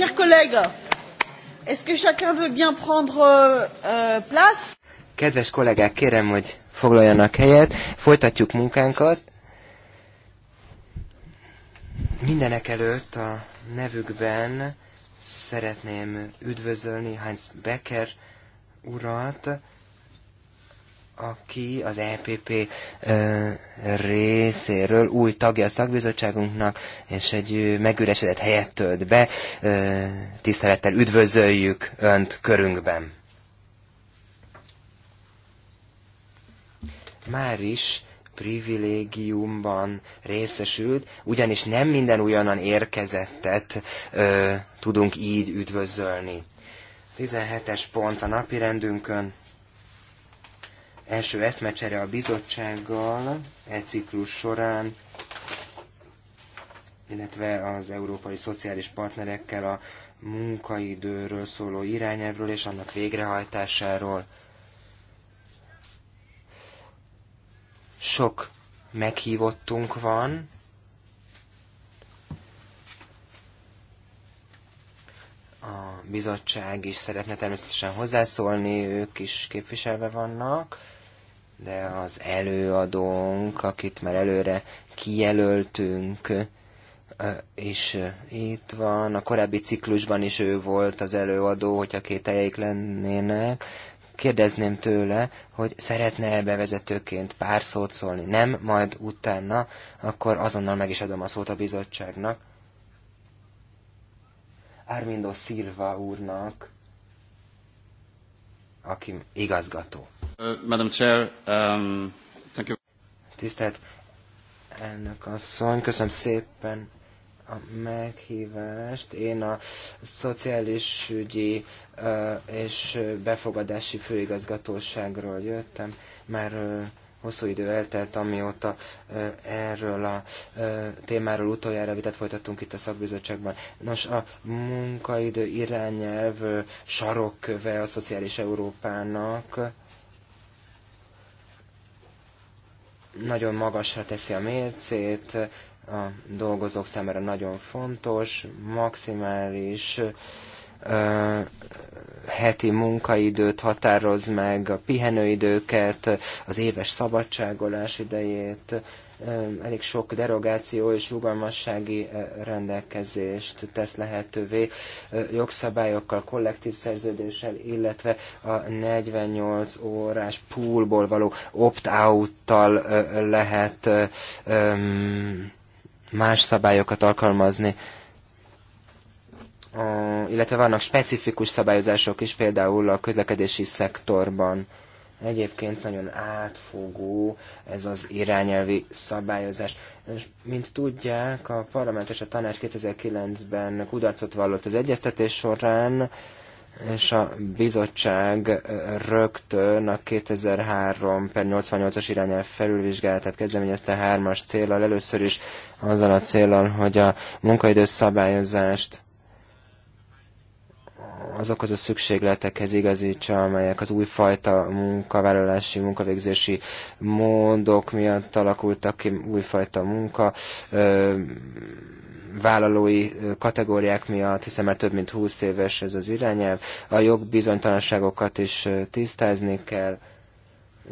Chers collègues, est-ce que chacun veut bien prendre euh, euh, place? Kedves kollégák, kérem, hogy foglaljanak helyet. Folytatjuk munkánkat. Mindenek előtt a nevükben szeretném üdvözölni Heinz Becker urat, aki az EPP ö, részéről új tagja a szakbizottságunknak, és egy megüresedett helyet tölt be. Ö, tisztelettel üdvözöljük Önt körünkben. Már is privilégiumban részesült, ugyanis nem minden ugyanan érkezettet ö, tudunk így üdvözölni. 17-es pont a napirendünkön első eszmecsere a bizottsággal egy ciklus során, illetve az európai szociális partnerekkel a munkaidőről szóló irányelvről és annak végrehajtásáról. Sok meghívottunk van, a bizottság is szeretne természetesen hozzászólni, ők is képviselve vannak de az előadónk, akit már előre kijelöltünk, és itt van, a korábbi ciklusban is ő volt az előadó, hogyha kételjeik lennének, kérdezném tőle, hogy szeretne-e bevezetőként pár szót szólni. Nem, majd utána, akkor azonnal meg is adom a szót a bizottságnak. Armindo Silva úrnak aki igazgató. Uh, Madam Chair, um, thank you. Tisztelt elnök asszony, köszönöm szépen a meghívást. Én a Szociális Ügyi uh, és Befogadási Főigazgatóságról jöttem. Már uh, hosszú idő eltelt, amióta erről a témáról utoljára vitát folytattunk itt a szakbizottságban. Nos, a munkaidő irányelv sarokköve a szociális Európának nagyon magasra teszi a mércét, a dolgozók számára nagyon fontos, maximális heti munkaidőt határoz meg, a pihenőidőket, az éves szabadságolás idejét, elég sok derogáció és rugalmassági rendelkezést tesz lehetővé jogszabályokkal, kollektív szerződéssel, illetve a 48 órás poolból való opt-out-tal lehet más szabályokat alkalmazni a, illetve vannak specifikus szabályozások is, például a közlekedési szektorban. Egyébként nagyon átfogó ez az irányelvi szabályozás. És mint tudják, a parlament és a tanács 2009-ben kudarcot vallott az egyeztetés során, és a bizottság rögtön a 2003 per 88-as irányelv felülvizsgálatát kezdeményezte hármas célral, először is azzal a célral, hogy a munkaidő szabályozást azokhoz a szükségletekhez igazítsa, amelyek az újfajta munkavállalási, munkavégzési módok miatt alakultak ki, újfajta munka vállalói kategóriák miatt, hiszen már több mint 20 éves ez az irányelv. A jogbizonytalanságokat is tisztázni kell,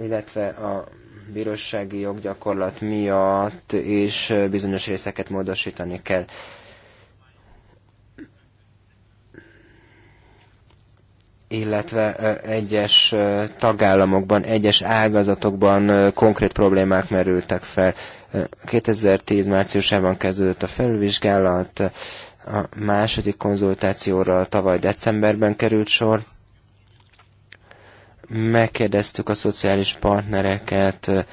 illetve a bírósági joggyakorlat miatt is bizonyos részeket módosítani kell. illetve egyes tagállamokban, egyes ágazatokban konkrét problémák merültek fel. 2010 márciusában kezdődött a felvizsgálat, a második konzultációra tavaly decemberben került sor. Megkérdeztük a szociális partnereket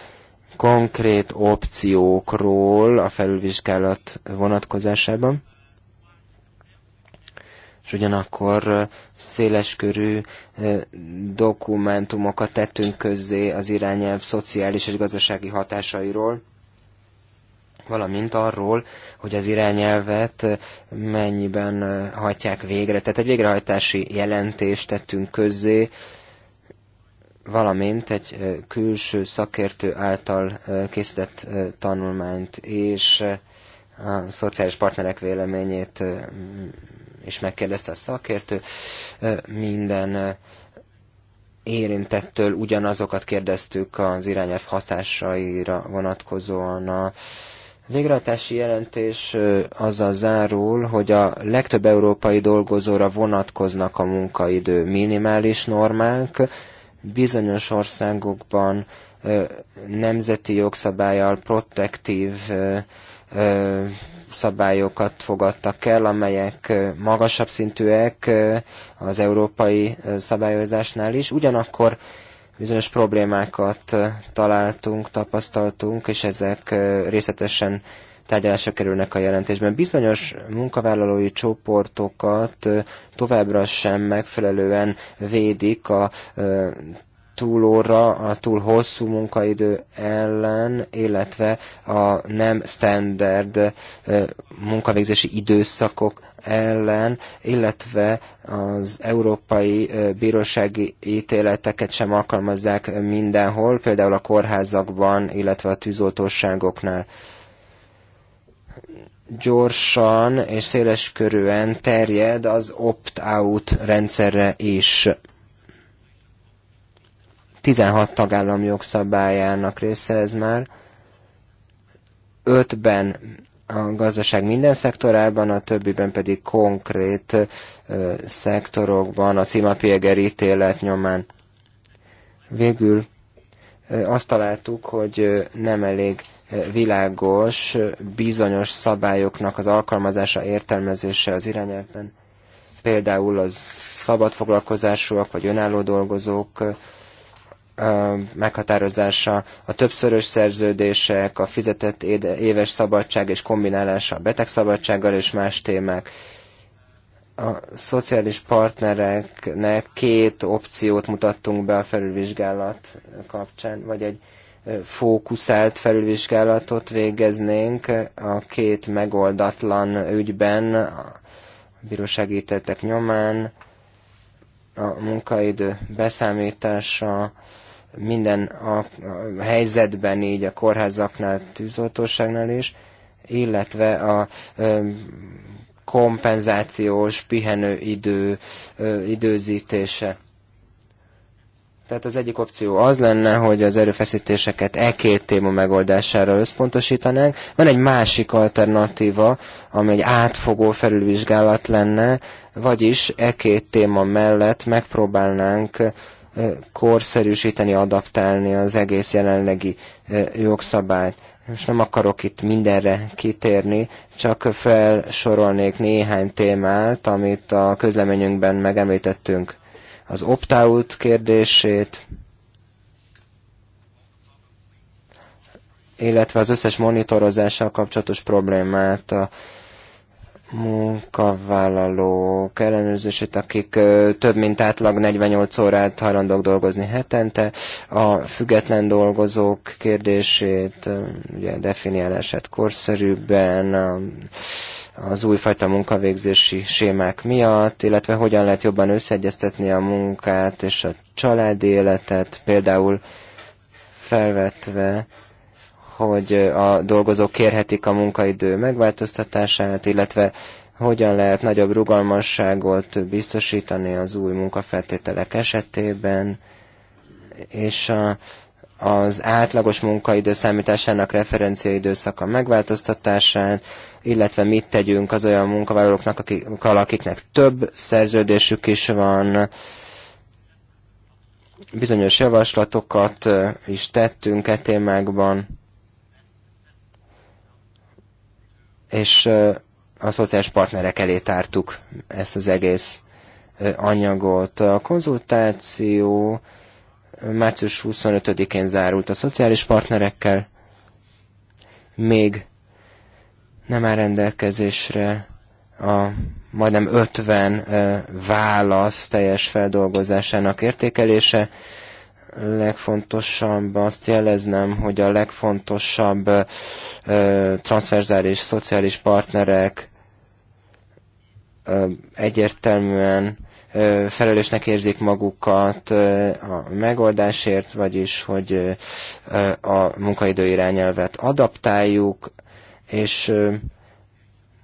konkrét opciókról a felülvizsgálat vonatkozásában és ugyanakkor széleskörű dokumentumokat tettünk közzé az irányelv szociális és gazdasági hatásairól, valamint arról, hogy az irányelvet mennyiben hajtják végre. Tehát egy végrehajtási jelentést tettünk közzé, valamint egy külső szakértő által készített tanulmányt és a szociális partnerek véleményét és megkérdezte a szakértő, minden érintettől ugyanazokat kérdeztük az irányelv hatásaira vonatkozóan a végrehajtási jelentés azzal zárul, hogy a legtöbb európai dolgozóra vonatkoznak a munkaidő minimális normák, bizonyos országokban nemzeti jogszabályal protektív szabályokat fogadtak el, amelyek magasabb szintűek az európai szabályozásnál is. Ugyanakkor bizonyos problémákat találtunk, tapasztaltunk, és ezek részletesen tárgyalásra kerülnek a jelentésben. Bizonyos munkavállalói csoportokat továbbra sem megfelelően védik a túlóra, a túl hosszú munkaidő ellen, illetve a nem standard munkavégzési időszakok ellen, illetve az európai bírósági ítéleteket sem alkalmazzák mindenhol, például a kórházakban, illetve a tűzoltóságoknál gyorsan és széles terjed az opt-out rendszerre is. 16 tagállam jogszabályának része ez már. Ötben a gazdaság minden szektorában, a többiben pedig konkrét ö, szektorokban, a Szimapieger ítélet nyomán. Végül ö, azt találtuk, hogy ö, nem elég világos bizonyos szabályoknak az alkalmazása, értelmezése az irányelvben. Például az szabadfoglalkozásúak vagy önálló dolgozók meghatározása, a többszörös szerződések, a fizetett éves szabadság és kombinálása a betegszabadsággal és más témák. A szociális partnereknek két opciót mutattunk be a felülvizsgálat kapcsán, vagy egy fókuszált felülvizsgálatot végeznénk a két megoldatlan ügyben, a bíróságítettek nyomán, a munkaidő beszámítása, minden a, a helyzetben, így a kórházaknál, tűzoltóságnál is, illetve a ö, kompenzációs pihenőidő ö, időzítése. Tehát az egyik opció az lenne, hogy az erőfeszítéseket e két téma megoldására összpontosítanánk. Van egy másik alternatíva, ami egy átfogó felülvizsgálat lenne, vagyis e két téma mellett megpróbálnánk korszerűsíteni, adaptálni az egész jelenlegi jogszabályt. Most nem akarok itt mindenre kitérni, csak felsorolnék néhány témát, amit a közleményünkben megemlítettünk. Az opt-out kérdését, illetve az összes monitorozással kapcsolatos problémát, a munkavállalók ellenőrzését, akik több mint átlag 48 órát hajlandók dolgozni hetente, a független dolgozók kérdését, ugye definiálását korszerűbben, a, az újfajta munkavégzési sémák miatt, illetve hogyan lehet jobban összeegyeztetni a munkát és a családi életet, például felvetve hogy a dolgozók kérhetik a munkaidő megváltoztatását, illetve hogyan lehet nagyobb rugalmasságot biztosítani az új munkafeltételek esetében, és a, az átlagos munkaidő számításának referenciaidőszaka megváltoztatásán, illetve mit tegyünk az olyan munkavállalóknak, akik, akiknek több szerződésük is van, bizonyos javaslatokat is tettünk e témákban. és a szociális partnerek elé tártuk ezt az egész anyagot. A konzultáció március 25-én zárult a szociális partnerekkel, még nem áll rendelkezésre a majdnem 50 válasz teljes feldolgozásának értékelése legfontosabb azt jeleznem, hogy a legfontosabb ö, transferzális szociális partnerek ö, egyértelműen ö, felelősnek érzik magukat ö, a megoldásért, vagyis hogy ö, a munkaidő irányelvet adaptáljuk, és ö,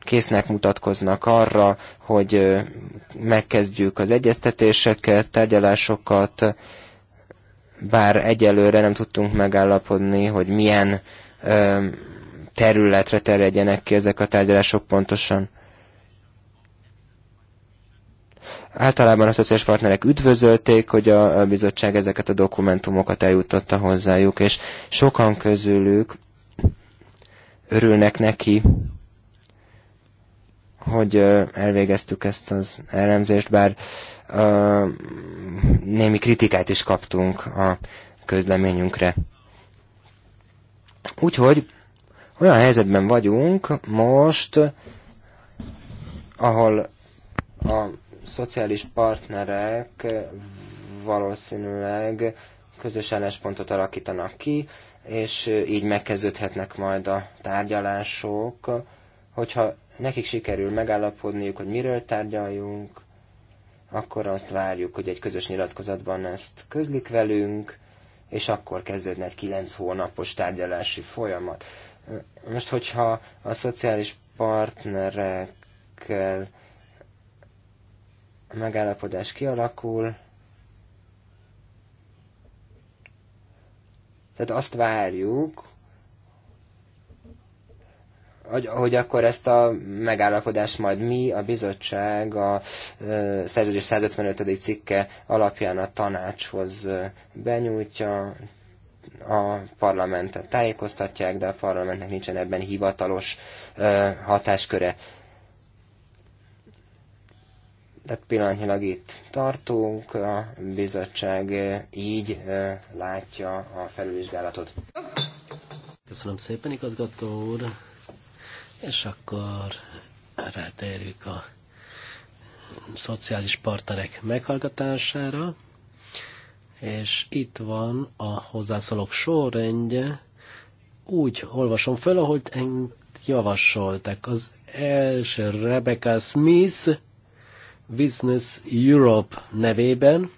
késznek mutatkoznak arra, hogy megkezdjük az egyeztetéseket, tárgyalásokat, bár egyelőre nem tudtunk megállapodni, hogy milyen ö, területre terjedjenek ki ezek a tárgyalások pontosan. Általában a szociális partnerek üdvözölték, hogy a bizottság ezeket a dokumentumokat eljutotta hozzájuk, és sokan közülük örülnek neki, hogy elvégeztük ezt az elemzést, bár ö, némi kritikát is kaptunk a közleményünkre. Úgyhogy olyan helyzetben vagyunk most, ahol a szociális partnerek valószínűleg közös álláspontot alakítanak ki, és így megkezdődhetnek majd a tárgyalások, hogyha nekik sikerül megállapodniuk, hogy miről tárgyaljunk, akkor azt várjuk, hogy egy közös nyilatkozatban ezt közlik velünk, és akkor kezdődne egy kilenc hónapos tárgyalási folyamat. Most, hogyha a szociális partnerekkel a megállapodás kialakul, tehát azt várjuk, hogy, hogy akkor ezt a megállapodást majd mi, a bizottság a szerződés 155. cikke alapján a tanácshoz benyújtja, a parlamentet tájékoztatják, de a parlamentnek nincsen ebben hivatalos hatásköre. Tehát pillanatnyilag itt tartunk, a bizottság így látja a felülvizsgálatot. Köszönöm szépen, igazgató úr! És akkor rátérjük a szociális partnerek meghallgatására, és itt van a hozzászólók sorrendje, úgy olvasom föl, ahogy javasoltak. Az első Rebecca Smith Business Europe nevében.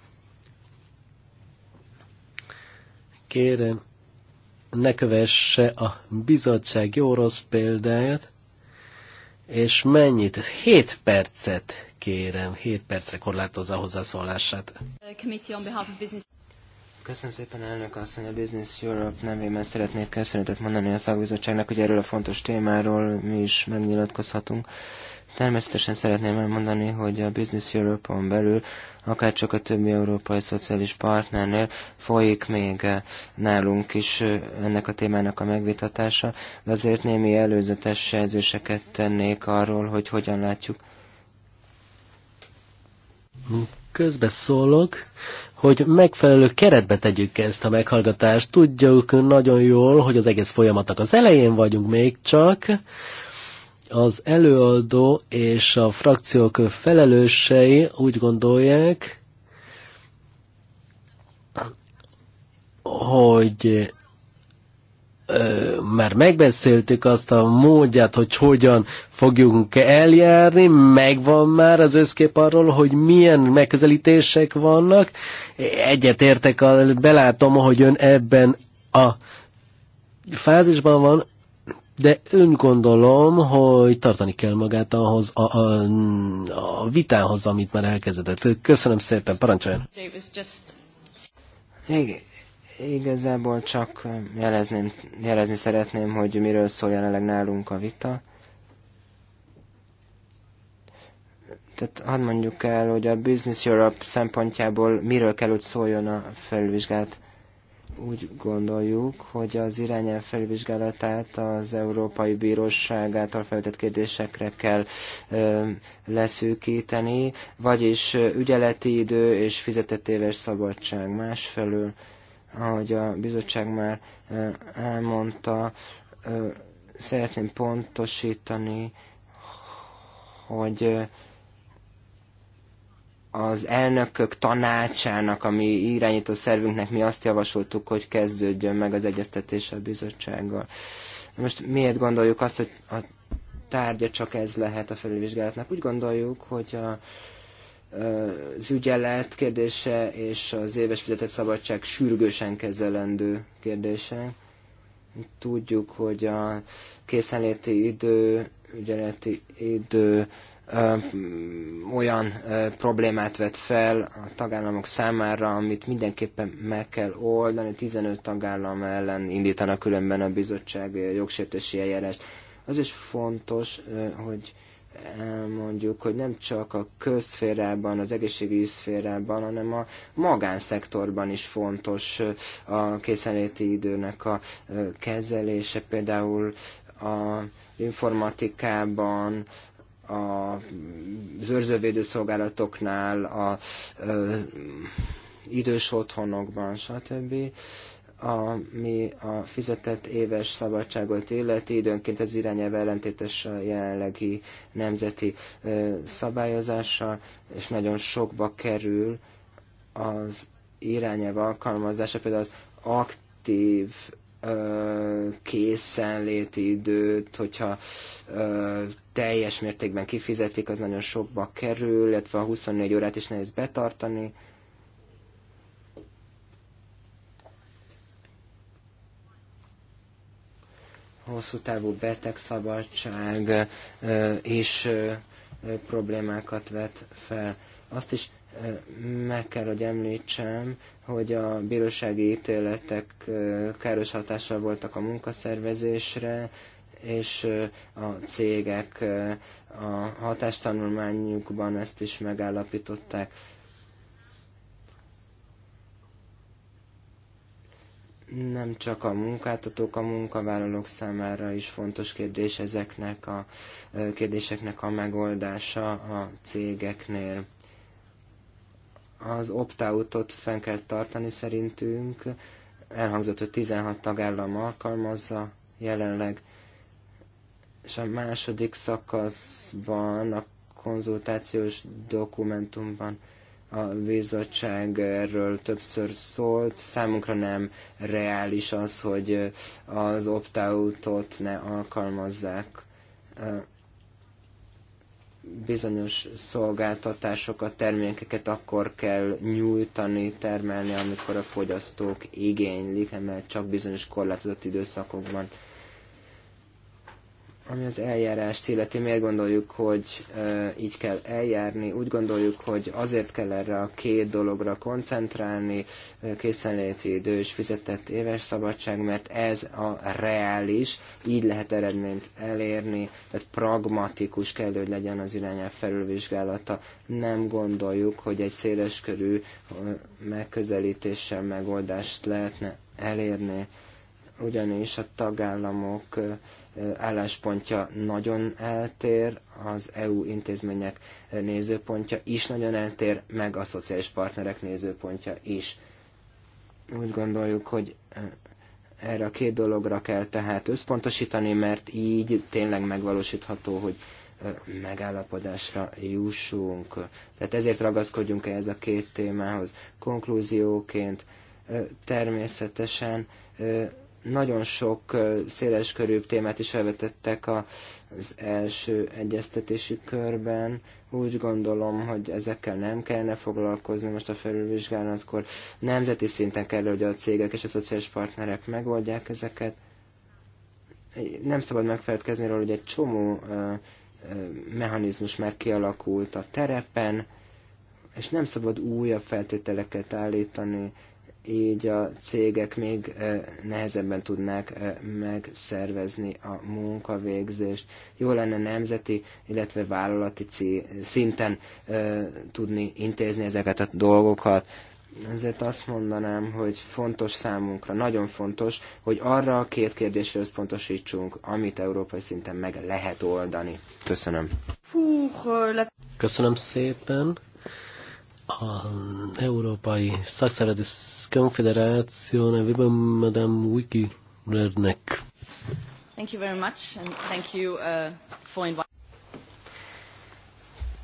Kérem, ne kövesse a bizottság jó rossz példáját, és mennyit? 7 percet kérem, 7 percre korlátozza a hozzászólását. Köszönöm szépen, elnök asszony, a Business Europe nevében szeretnék köszönetet mondani a szakbizottságnak, hogy erről a fontos témáról mi is megnyilatkozhatunk. Természetesen szeretném elmondani, hogy a Business Europe-on belül, akár csak a többi európai szociális partnernél folyik még eh, nálunk is eh, ennek a témának a megvitatása, de azért némi előzetes jelzéseket tennék arról, hogy hogyan látjuk. Közbeszólok hogy megfelelő keretbe tegyük ezt a meghallgatást. Tudjuk nagyon jól, hogy az egész folyamatnak az elején vagyunk még csak, az előadó és a frakciók felelősei úgy gondolják, hogy ö, már megbeszéltük azt a módját, hogy hogyan fogjunk eljárni, megvan már az összkép arról, hogy milyen megközelítések vannak. Egyet értek, belátom, hogy ön ebben a fázisban van, de ön gondolom, hogy tartani kell magát ahhoz a, a, a vitához, amit már elkezdett. Köszönöm szépen, parancsoljon! Igen, igazából csak um, jelezném, jelezni szeretném, hogy miről szól jelenleg nálunk a vita. Tehát hadd mondjuk el, hogy a Business Europe szempontjából miről kell, hogy szóljon a felvizsgált úgy gondoljuk, hogy az irányelv felvizsgálatát az Európai Bíróság által feltett kérdésekre kell ö, leszűkíteni, vagyis ügyeleti idő és fizetett éves szabadság másfelől, ahogy a bizottság már ö, elmondta, ö, szeretném pontosítani, hogy az elnökök tanácsának, ami irányító szervünknek mi azt javasoltuk, hogy kezdődjön meg az egyeztetés a bizottsággal. Most miért gondoljuk azt, hogy a tárgya csak ez lehet a felülvizsgálatnak? Úgy gondoljuk, hogy a, az ügyelet kérdése és az éves fizetett szabadság sürgősen kezelendő kérdése. Tudjuk, hogy a készenléti idő, ügyeleti idő, olyan problémát vet fel a tagállamok számára, amit mindenképpen meg kell oldani. 15 tagállam ellen indítanak különben a bizottság jogsértési eljárást. Az is fontos, hogy mondjuk, hogy nem csak a közszférában, az egészségügyi szférában, hanem a magánszektorban is fontos a készenléti időnek a kezelése, például a informatikában, a zörzővédő szolgálatoknál, a a idős otthonokban, stb. Ami a fizetett éves szabadságot illeti, időnként ez irányelve ellentétes a jelenlegi nemzeti ö, szabályozással, és nagyon sokba kerül az irányelv alkalmazása, például az aktív készenléti időt, hogyha teljes mértékben kifizetik, az nagyon sokba kerül, illetve a 24 órát is nehéz betartani. hosszú távú betegszabadság is problémákat vet fel. Azt is meg kell, hogy említsem, hogy a bírósági ítéletek káros hatással voltak a munkaszervezésre, és a cégek a hatástanulmányukban ezt is megállapították. nem csak a munkáltatók, a munkavállalók számára is fontos kérdés ezeknek a kérdéseknek a megoldása a cégeknél az opt-outot fenn kell tartani szerintünk. Elhangzott, hogy 16 tagállam alkalmazza jelenleg, és a második szakaszban a konzultációs dokumentumban a bizottság erről többször szólt. Számunkra nem reális az, hogy az opt-outot ne alkalmazzák bizonyos szolgáltatásokat, termékeket akkor kell nyújtani, termelni, amikor a fogyasztók igénylik, mert csak bizonyos korlátozott időszakokban ami az eljárást illeti, miért gondoljuk, hogy e, így kell eljárni? Úgy gondoljuk, hogy azért kell erre a két dologra koncentrálni, készenléti idő és fizetett éves szabadság, mert ez a reális, így lehet eredményt elérni, tehát pragmatikus kell, hogy legyen az irányelv felülvizsgálata. Nem gondoljuk, hogy egy széleskörű megközelítéssel megoldást lehetne elérni, ugyanis a tagállamok e, álláspontja nagyon eltér, az EU intézmények nézőpontja is nagyon eltér, meg a szociális partnerek nézőpontja is. Úgy gondoljuk, hogy erre a két dologra kell tehát összpontosítani, mert így tényleg megvalósítható, hogy megállapodásra jussunk. Tehát ezért ragaszkodjunk ehhez a két témához. Konklúzióként természetesen nagyon sok széleskörű témát is felvetettek az első egyeztetési körben. Úgy gondolom, hogy ezekkel nem kellene foglalkozni most a felülvizsgálatkor. Nemzeti szinten kell, hogy a cégek és a szociális partnerek megoldják ezeket. Nem szabad megfelelkezni róla, hogy egy csomó mechanizmus már kialakult a terepen, és nem szabad újabb feltételeket állítani így a cégek még nehezebben tudnák megszervezni a munkavégzést. Jó lenne nemzeti, illetve vállalati szinten tudni intézni ezeket a dolgokat. Ezért azt mondanám, hogy fontos számunkra, nagyon fontos, hogy arra a két kérdésre összpontosítsunk, amit európai szinten meg lehet oldani. Köszönöm. Köszönöm szépen a Európai Szakszereti Konfederáció nevében Madame Wiki Rednek. Thank you very much, and thank you uh, for inviting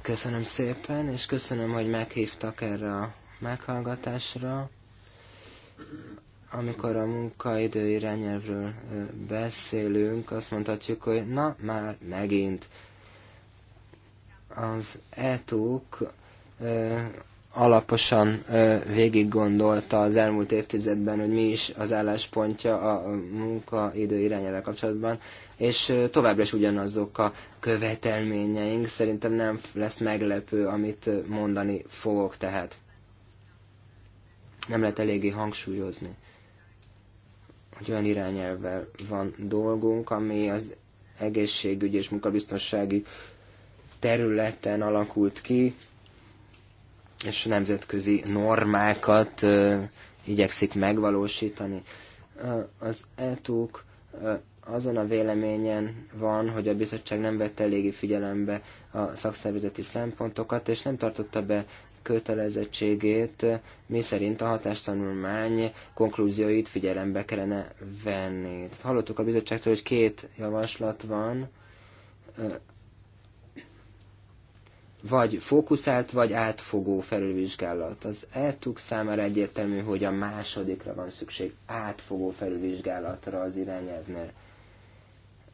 Köszönöm szépen, és köszönöm, hogy meghívtak erre a meghallgatásra. Amikor a munkaidő irányelvről beszélünk, azt mondhatjuk, hogy na, már megint. Az etuk alaposan végig gondolta az elmúlt évtizedben, hogy mi is az álláspontja a munkaidő irányával kapcsolatban, és továbbra is ugyanazok a követelményeink. Szerintem nem lesz meglepő, amit mondani fogok, tehát nem lehet eléggé hangsúlyozni, hogy olyan irányelvvel van dolgunk, ami az egészségügyi és munkabiztonsági területen alakult ki, és nemzetközi normákat igyekszik megvalósítani. Az ETUK azon a véleményen van, hogy a bizottság nem vette eléggé figyelembe a szakszervezeti szempontokat, és nem tartotta be kötelezettségét, mi szerint a hatástanulmány konklúzióit figyelembe kellene venni. Tehát hallottuk a bizottságtól, hogy két javaslat van, vagy fókuszált, vagy átfogó felülvizsgálat. Az eltuk számára egyértelmű, hogy a másodikra van szükség átfogó felülvizsgálatra az irányelvnél.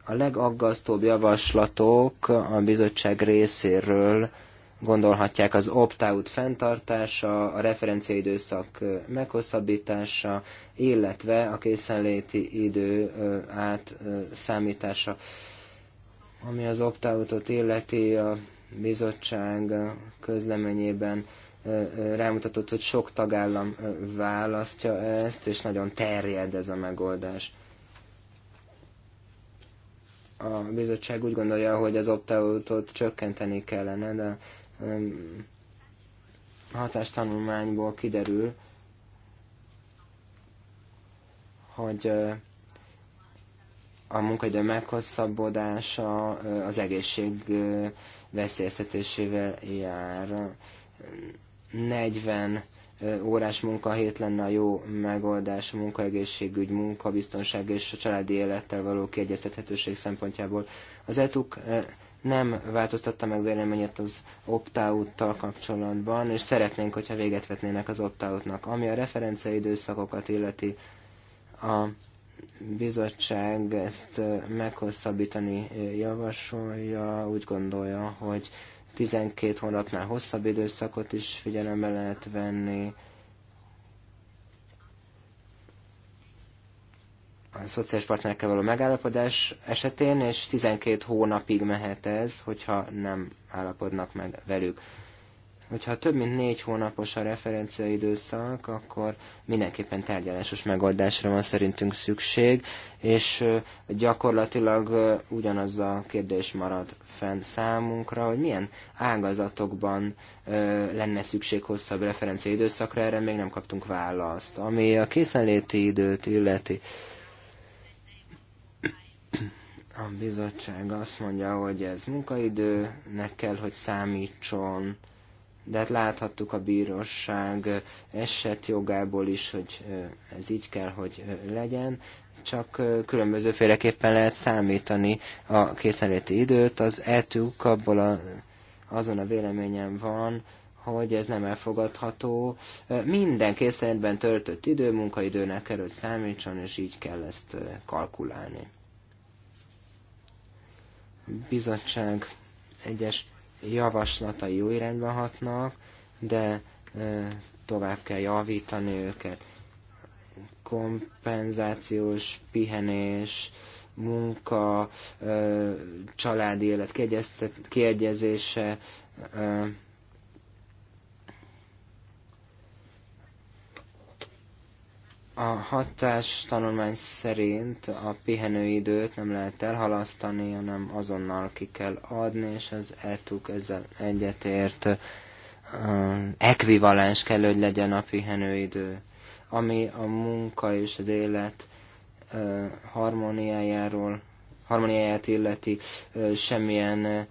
A legaggasztóbb javaslatok a bizottság részéről gondolhatják az opt-out fenntartása, a referenciaidőszak meghosszabbítása, illetve a készenléti idő átszámítása. Ami az opt-outot illeti, a bizottság közleményében rámutatott, hogy sok tagállam választja ezt, és nagyon terjed ez a megoldás. A bizottság úgy gondolja, hogy az opt-outot csökkenteni kellene, de hatástanulmányból kiderül, hogy a munkaidő meghosszabbodása az egészség veszélyeztetésével jár. 40 órás munkahét lenne a jó megoldás a munkaegészségügy, munkabiztonság és a családi élettel való kiegyeztethetőség szempontjából. Az ETUK nem változtatta meg véleményét az opt-out-tal kapcsolatban, és szeretnénk, hogyha véget vetnének az opt nak Ami a referencia időszakokat illeti, a bizottság ezt meghosszabbítani javasolja, úgy gondolja, hogy 12 hónapnál hosszabb időszakot is figyelembe lehet venni. A szociális partnerekkel való megállapodás esetén, és 12 hónapig mehet ez, hogyha nem állapodnak meg velük. Hogyha több mint négy hónapos a referenciaidőszak, akkor mindenképpen tárgyalásos megoldásra van szerintünk szükség, és gyakorlatilag ugyanaz a kérdés marad fenn számunkra, hogy milyen ágazatokban lenne szükség hosszabb referenciaidőszakra, erre még nem kaptunk választ. Ami a készenléti időt illeti, a bizottság azt mondja, hogy ez munkaidőnek kell, hogy számítson, de hát láthattuk a bíróság jogából is, hogy ez így kell, hogy legyen, csak különbözőféleképpen lehet számítani a készenléti időt. Az etük abból a, azon a véleményen van, hogy ez nem elfogadható. Minden készenlétben töltött idő munkaidőnek kell, hogy számítson, és így kell ezt kalkulálni. Bizottság egyes javaslatai jó irányba hatnak, de tovább kell javítani őket. Kompenzációs pihenés, munka, családi élet kiegyezése, A hatás tanulmány szerint a pihenőidőt nem lehet elhalasztani, hanem azonnal ki kell adni, és az ETUK ezzel egyetért ekvivalens kell, hogy legyen a pihenőidő, ami a munka és az élet harmóniájáról, harmóniáját illeti semmilyen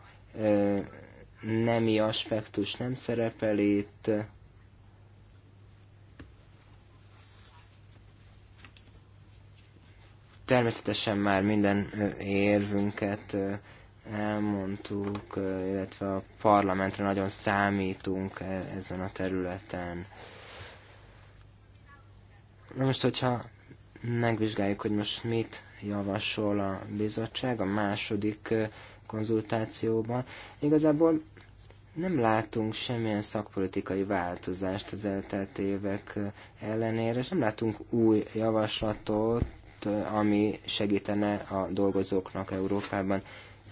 nemi aspektus nem szerepel itt, Természetesen már minden érvünket elmondtuk, illetve a parlamentre nagyon számítunk e, ezen a területen. Na most, hogyha megvizsgáljuk, hogy most mit javasol a bizottság a második konzultációban, igazából nem látunk semmilyen szakpolitikai változást az eltelt évek ellenére, és nem látunk új javaslatot ami segítene a dolgozóknak Európában.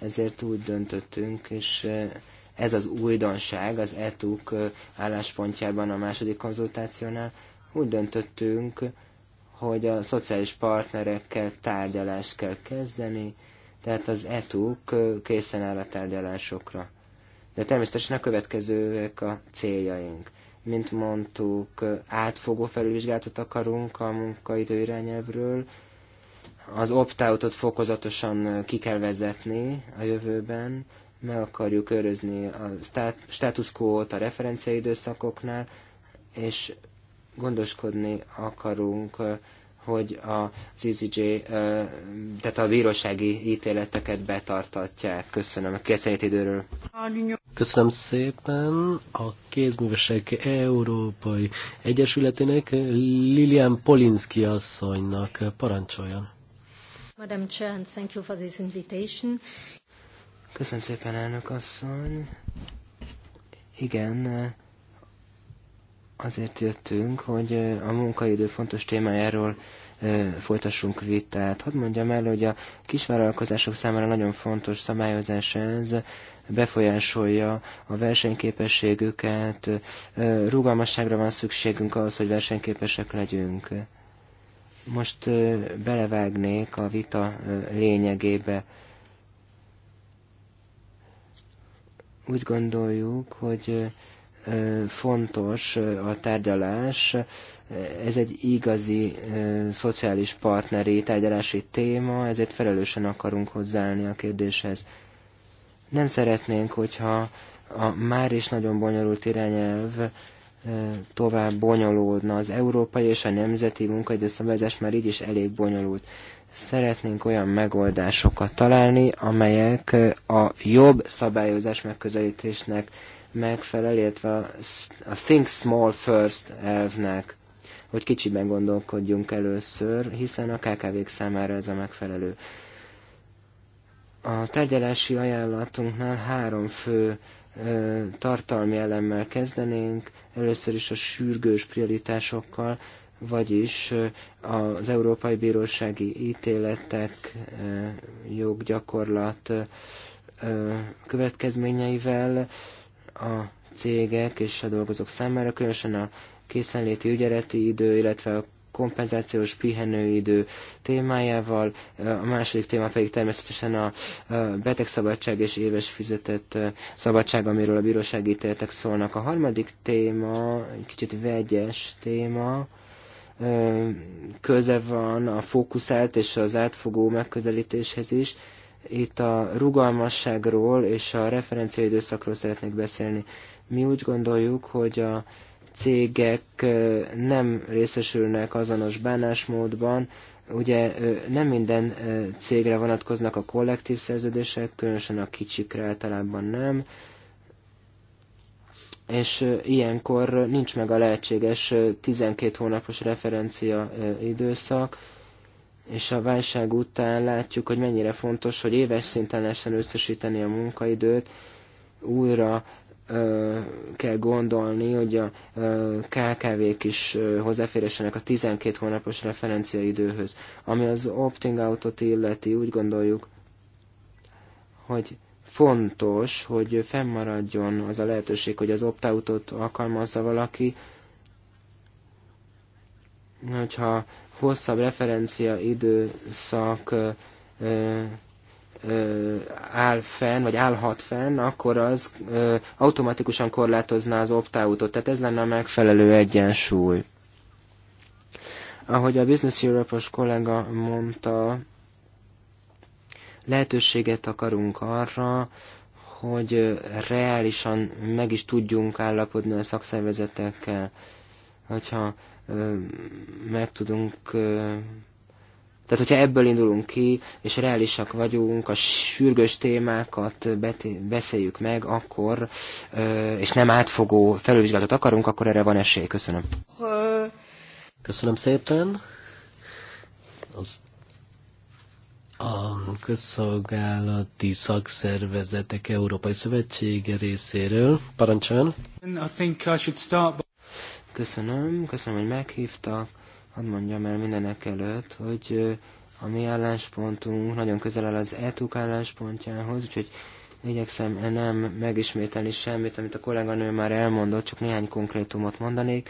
Ezért úgy döntöttünk, és eh, ez az újdonság az ETUK eh, álláspontjában a második konzultációnál, úgy döntöttünk, hogy a szociális partnerekkel tárgyalást kell kezdeni, tehát az ETUK eh, készen áll a tárgyalásokra. De természetesen a következőek a céljaink. Mint mondtuk, átfogó felülvizsgálatot akarunk a munkaidő irányelvről, az opt-outot fokozatosan ki kell vezetni a jövőben, meg akarjuk őrizni a status quo-t a referenciaidőszakoknál, és gondoskodni akarunk, hogy az EasyJ, tehát a bírósági ítéleteket betartatják. Köszönöm a készenét időről. Köszönöm szépen a Kézművesek Európai Egyesületének Lilian Polinski asszonynak parancsoljon. Madam Chair, thank you for this invitation. Köszönöm szépen, elnök asszony. Igen, eh, azért jöttünk, hogy eh, a munkaidő fontos témájáról eh, folytassunk vitát. Hadd mondjam el, hogy a kisvállalkozások számára nagyon fontos szabályozás ez, befolyásolja a versenyképességüket, rugalmasságra van szükségünk ahhoz, hogy versenyképesek legyünk. Most belevágnék a vita lényegébe. Úgy gondoljuk, hogy fontos a tárgyalás, ez egy igazi ö, szociális partneri tárgyalási téma, ezért felelősen akarunk hozzáállni a kérdéshez. Nem szeretnénk, hogyha a már is nagyon bonyolult irányelv tovább bonyolódna. Az európai és a nemzeti munkaidőszabályozás már így is elég bonyolult. Szeretnénk olyan megoldásokat találni, amelyek a jobb szabályozás megközelítésnek megfelel, illetve a Think Small First elvnek, hogy kicsiben gondolkodjunk először, hiszen a KKV-k számára ez a megfelelő. A tárgyalási ajánlatunknál három fő tartalmi elemmel kezdenénk, Először is a sürgős prioritásokkal, vagyis az Európai Bírósági ítéletek, joggyakorlat következményeivel a cégek és a dolgozók számára, különösen a készenléti ügyeleti idő, illetve a kompenzációs pihenőidő témájával, a második téma pedig természetesen a betegszabadság és éves fizetett szabadság, amiről a bírósági ítéletek szólnak. A harmadik téma, kicsit vegyes téma, köze van a fókuszált és az átfogó megközelítéshez is. Itt a rugalmasságról és a referenciaidőszakról szeretnék beszélni. Mi úgy gondoljuk, hogy a cégek nem részesülnek azonos bánásmódban, ugye nem minden cégre vonatkoznak a kollektív szerződések, különösen a kicsikre általában nem, és ilyenkor nincs meg a lehetséges 12 hónapos referencia időszak, és a válság után látjuk, hogy mennyire fontos, hogy éves szinten lehessen összesíteni a munkaidőt, újra kell gondolni, hogy a KKV-k is hozzáférésenek a 12 hónapos referencia időhöz, Ami az opting outot illeti, úgy gondoljuk, hogy fontos, hogy fennmaradjon az a lehetőség, hogy az opt-outot alkalmazza valaki, hogyha hosszabb referencia időszak áll fenn, vagy állhat fenn, akkor az automatikusan korlátozná az opt-outot. Tehát ez lenne a megfelelő egyensúly. Ahogy a Business Europe-os kollega mondta, lehetőséget akarunk arra, hogy reálisan meg is tudjunk állapodni a szakszervezetekkel, hogyha meg tudunk tehát, hogyha ebből indulunk ki, és reálisak vagyunk, a sürgős témákat beszéljük meg, akkor, és nem átfogó felülvizsgálatot akarunk, akkor erre van esély. Köszönöm. Köszönöm szépen. Az a közszolgálati szakszervezetek Európai Szövetsége részéről. Parancsoljon! Köszönöm, köszönöm, hogy meghívtak hadd mondjam el mindenek előtt, hogy a mi álláspontunk nagyon közel áll az ETUK álláspontjához, úgyhogy igyekszem nem megismételni semmit, amit a kolléganő már elmondott, csak néhány konkrétumot mondanék.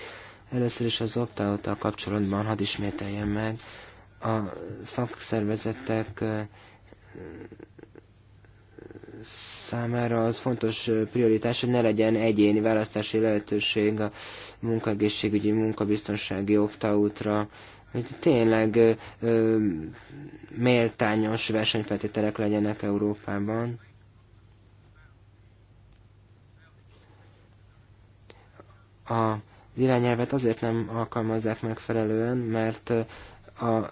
Először is az opt out kapcsolatban hadd ismételjem meg. A szakszervezetek számára az fontos prioritás, hogy ne legyen egyéni választási lehetőség a munkaegészségügyi, munkabiztonsági opt hogy tényleg ö, ö, méltányos versenyfeltételek legyenek Európában. A irányelvet azért nem alkalmazzák megfelelően, mert a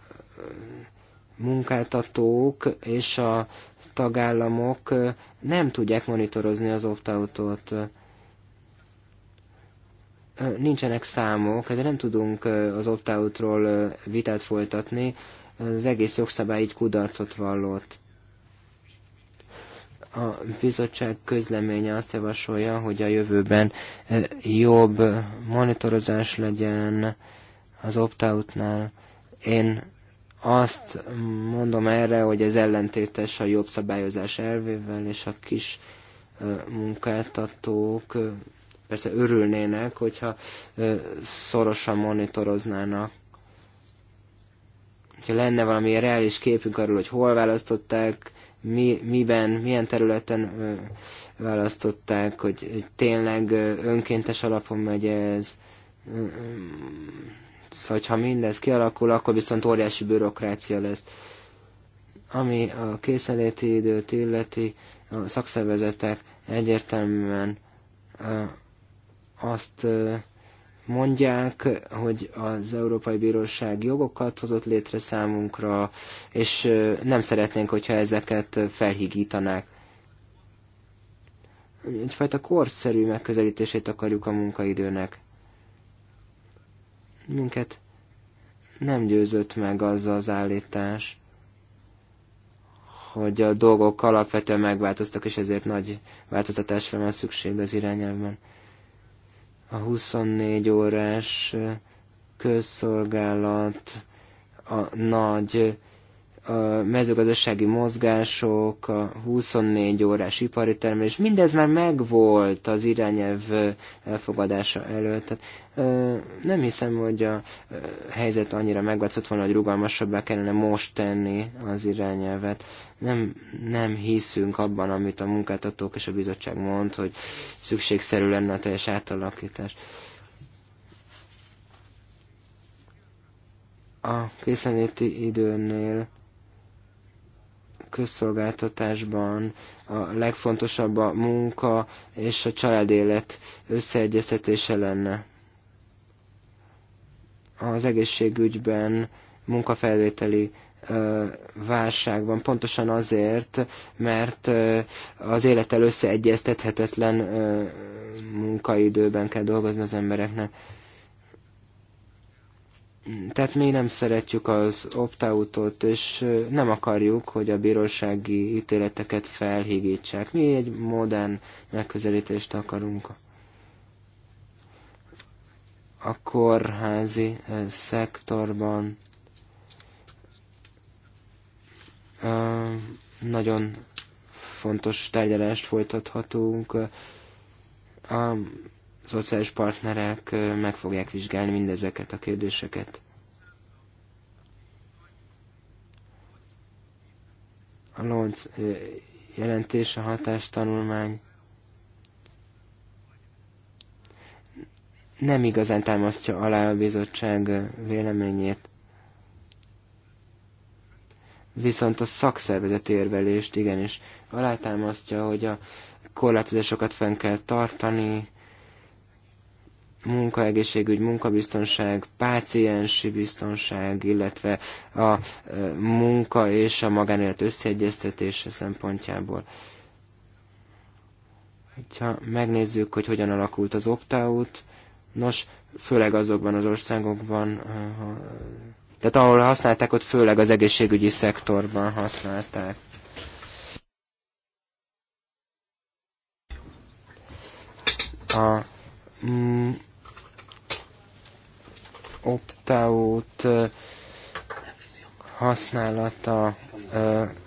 munkáltatók és a tagállamok nem tudják monitorozni az opt-outot. Nincsenek számok, de nem tudunk az opt out vitát folytatni. Az egész jogszabály így kudarcot vallott a bizottság közleménye azt javasolja, hogy a jövőben jobb monitorozás legyen az opt-outnál. Én azt mondom erre, hogy ez ellentétes a jobb szabályozás elvével, és a kis munkáltatók persze örülnének, hogyha szorosan monitoroznának. Ha lenne valami reális képünk arról, hogy hol választották, mi, miben, milyen területen választották, hogy, hogy tényleg önkéntes alapon megy ez, Szóval, hogyha mindez kialakul, akkor viszont óriási bürokrácia lesz. Ami a készenléti időt illeti, a szakszervezetek egyértelműen azt mondják, hogy az Európai Bíróság jogokat hozott létre számunkra, és nem szeretnénk, hogyha ezeket felhigítanák. Egyfajta korszerű megközelítését akarjuk a munkaidőnek minket nem győzött meg az az állítás, hogy a dolgok alapvetően megváltoztak, és ezért nagy változtatásra van szükség az irányában A 24 órás közszolgálat, a nagy a mezőgazdasági mozgások, a 24 órás ipari termelés, mindez már megvolt az irányelv elfogadása előtt. Tehát, ö, nem hiszem, hogy a ö, helyzet annyira megváltozott volna, hogy rugalmasabbá kellene most tenni az irányelvet. Nem, nem hiszünk abban, amit a munkáltatók és a bizottság mond, hogy szükségszerű lenne a teljes átalakítás. A készenléti időnél közszolgáltatásban a legfontosabb a munka és a családélet összeegyeztetése lenne. Az egészségügyben munkafelvételi van. pontosan azért, mert az élettel összeegyeztethetetlen munkaidőben kell dolgozni az embereknek. Tehát mi nem szeretjük az opt-outot, és nem akarjuk, hogy a bírósági ítéleteket felhigítsák. Mi egy modern megközelítést akarunk. A kórházi szektorban nagyon fontos tárgyalást folytathatunk szociális partnerek meg fogják vizsgálni mindezeket a kérdéseket. A LONC jelentése, hatástanulmány nem igazán támasztja alá a bizottság véleményét. Viszont a szakszervezeti érvelést igenis alátámasztja, hogy a korlátozásokat fenn kell tartani, munkaegészségügy, munkabiztonság, páciensi biztonság, illetve a e, munka és a magánélet összeegyeztetése szempontjából. Ha megnézzük, hogy hogyan alakult az opt-out, nos, főleg azokban az országokban, e, tehát ahol használták, ott főleg az egészségügyi szektorban használták. A mm, opt-out használata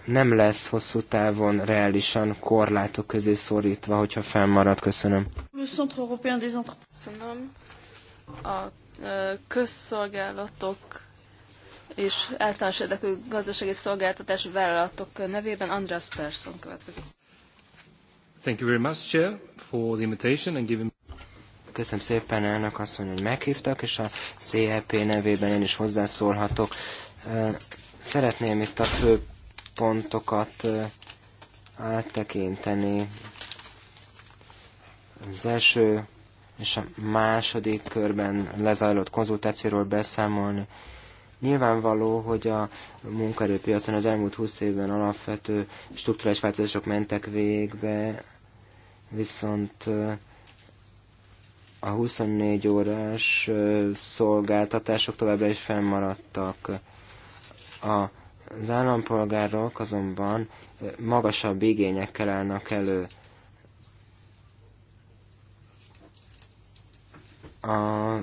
nem lesz hosszú távon reálisan korlátok közé szorítva, hogyha fennmarad. Köszönöm. Köszönöm. A közszolgálatok és általános érdekű gazdasági szolgáltatás vállalatok nevében András Persson következik. Thank you very much, Chair, for the invitation and giving... Köszönöm szépen elnök asszony, hogy meghívtak, és a CEP nevében én is hozzászólhatok. Szeretném itt a fő pontokat áttekinteni. Az első és a második körben lezajlott konzultációról beszámolni. Nyilvánvaló, hogy a munkaerőpiacon az elmúlt 20 évben alapvető struktúrális változások mentek végbe, viszont a 24 órás szolgáltatások továbbra is fennmaradtak. Az állampolgárok azonban magasabb igényekkel állnak elő. a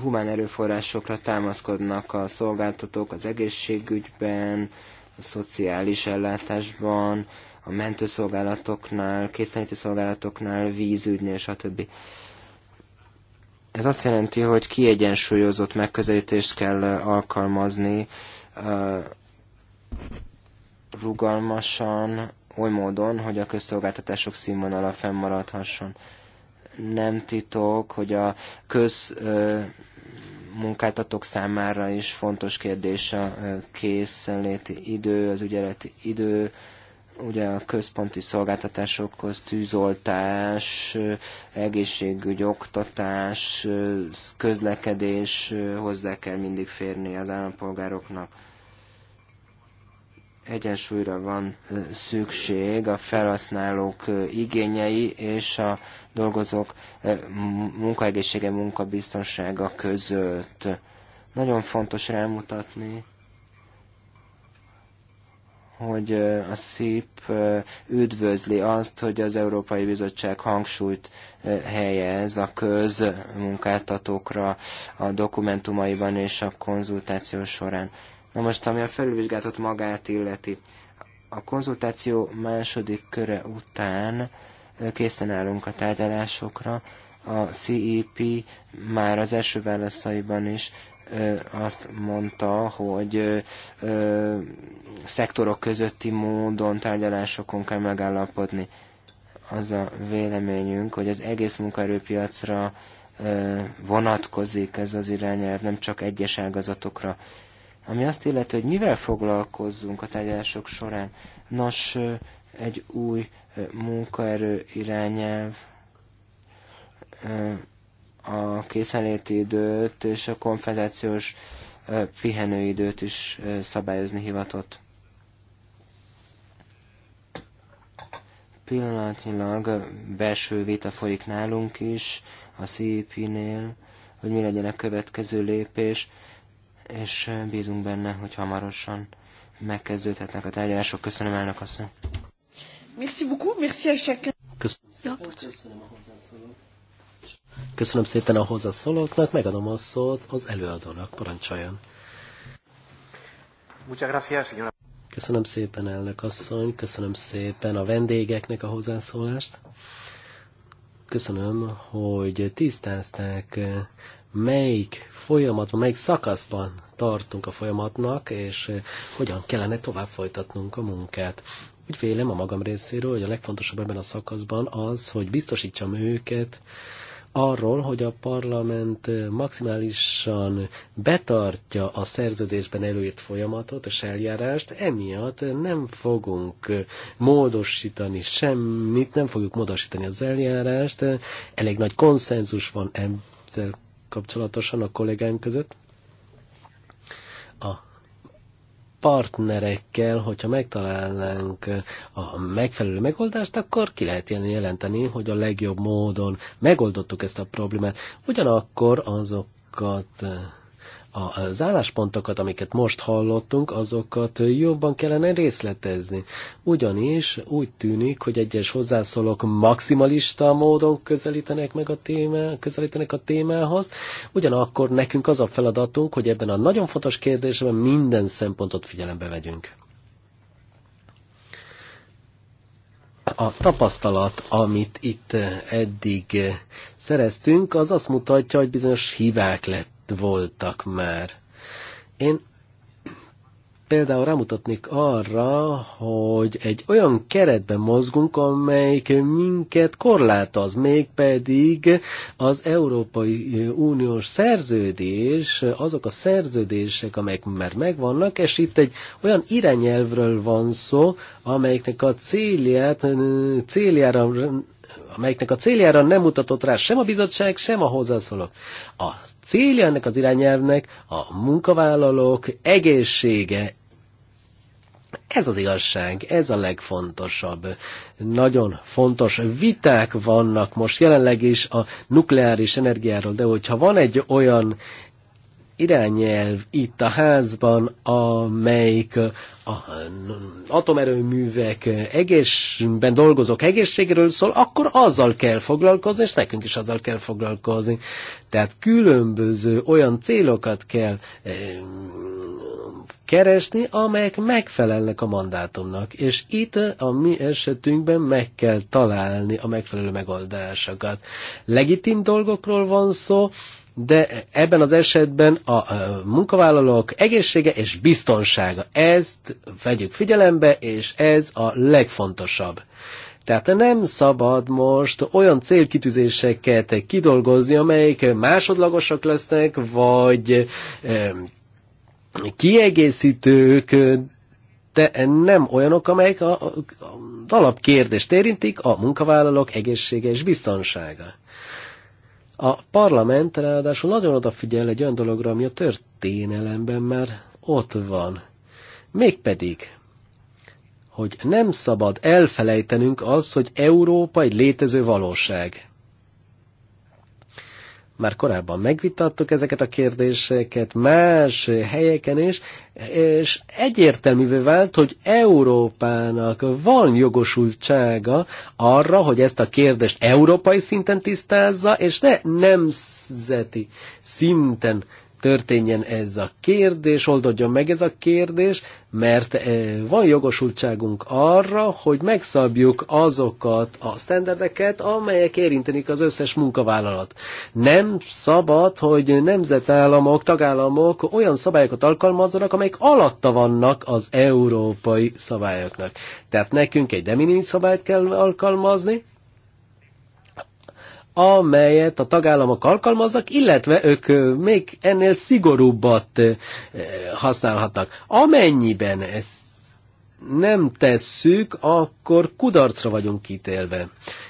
humán erőforrásokra támaszkodnak a szolgáltatók az egészségügyben, a szociális ellátásban, a mentőszolgálatoknál, készenléti szolgálatoknál, vízügynél, stb. Ez azt jelenti, hogy kiegyensúlyozott megközelítést kell alkalmazni rugalmasan, oly módon, hogy a közszolgáltatások színvonala fennmaradhasson. Nem titok, hogy a köz munkáltatók számára is fontos kérdés a készenléti idő, az ügyeleti idő, ugye a központi szolgáltatásokhoz tűzoltás, egészségügy, oktatás, közlekedés hozzá kell mindig férni az állampolgároknak. Egyensúlyra van szükség a felhasználók igényei és a dolgozók munkaegészsége, munkabiztonsága között. Nagyon fontos rámutatni, hogy a szép üdvözli azt, hogy az Európai Bizottság hangsúlyt helyez a közmunkáltatókra a dokumentumaiban és a konzultáció során. Na most, ami a felülvizsgálatot magát illeti, a konzultáció második köre után készen állunk a tárgyalásokra, a CEP már az első válaszaiban is azt mondta, hogy szektorok közötti módon tárgyalásokon kell megállapodni. Az a véleményünk, hogy az egész munkaerőpiacra vonatkozik ez az irányelv, nem csak egyes ágazatokra. Ami azt illeti, hogy mivel foglalkozzunk a tárgyalások során. Nos, egy új munkaerő irányelv a készenléti időt és a konfederációs pihenőidőt is szabályozni hivatott. Pillanatnyilag belső vita folyik nálunk is, a CEP-nél, hogy mi legyen a következő lépés, és bízunk benne, hogy hamarosan megkezdődhetnek a tárgyalások. Köszönöm elnök asszony! Merci beaucoup, merci à chacun. Köszönöm. Köszönöm Köszönöm. Köszönöm szépen a hozzászólóknak, megadom a szót az előadónak, parancsoljon. Köszönöm szépen, elnök asszony, köszönöm szépen a vendégeknek a hozzászólást. Köszönöm, hogy tisztázták, melyik folyamatban, melyik szakaszban tartunk a folyamatnak, és hogyan kellene tovább folytatnunk a munkát. Úgy vélem a magam részéről, hogy a legfontosabb ebben a szakaszban az, hogy biztosítsam őket, arról, hogy a parlament maximálisan betartja a szerződésben előírt folyamatot és eljárást, emiatt nem fogunk módosítani semmit, nem fogjuk módosítani az eljárást, elég nagy konszenzus van ezzel kapcsolatosan a kollégáim között. partnerekkel, hogyha megtalálnánk a megfelelő megoldást, akkor ki lehet jelenteni, hogy a legjobb módon megoldottuk ezt a problémát. Ugyanakkor azokat az álláspontokat, amiket most hallottunk, azokat jobban kellene részletezni. Ugyanis úgy tűnik, hogy egyes hozzászólók maximalista módon közelítenek meg a, témá, közelítenek a témához, ugyanakkor nekünk az a feladatunk, hogy ebben a nagyon fontos kérdésben minden szempontot figyelembe vegyünk. a tapasztalat, amit itt eddig szereztünk, az azt mutatja, hogy bizonyos hibák lett voltak már. Én például rámutatnék arra, hogy egy olyan keretben mozgunk, amelyik minket korlátoz, mégpedig az Európai Uniós szerződés, azok a szerződések, amelyek már megvannak, és itt egy olyan irányelvről van szó, amelyiknek a célját, céljára amelyiknek a céljára nem mutatott rá sem a bizottság, sem a hozzászólók. A célja ennek az irányelvnek a munkavállalók egészsége, ez az igazság, ez a legfontosabb. Nagyon fontos viták vannak most jelenleg is a nukleáris energiáról, de hogyha van egy olyan irányelv itt a házban, amelyik a atomerőművek egészben dolgozók egészségről szól, akkor azzal kell foglalkozni, és nekünk is azzal kell foglalkozni. Tehát különböző olyan célokat kell eh, keresni, amelyek megfelelnek a mandátumnak, és itt a mi esetünkben meg kell találni a megfelelő megoldásokat. Legitim dolgokról van szó, de ebben az esetben a munkavállalók egészsége és biztonsága. Ezt vegyük figyelembe, és ez a legfontosabb. Tehát nem szabad most olyan célkitűzéseket kidolgozni, amelyek másodlagosak lesznek, vagy kiegészítők, de nem olyanok, amelyek a, a, a alapkérdést érintik, a munkavállalók egészsége és biztonsága. A parlament ráadásul nagyon odafigyel egy olyan dologra, ami a történelemben már ott van. Mégpedig, hogy nem szabad elfelejtenünk az, hogy Európa egy létező valóság. Már korábban megvitattuk ezeket a kérdéseket más helyeken is, és egyértelművé vált, hogy Európának van jogosultsága arra, hogy ezt a kérdést európai szinten tisztázza, és ne nemzeti szinten történjen ez a kérdés, oldodjon meg ez a kérdés, mert eh, van jogosultságunk arra, hogy megszabjuk azokat a standardeket, amelyek érintenik az összes munkavállalat. Nem szabad, hogy nemzetállamok, tagállamok olyan szabályokat alkalmazzanak, amelyek alatta vannak az európai szabályoknak. Tehát nekünk egy de szabályt kell alkalmazni, amelyet a tagállamok alkalmaznak, illetve ők még ennél szigorúbbat használhatnak. Amennyiben ezt nem tesszük, akkor kudarcra vagyunk kitélve.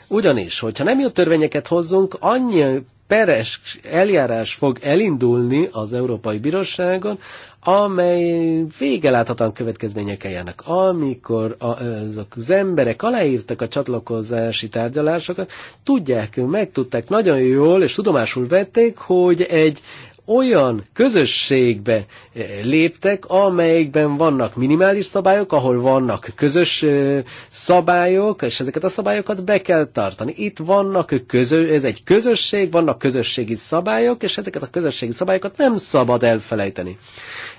Ugyanis, hogyha nem jó törvényeket hozzunk, annyi peres eljárás fog elindulni az Európai Bíróságon, amely láthatóan következményekkel járnak. Amikor a, azok az emberek aláírtak a csatlakozási tárgyalásokat, tudják, megtudták nagyon jól, és tudomásul vették, hogy egy olyan közösségbe eh, léptek, amelyikben vannak minimális szabályok, ahol vannak közös eh, szabályok, és ezeket a szabályokat be kell tartani. Itt vannak közö, ez egy közösség, vannak közösségi szabályok, és ezeket a közösségi szabályokat nem szabad elfelejteni.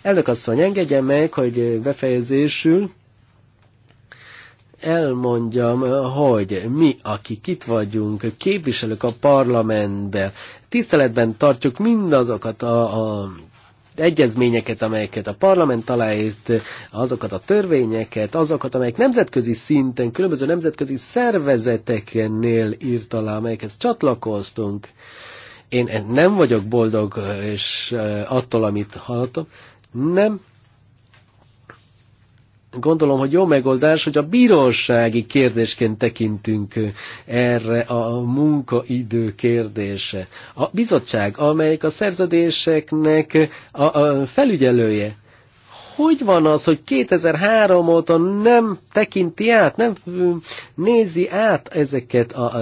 Elnök asszony, engedje meg, hogy eh, befejezésül elmondjam, hogy mi, akik itt vagyunk, képviselők a parlamentben, tiszteletben tartjuk mindazokat a, a egyezményeket, amelyeket a parlament aláírt, azokat a törvényeket, azokat, amelyek nemzetközi szinten, különböző nemzetközi szervezeteknél írt alá, amelyekhez csatlakoztunk. Én nem vagyok boldog és eh, attól, amit hallottam. Nem, gondolom, hogy jó megoldás, hogy a bírósági kérdésként tekintünk erre a munkaidő kérdése. A bizottság, amelyik a szerződéseknek a, felügyelője, hogy van az, hogy 2003 óta nem tekinti át, nem nézi át ezeket a a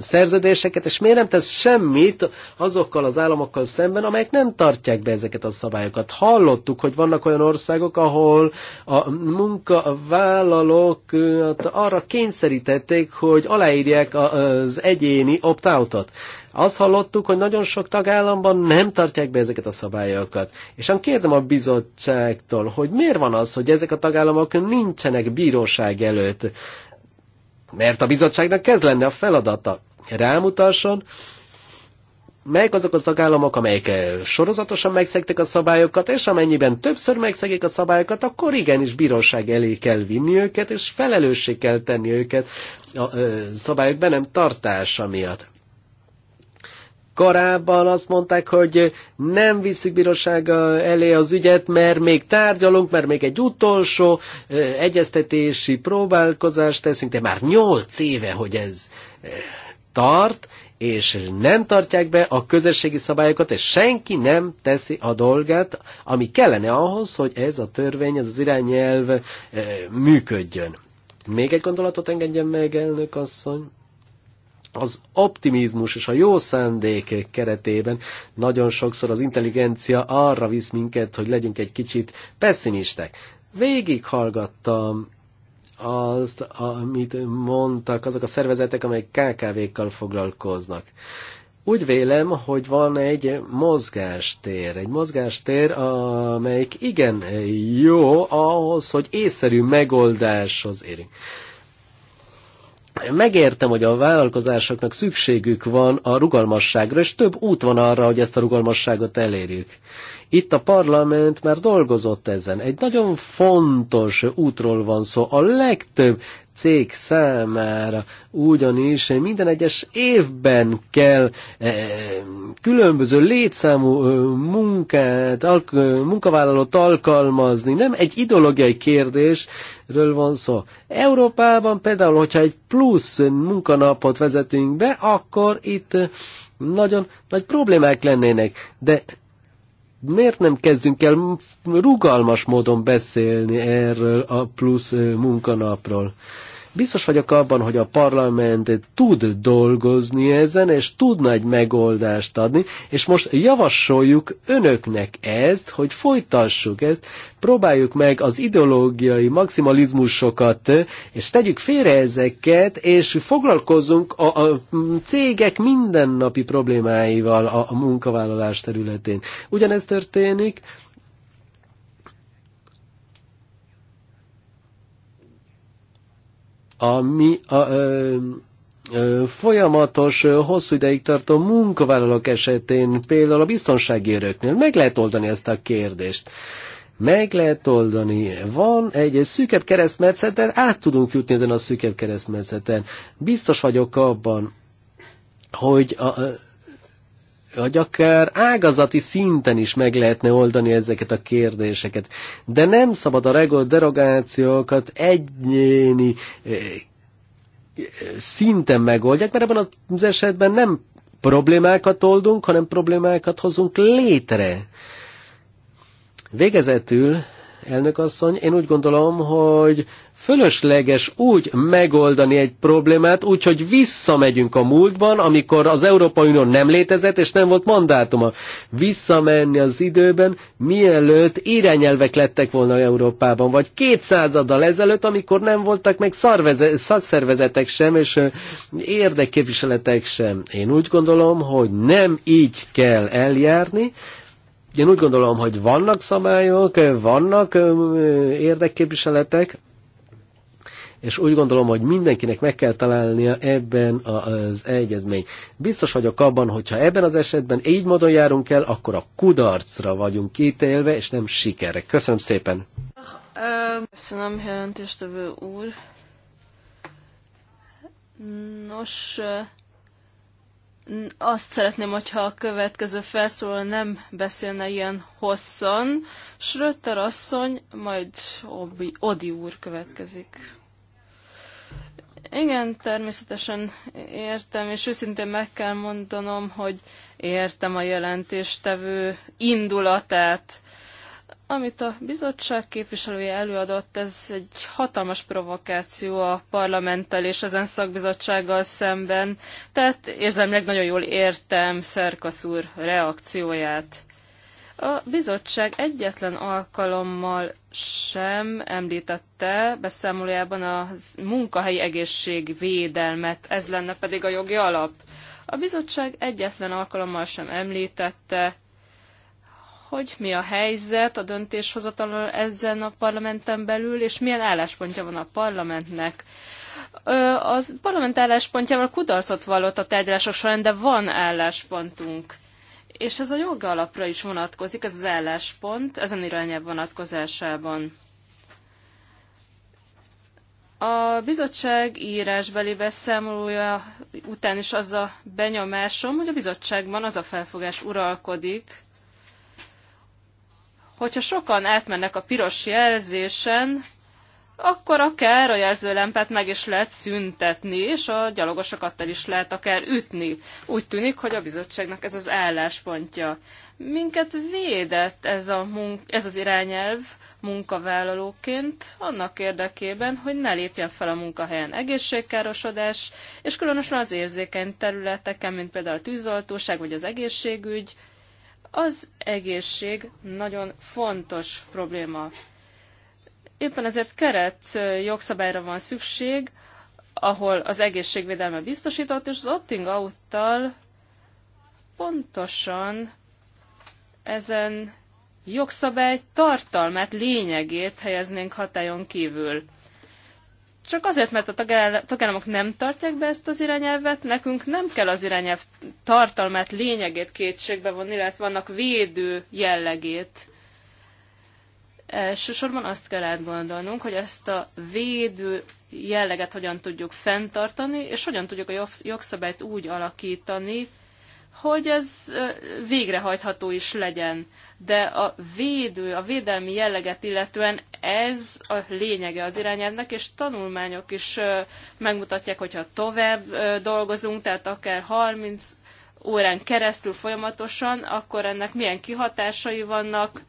szerződéseket, és miért nem tesz semmit azokkal az államokkal szemben, amelyek nem tartják be ezeket a szabályokat. Hallottuk, hogy vannak olyan országok, ahol a munkavállalók hát arra kényszerítették, hogy aláírják az egyéni opt-outot. Azt hallottuk, hogy nagyon sok tagállamban nem tartják be ezeket a szabályokat. És én kérdem a bizottságtól, hogy miért van az, hogy ezek a tagállamok nincsenek bíróság előtt. Mert a bizottságnak ez lenne a feladata. Rámutasson, melyek azok a tagállamok, amelyek eh, sorozatosan megszegtek a szabályokat, és amennyiben többször megszegik a szabályokat, akkor igenis bíróság elé kell vinni őket, és felelősség kell tenni őket a ö, eh, szabályok be nem tartása miatt. Korábban azt mondták, hogy nem viszik bíróság elé az ügyet, mert még tárgyalunk, mert még egy utolsó egyeztetési próbálkozást teszünk, de már nyolc éve, hogy ez tart, és nem tartják be a közösségi szabályokat, és senki nem teszi a dolgát, ami kellene ahhoz, hogy ez a törvény, ez az irányelv működjön. Még egy gondolatot engedjen meg, elnök asszony az optimizmus és a jó szándék keretében nagyon sokszor az intelligencia arra visz minket, hogy legyünk egy kicsit pessimistek. Végighallgattam azt, amit mondtak azok a szervezetek, amelyek KKV-kkal foglalkoznak. Úgy vélem, hogy van egy mozgástér, egy mozgástér, amelyik igen jó ahhoz, hogy észszerű megoldáshoz érünk. Megértem, hogy a vállalkozásoknak szükségük van a rugalmasságra, és több út van arra, hogy ezt a rugalmasságot elérjük. Itt a parlament már dolgozott ezen. Egy nagyon fontos útról van szó. A legtöbb cég számára, ugyanis minden egyes évben kell eh, különböző létszámú eh, munkát, e, munkavállalót alkalmazni. Nem egy ideológiai kérdésről van szó. Európában például, hogyha egy plusz munkanapot vezetünk be, akkor itt eh, nagyon nagy problémák lennének. De miért nem kezdünk el rugalmas módon beszélni erről a plusz munkanapról? Biztos vagyok abban, hogy a parlament tud dolgozni ezen, és tudna egy megoldást adni, és most javasoljuk önöknek ezt, hogy folytassuk ezt, próbáljuk meg az ideológiai maximalizmusokat, és tegyük félre ezeket, és foglalkozunk a, a cégek mindennapi problémáival a, a munkavállalás területén. Ugyanez történik, ami a, ö, ö, folyamatos, hosszú ideig tartó munkavállalók esetén, például a biztonsági öröknél, meg lehet oldani ezt a kérdést meg lehet oldani. Van egy szűkebb keresztmetszeten, át tudunk jutni ezen a szűkebb keresztmetszeten. Biztos vagyok abban, hogy a, hogy akár ágazati szinten is meg lehetne oldani ezeket a kérdéseket. De nem szabad a regol derogációkat egyéni eh, szinten megoldják, mert ebben az esetben nem problémákat oldunk, hanem problémákat hozunk létre. Végezetül elnök asszony. Én úgy gondolom, hogy fölösleges úgy megoldani egy problémát, úgy, hogy visszamegyünk a múltban, amikor az Európai Unió nem létezett, és nem volt mandátuma. Visszamenni az időben, mielőtt irányelvek lettek volna Európában, vagy kétszázaddal ezelőtt, amikor nem voltak meg szakszervezetek sem, és érdekképviseletek sem. Én úgy gondolom, hogy nem így kell eljárni, én úgy gondolom, hogy vannak szabályok, vannak érdekképviseletek, és úgy gondolom, hogy mindenkinek meg kell találnia ebben az egyezmény. Biztos vagyok abban, hogyha ebben az esetben így módon járunk el, akkor a kudarcra vagyunk kítélve, és nem sikerre. Köszönöm szépen! Köszönöm, jelentéstevő úr. Nos, azt szeretném, hogyha a következő felszóló nem beszélne ilyen hosszan. Schröter asszony, majd Obi, Odi úr következik. Igen, természetesen értem, és őszintén meg kell mondanom, hogy értem a jelentéstevő indulatát. Amit a bizottság képviselője előadott, ez egy hatalmas provokáció a parlamenttel és ezen szakbizottsággal szemben, tehát érzelmileg nagyon jól értem Szerkasz úr reakcióját. A bizottság egyetlen alkalommal sem említette beszámolójában a munkahelyi egészségvédelmet, ez lenne pedig a jogi alap. A bizottság egyetlen alkalommal sem említette hogy mi a helyzet a döntéshozatalon ezen a parlamenten belül, és milyen álláspontja van a parlamentnek. A parlament álláspontjával kudarcot vallott a tárgyalások során, de van álláspontunk. És ez a jogalapra is vonatkozik, ez az álláspont, ezen irányában vonatkozásában. A bizottság írásbeli beszámolója után is az a benyomásom, hogy a bizottságban az a felfogás uralkodik, Hogyha sokan átmennek a piros jelzésen, akkor akár a jelzőlempet meg is lehet szüntetni, és a gyalogosokat el is lehet akár ütni. Úgy tűnik, hogy a bizottságnak ez az álláspontja. Minket védett ez, a mun- ez az irányelv munkavállalóként annak érdekében, hogy ne lépjen fel a munkahelyen egészségkárosodás, és különösen az érzékeny területeken, mint például a tűzoltóság vagy az egészségügy, az egészség nagyon fontos probléma. Éppen ezért keret jogszabályra van szükség, ahol az egészségvédelme biztosított, és az opting out pontosan ezen jogszabály tartalmát, lényegét helyeznénk hatályon kívül. Csak azért, mert a tagállamok nem tartják be ezt az irányelvet, nekünk nem kell az irányelv tartalmát, lényegét kétségbe vonni, illetve vannak védő jellegét. Elsősorban azt kell átgondolnunk, hogy ezt a védő jelleget hogyan tudjuk fenntartani, és hogyan tudjuk a jogszabályt úgy alakítani, hogy ez végrehajtható is legyen. De a védő, a védelmi jelleget illetően ez a lényege az irányelvnek, és tanulmányok is megmutatják, hogyha tovább dolgozunk, tehát akár 30 órán keresztül folyamatosan, akkor ennek milyen kihatásai vannak,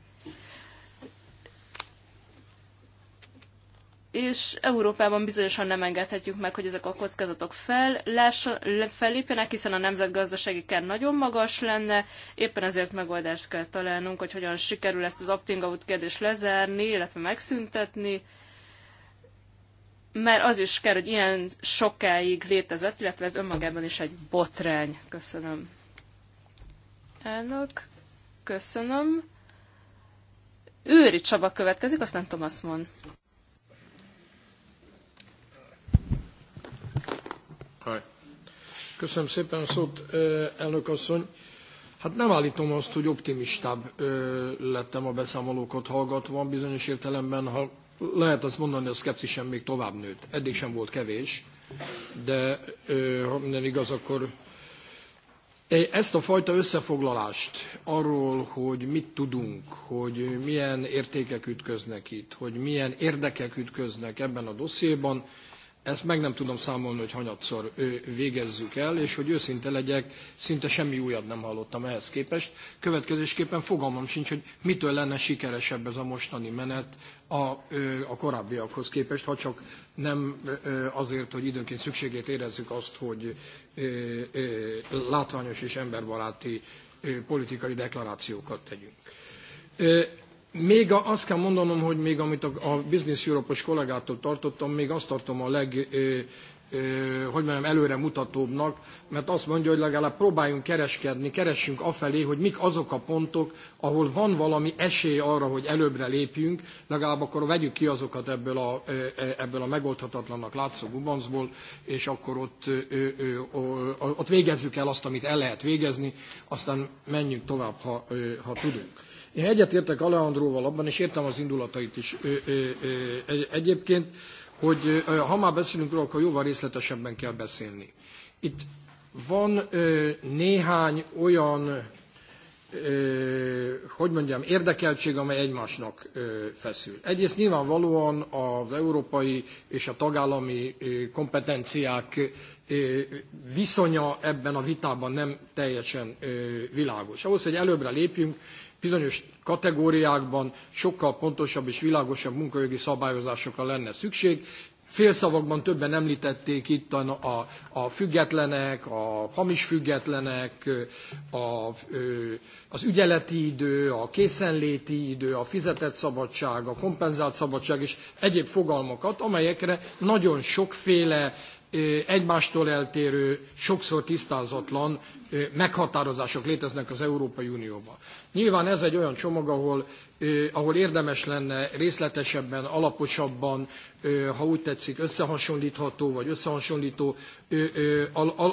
és Európában bizonyosan nem engedhetjük meg, hogy ezek a kockázatok fel, lássa, fellépjenek, hiszen a nemzetgazdasági kár nagyon magas lenne, éppen ezért megoldást kell találnunk, hogy hogyan sikerül ezt az opting out kérdést lezárni, illetve megszüntetni, mert az is kell, hogy ilyen sokáig létezett, illetve ez önmagában is egy botrány. Köszönöm. Elnök, köszönöm. Őri Csaba következik, azt nem Thomas mond. Köszönöm szépen a szót, elnök asszony. Hát nem állítom azt, hogy optimistább lettem a beszámolókat hallgatva, bizonyos értelemben, ha lehet azt mondani, a szkepszisem még tovább nőtt. Eddig sem volt kevés, de ha minden igaz, akkor e, ezt a fajta összefoglalást arról, hogy mit tudunk, hogy milyen értékek ütköznek itt, hogy milyen érdekek ütköznek ebben a dossziéban, ezt meg nem tudom számolni, hogy hanyatszor végezzük el, és hogy őszinte legyek, szinte semmi újat nem hallottam ehhez képest. Következésképpen fogalmam sincs, hogy mitől lenne sikeresebb ez a mostani menet a, a korábbiakhoz képest, ha csak nem azért, hogy időnként szükségét érezzük azt, hogy látványos és emberbaráti politikai deklarációkat tegyünk. Még azt kell mondanom, hogy még amit a, Business Europe-os kollégától tartottam, még azt tartom a leg, hogy mondjam, előre mutatóbbnak, mert azt mondja, hogy legalább próbáljunk kereskedni, keressünk afelé, hogy mik azok a pontok, ahol van valami esély arra, hogy előbbre lépjünk, legalább akkor vegyük ki azokat ebből a, ebből a megoldhatatlannak látszó gubancból, és akkor ott, ott végezzük el azt, amit el lehet végezni, aztán menjünk tovább, ha, ha tudunk. Én egyetértek Alejandróval abban, és értem az indulatait is ö, ö, ö, e, egyébként, hogy ha már beszélünk róla, akkor jóval részletesebben kell beszélni. Itt van ö, néhány olyan, ö, hogy mondjam, érdekeltség, amely egymásnak ö, feszül. Egyrészt nyilvánvalóan az európai és a tagállami ö, kompetenciák viszonya ebben a vitában nem teljesen világos. Ahhoz, hogy előbbre lépjünk, bizonyos kategóriákban sokkal pontosabb és világosabb munkajogi szabályozásokra lenne szükség. Félszavakban többen említették itt a, a, a függetlenek, a hamis függetlenek, a, az ügyeleti idő, a készenléti idő, a fizetett szabadság, a kompenzált szabadság és egyéb fogalmakat, amelyekre nagyon sokféle egymástól eltérő, sokszor tisztázatlan meghatározások léteznek az Európai Unióban. Nyilván ez egy olyan csomag, ahol, ahol érdemes lenne részletesebben, alaposabban, ha úgy tetszik, összehasonlítható vagy összehasonlító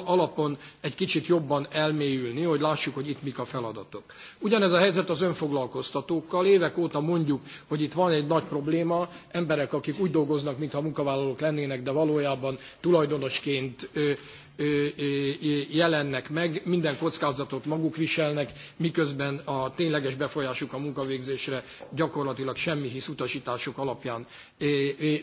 alapon egy kicsit jobban elmélyülni, hogy lássuk, hogy itt mik a feladatok. Ugyanez a helyzet az önfoglalkoztatókkal. Évek óta mondjuk, hogy itt van egy nagy probléma, emberek, akik úgy dolgoznak, mintha munkavállalók lennének, de valójában tulajdonosként jelennek meg, minden kockázatot maguk viselnek, miközben a tényleges befolyásuk a munkavégzésre gyakorlatilag semmi hisz utasítások alapján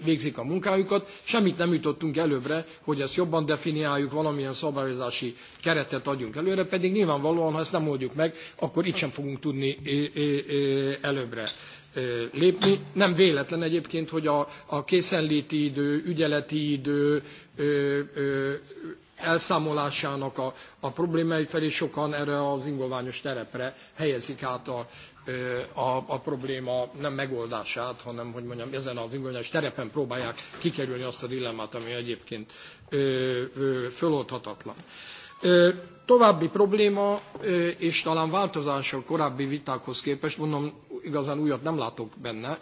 végzik a munkájukat. Semmit nem jutottunk előbbre, hogy ezt jobban definiáljuk, valamilyen szabályozási keretet adjunk előre, pedig nyilvánvalóan, ha ezt nem oldjuk meg, akkor itt sem fogunk tudni előbbre lépni. Nem véletlen egyébként, hogy a, a készenléti idő, ügyeleti idő, ö, ö, elszámolásának a, a problémái felé sokan erre az ingolványos terepre helyezik át a, a, a probléma nem megoldását, hanem hogy mondjam, ezen az ingolványos terepen próbálják kikerülni azt a dilemmát, ami egyébként ö, ö, föloldhatatlan. Ö, további probléma, ö, és talán változás a korábbi vitákhoz képest, mondom, igazán újat nem látok benne,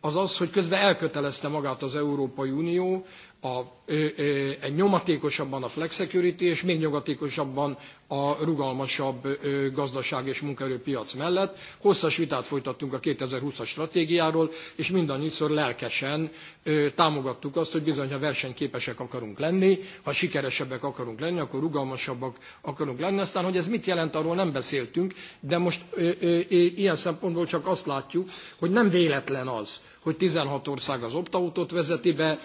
az az, hogy közben elkötelezte magát az Európai Unió a, ö, ö, nyomatékosabban a flex security, és még nyomatékosabban a rugalmasabb ö, gazdaság és munkaerőpiac mellett. Hosszas vitát folytattunk a 2020-as stratégiáról, és mindannyiszor lelkesen ö, támogattuk azt, hogy bizony, ha versenyképesek akarunk lenni, ha sikeresebbek akarunk lenni, akkor rugalmasabbak akarunk lenni. Aztán, hogy ez mit jelent, arról nem beszéltünk, de most ö, ilyen szempontból csak azt látjuk, hogy nem véletlen az, hogy 16 ország az optautot vezeti be,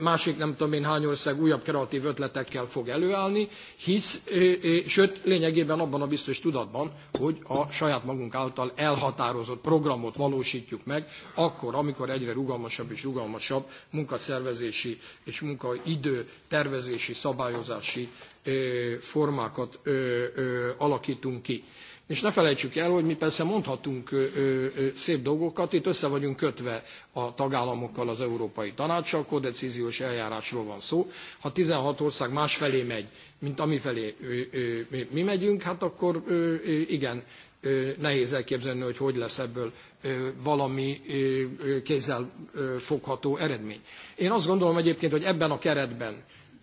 másik nem tudom én hány ország újabb kreatív ötletekkel fog előállni, hisz, sőt, lényegében abban a biztos tudatban, hogy a saját magunk által elhatározott programot valósítjuk meg, akkor, amikor egyre rugalmasabb és rugalmasabb munkaszervezési és munkaidő tervezési, szabályozási formákat alakítunk ki. És ne felejtsük el, hogy mi persze mondhatunk ö, ö, szép dolgokat, itt össze vagyunk kötve a tagállamokkal, az Európai Tanácssal, kodecíziós eljárásról van szó. Ha 16 ország más felé megy, mint amifelé ö, mi megyünk, hát akkor igen, nehéz elképzelni, hogy hogy lesz ebből valami kézzel fogható eredmény. Én azt gondolom egyébként, hogy ebben a keretben,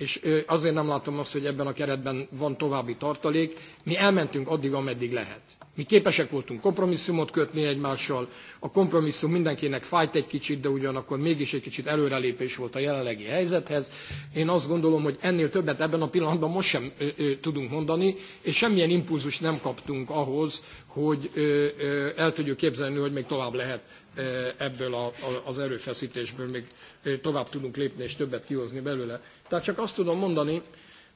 és azért nem látom azt, hogy ebben a keretben van további tartalék. Mi elmentünk addig, ameddig lehet. Mi képesek voltunk kompromisszumot kötni egymással, a kompromisszum mindenkinek fájt egy kicsit, de ugyanakkor mégis egy kicsit előrelépés volt a jelenlegi helyzethez. Én azt gondolom, hogy ennél többet ebben a pillanatban most sem ö, ö, tudunk mondani, és semmilyen impulzus nem kaptunk ahhoz, hogy ö, ö, el tudjuk képzelni, hogy még tovább lehet ebből a, a, az erőfeszítésből még tovább tudunk lépni és többet kihozni belőle. Tehát csak azt tudom mondani,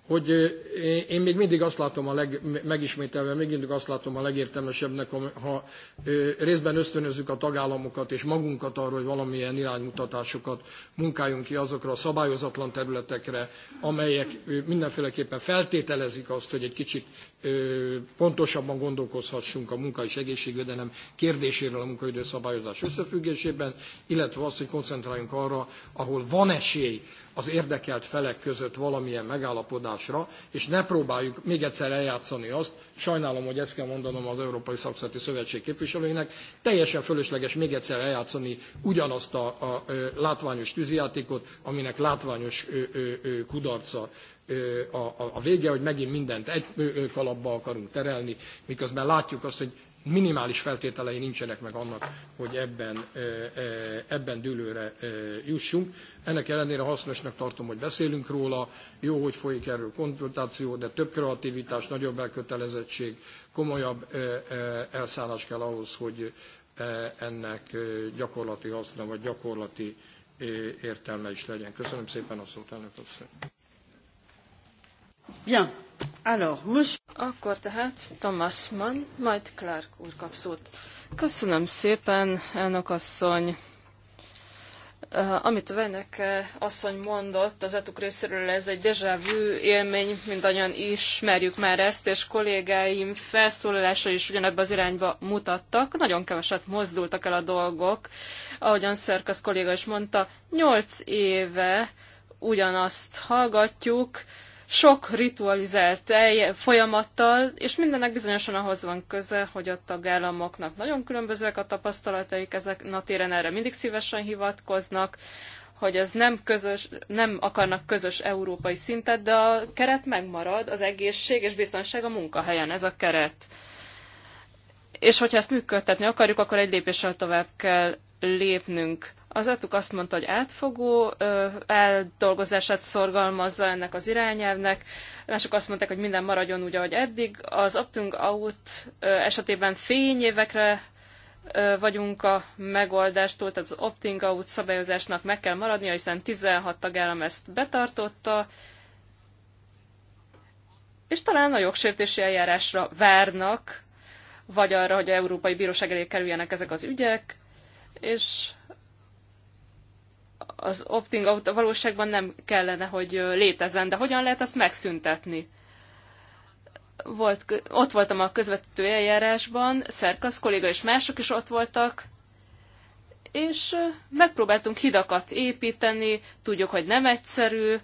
hogy eh, én még mindig azt látom a leg, megismételve, még mindig azt látom a legértelmesebbnek, ha eh, részben ösztönözzük a tagállamokat és magunkat arra, hogy valamilyen iránymutatásokat munkáljunk ki azokra a szabályozatlan területekre, amelyek eh, mindenféleképpen feltételezik azt, hogy egy kicsit pontosabban gondolkozhassunk a munka és egészségvédelem kérdéséről a munkaidő szabályozás összefüggésében, illetve azt, hogy koncentráljunk arra, ahol van esély az érdekelt felek között valamilyen megállapodásra, és ne próbáljuk még egyszer eljátszani azt, sajnálom, hogy ezt kell mondanom az Európai Szakszati Szövetség képviselőinek, teljesen fölösleges még egyszer eljátszani ugyanazt a, a, a látványos tűzijátékot, aminek látványos ö, ö, ö, kudarca a, a, a vége, hogy megint mindent egy kalapba akarunk terelni, miközben látjuk azt, hogy minimális feltételei nincsenek meg annak, hogy ebben, ebben dőlőre jussunk. Ennek ellenére hasznosnak tartom, hogy beszélünk róla, jó, hogy folyik erről konzultáció, de több kreativitás, nagyobb elkötelezettség, komolyabb elszállás kell ahhoz, hogy ennek gyakorlati haszna vagy gyakorlati értelme is legyen. Köszönöm szépen a szót, elnök asszony. Bien. Alors, monsieur... Akkor tehát Thomas Mann, majd Clark úr kap szót. Köszönöm szépen, elnök asszony. amit Venek asszony mondott, az etuk részéről ez egy déjà vu élmény, mindannyian ismerjük már ezt, és kollégáim felszólalása is ugyanebbe az irányba mutattak. Nagyon keveset mozdultak el a dolgok. Ahogyan Szerkasz kolléga is mondta, nyolc éve ugyanazt hallgatjuk, sok ritualizált folyamattal, és mindennek bizonyosan ahhoz van köze, hogy a tagállamoknak nagyon különbözőek a tapasztalataik ezek a téren, erre mindig szívesen hivatkoznak, hogy ez nem közös, nem akarnak közös európai szintet, de a keret megmarad, az egészség és biztonság a munkahelyen, ez a keret. És hogyha ezt működtetni akarjuk, akkor egy lépéssel tovább kell lépnünk. Az ETUK azt mondta, hogy átfogó eldolgozását szorgalmazza ennek az irányelvnek, mások azt mondták, hogy minden maradjon úgy, ahogy eddig. Az opting out esetében fényévekre vagyunk a megoldástól, tehát az opting out szabályozásnak meg kell maradnia, hiszen 16 tagállam ezt betartotta, és talán a jogsértési eljárásra várnak, vagy arra, hogy a Európai Bíróság elé kerüljenek ezek az ügyek, és az opting out a valóságban nem kellene, hogy létezzen, de hogyan lehet azt megszüntetni? Volt, ott voltam a közvetítő eljárásban, Szerkasz kolléga és mások is ott voltak, és megpróbáltunk hidakat építeni, tudjuk, hogy nem egyszerű,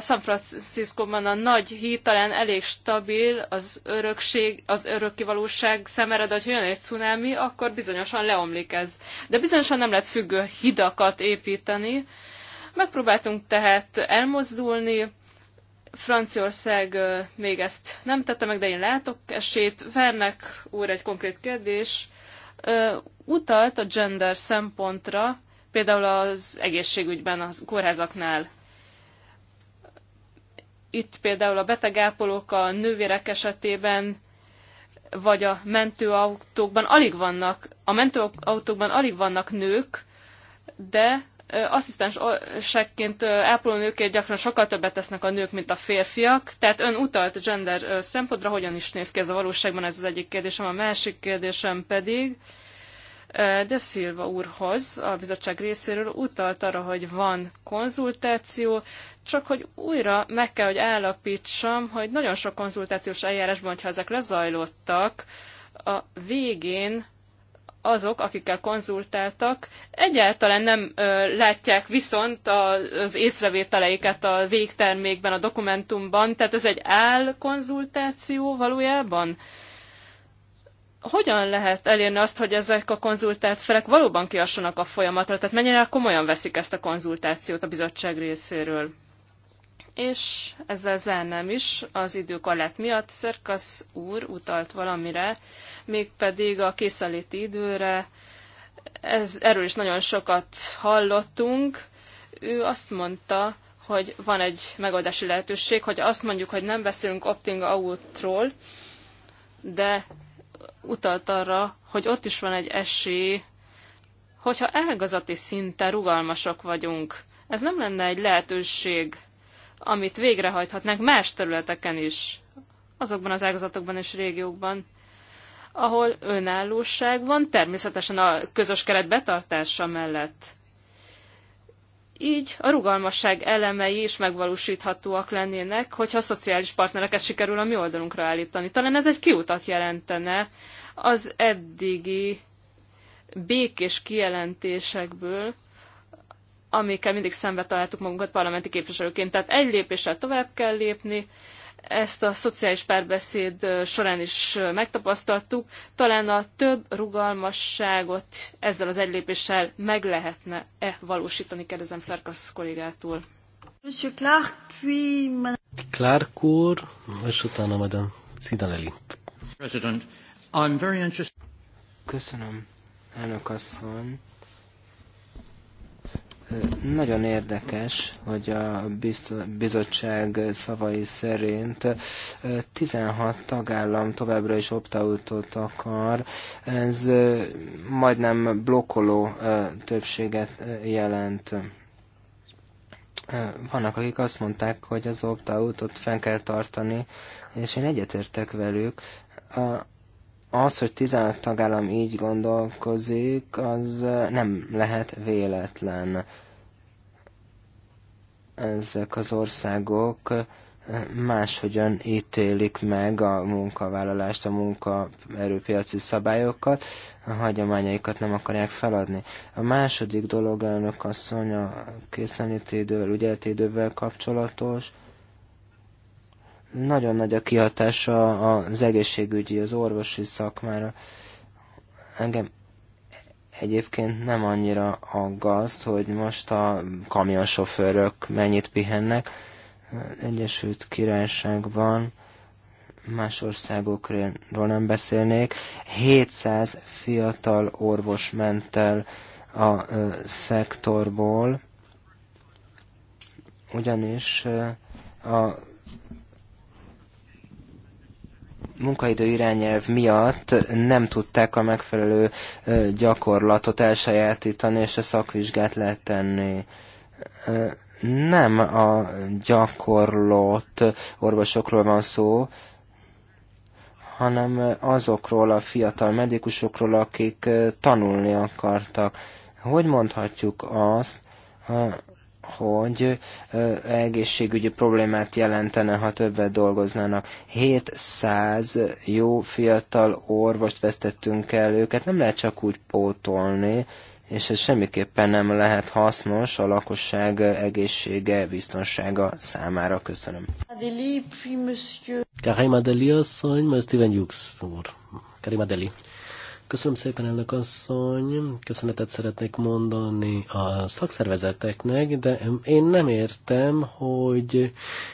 San Franciscóban a nagy híd talán elég stabil az örökség, az örökki valóság szemére, de hogyha jön egy cunami, akkor bizonyosan leomlik ez. De bizonyosan nem lehet függő hidakat építeni. Megpróbáltunk tehát elmozdulni, Franciaország még ezt nem tette meg, de én látok esélyt. Vernek úr egy konkrét kérdés. Utalt a gender szempontra, például az egészségügyben, a kórházaknál itt például a betegápolók a nővérek esetében vagy a mentőautókban alig vannak, a mentőautókban alig vannak nők, de asszisztensekként ápolónőkért gyakran sokkal többet tesznek a nők, mint a férfiak. Tehát ön utalt gender szempontra, hogyan is néz ki ez a valóságban, ez az egyik kérdésem. A másik kérdésem pedig, de Szilva úrhoz a bizottság részéről utalt arra, hogy van konzultáció, csak hogy újra meg kell, hogy állapítsam, hogy nagyon sok konzultációs eljárásban, hogyha ezek lezajlottak, a végén azok, akikkel konzultáltak, egyáltalán nem ö, látják viszont az észrevételeiket a végtermékben, a dokumentumban, tehát ez egy áll konzultáció valójában. Hogyan lehet elérni azt, hogy ezek a konzultált felek valóban kiassanak a folyamatra? Tehát mennyire komolyan veszik ezt a konzultációt a bizottság részéről? És ezzel zárnám is az alatt miatt. Szerkasz úr utalt valamire, mégpedig a készenléti időre. Ez, erről is nagyon sokat hallottunk. Ő azt mondta, hogy van egy megoldási lehetőség, hogy azt mondjuk, hogy nem beszélünk opting outról, de utalt arra, hogy ott is van egy esély, hogyha elgazati szinten rugalmasak vagyunk. Ez nem lenne egy lehetőség amit végrehajthatnánk más területeken is, azokban az ágazatokban és régiókban, ahol önállóság van, természetesen a közös keret betartása mellett. Így a rugalmasság elemei is megvalósíthatóak lennének, hogyha a szociális partnereket sikerül a mi oldalunkra állítani. Talán ez egy kiutat jelentene az eddigi békés kijelentésekből, amikkel mindig szembe találtuk magunkat parlamenti képviselőként. Tehát egy lépéssel tovább kell lépni, ezt a szociális párbeszéd során is megtapasztaltuk, talán a több rugalmasságot ezzel az lépéssel meg lehetne-e valósítani, kérdezem Szerkasz kollégától. Clark, puis... Clark úr, és utána madame Szidaleli. President, I'm very interested... Köszönöm, elnök asszony. Nagyon érdekes, hogy a bizottság szavai szerint 16 tagállam továbbra is optautot akar. Ez majdnem blokkoló többséget jelent. Vannak, akik azt mondták, hogy az opt-outot fenn kell tartani, és én egyetértek velük. A az, hogy 15 tagállam így gondolkozik, az nem lehet véletlen. Ezek az országok máshogyan ítélik meg a munkavállalást, a munkaerőpiaci szabályokat, a hagyományaikat nem akarják feladni. A második dolog, elnök asszony, a készenléti idővel, ügyeleti idővel kapcsolatos, nagyon nagy a kihatása az egészségügyi, az orvosi szakmára. Engem egyébként nem annyira aggaszt, hogy most a kamionsofőrök mennyit pihennek. Egyesült Királyságban más országokról nem beszélnék. 700 fiatal orvos ment el a ö, szektorból, ugyanis ö, a munkaidő irányelv miatt nem tudták a megfelelő gyakorlatot elsajátítani, és a szakvizsgát tenni. Nem a gyakorlott orvosokról van szó, hanem azokról a fiatal medikusokról, akik tanulni akartak. Hogy mondhatjuk azt, hogy egészségügyi problémát jelentene, ha többet dolgoznának. 700 jó fiatal orvost vesztettünk el, őket nem lehet csak úgy pótolni, és ez semmiképpen nem lehet hasznos a lakosság egészsége, biztonsága számára. Köszönöm. Karim Adeli asszony, majd Steven Hughes úr. Karim Adeli. Köszönöm szépen, elnök asszony. Köszönetet szeretnék mondani a szakszervezeteknek, de én nem értem, hogy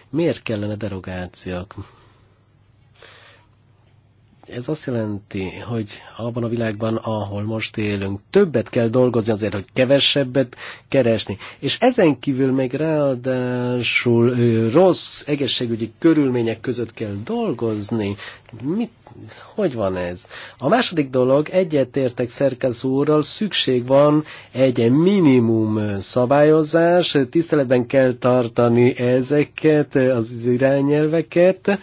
miért kellene derogációk. Ez azt jelenti, hogy abban a világban, ahol most élünk, többet kell dolgozni azért, hogy kevesebbet keresni. És ezen kívül még ráadásul rossz egészségügyi körülmények között kell dolgozni. Mit, hogy van ez? A második dolog, egyetértek Szerkesz úrral, szükség van egy minimum szabályozás, tiszteletben kell tartani ezeket az irányelveket,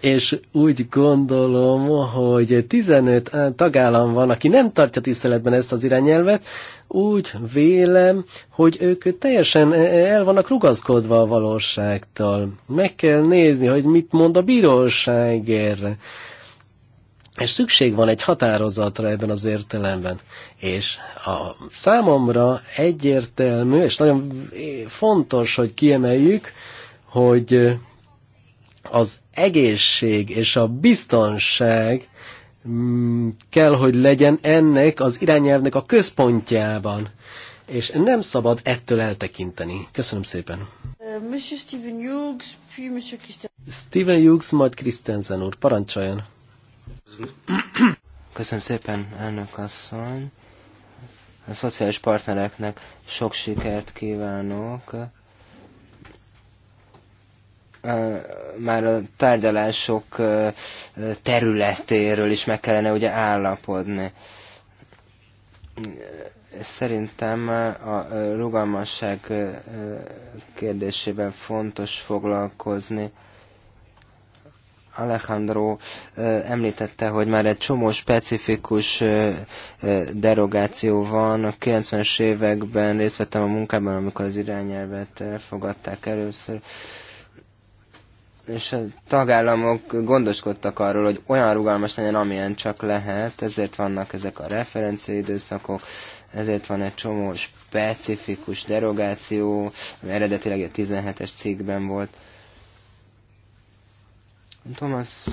és úgy gondolom, hogy 15 tagállam van, aki nem tartja tiszteletben ezt az irányelvet, úgy vélem, hogy ők teljesen e, e, el vannak rugaszkodva a valóságtól. Meg kell nézni, hogy mit mond a bíróság erre. És szükség van egy határozatra ebben az értelemben. És a számomra egyértelmű, és nagyon e, fontos, hogy kiemeljük, hogy az egészség és a biztonság mm, kell, hogy legyen ennek az irányelvnek a központjában. És nem szabad ettől eltekinteni. Köszönöm szépen. Uh, Monsieur Steven Hughes, puis Monsieur Hughes, majd Christensen úr. Parancsoljon. Köszönöm szépen, elnök asszony. A szociális partnereknek sok sikert kívánok már a tárgyalások területéről is meg kellene ugye állapodni. Szerintem a rugalmasság kérdésében fontos foglalkozni. Alejandro említette, hogy már egy csomó specifikus derogáció van. A 90-es években részt vettem a munkában, amikor az irányelvet elfogadták először és a tagállamok gondoskodtak arról, hogy olyan rugalmas legyen, amilyen csak lehet, ezért vannak ezek a időszakok, ezért van egy csomó specifikus derogáció, ami eredetileg a 17-es cikkben volt. Thomas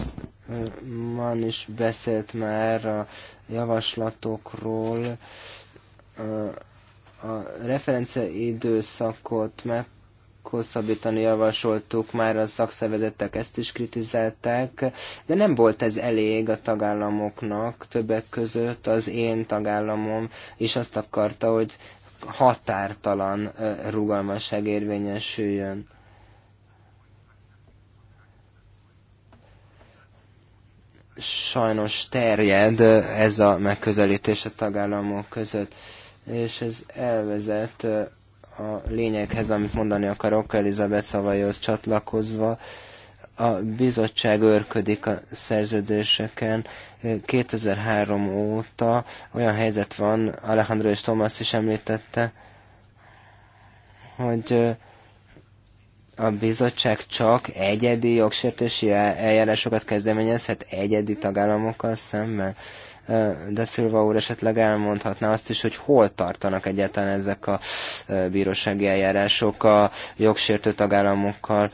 Mann is beszélt már a javaslatokról, a referencia időszakot meg hosszabbítani javasoltuk, már a szakszervezetek ezt is kritizálták, de nem volt ez elég a tagállamoknak, többek között az én tagállamom is azt akarta, hogy határtalan rugalmasság érvényesüljön. Sajnos terjed ez a megközelítés a tagállamok között, és ez elvezet a lényeghez, amit mondani akarok, Elizabeth szavaihoz csatlakozva. A bizottság őrködik a szerződéseken. 2003 óta olyan helyzet van, Alejandro és Thomas is említette, hogy a bizottság csak egyedi jogsértési eljárásokat kezdeményezhet egyedi tagállamokkal szemben de Szilva úr esetleg elmondhatná azt is, hogy hol tartanak egyáltalán ezek a bírósági eljárások a jogsértő tagállamokkal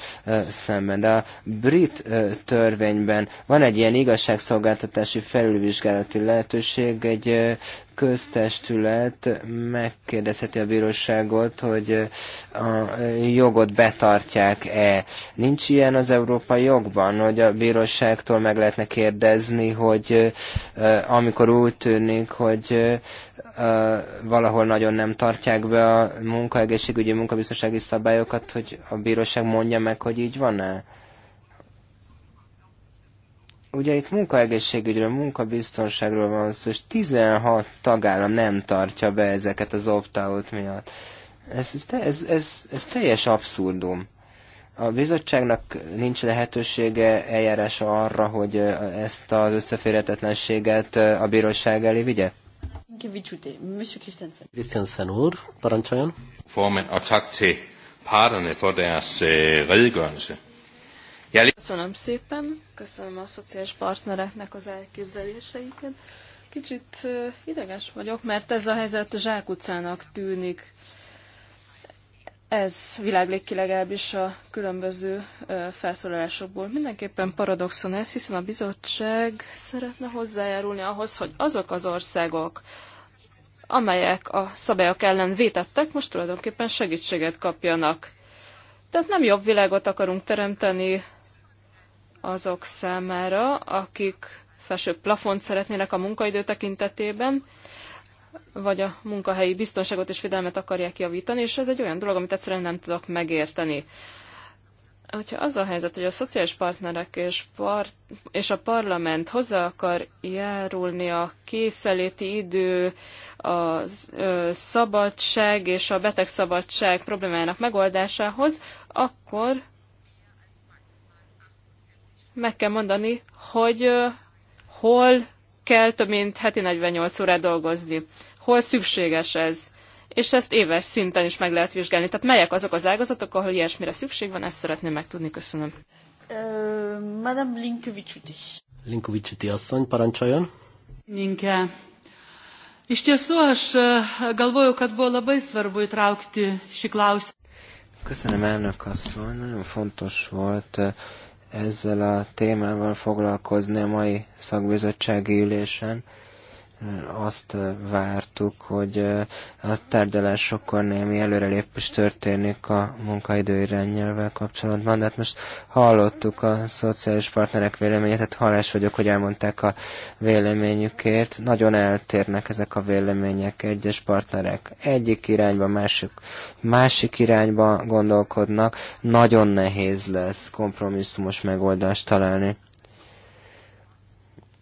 szemben. De a brit törvényben van egy ilyen igazságszolgáltatási felülvizsgálati lehetőség, egy köztestület megkérdezheti a bíróságot, hogy a jogot betartják-e. Nincs ilyen az európai jogban, hogy a bíróságtól meg lehetne kérdezni, hogy amikor úgy tűnik, hogy valahol nagyon nem tartják be a munkaegészségügyi munkabiztonsági szabályokat, hogy a bíróság mondja meg, hogy így van-e? ugye itt munkaegészségügyről, munkabiztonságról van szó, és 16 tagállam nem tartja be ezeket az opt-out miatt. Ez, ez, ez, ez, ez teljes abszurdum. A bizottságnak nincs lehetősége eljárás arra, hogy ezt az összeférhetetlenséget a bíróság elé vigye? Christiansen úr, parancsoljon. Formand, og tak til parterne for deres øh, redegørelse. Köszönöm szépen, köszönöm a szociális partnereknek az elképzeléseiket. Kicsit ideges vagyok, mert ez a helyzet zsákutcának tűnik. Ez világlégki legalábbis a különböző felszólalásokból. Mindenképpen paradoxon ez, hiszen a bizottság szeretne hozzájárulni ahhoz, hogy azok az országok, amelyek a szabályok ellen vétettek, most tulajdonképpen segítséget kapjanak. Tehát nem jobb világot akarunk teremteni azok számára, akik felsőbb plafont szeretnének a munkaidő tekintetében, vagy a munkahelyi biztonságot és védelmet akarják javítani, és ez egy olyan dolog, amit egyszerűen nem tudok megérteni. Hogyha az a helyzet, hogy a szociális partnerek és, par- és a parlament hozzá akar járulni a készeléti idő, a szabadság és a betegszabadság problémájának megoldásához, akkor meg kell mondani, hogy hol kell több mint heti 48 órát dolgozni, hol szükséges ez, és ezt éves szinten is meg lehet vizsgálni. Tehát melyek azok az ágazatok, ahol ilyesmire szükség van, ezt szeretném megtudni. Köszönöm. Uh, Madame Linkovicsuti. Linkovicsuti asszony, parancsoljon. Ninke. Iš tiesų, aš galvoju, kad buvo labai svarbu įtraukti šį klausimą. Köszönöm, elnök asszony, nagyon fontos volt ezzel a témával foglalkozni a mai szakbizottsági ülésen azt vártuk, hogy a tárgyalásokkor némi előrelépés történik a munkaidő irányelvvel kapcsolatban, de hát most hallottuk a szociális partnerek véleményét, tehát hallás vagyok, hogy elmondták a véleményükért. Nagyon eltérnek ezek a vélemények, egyes partnerek egyik irányba, másik, másik irányba gondolkodnak. Nagyon nehéz lesz kompromisszumos megoldást találni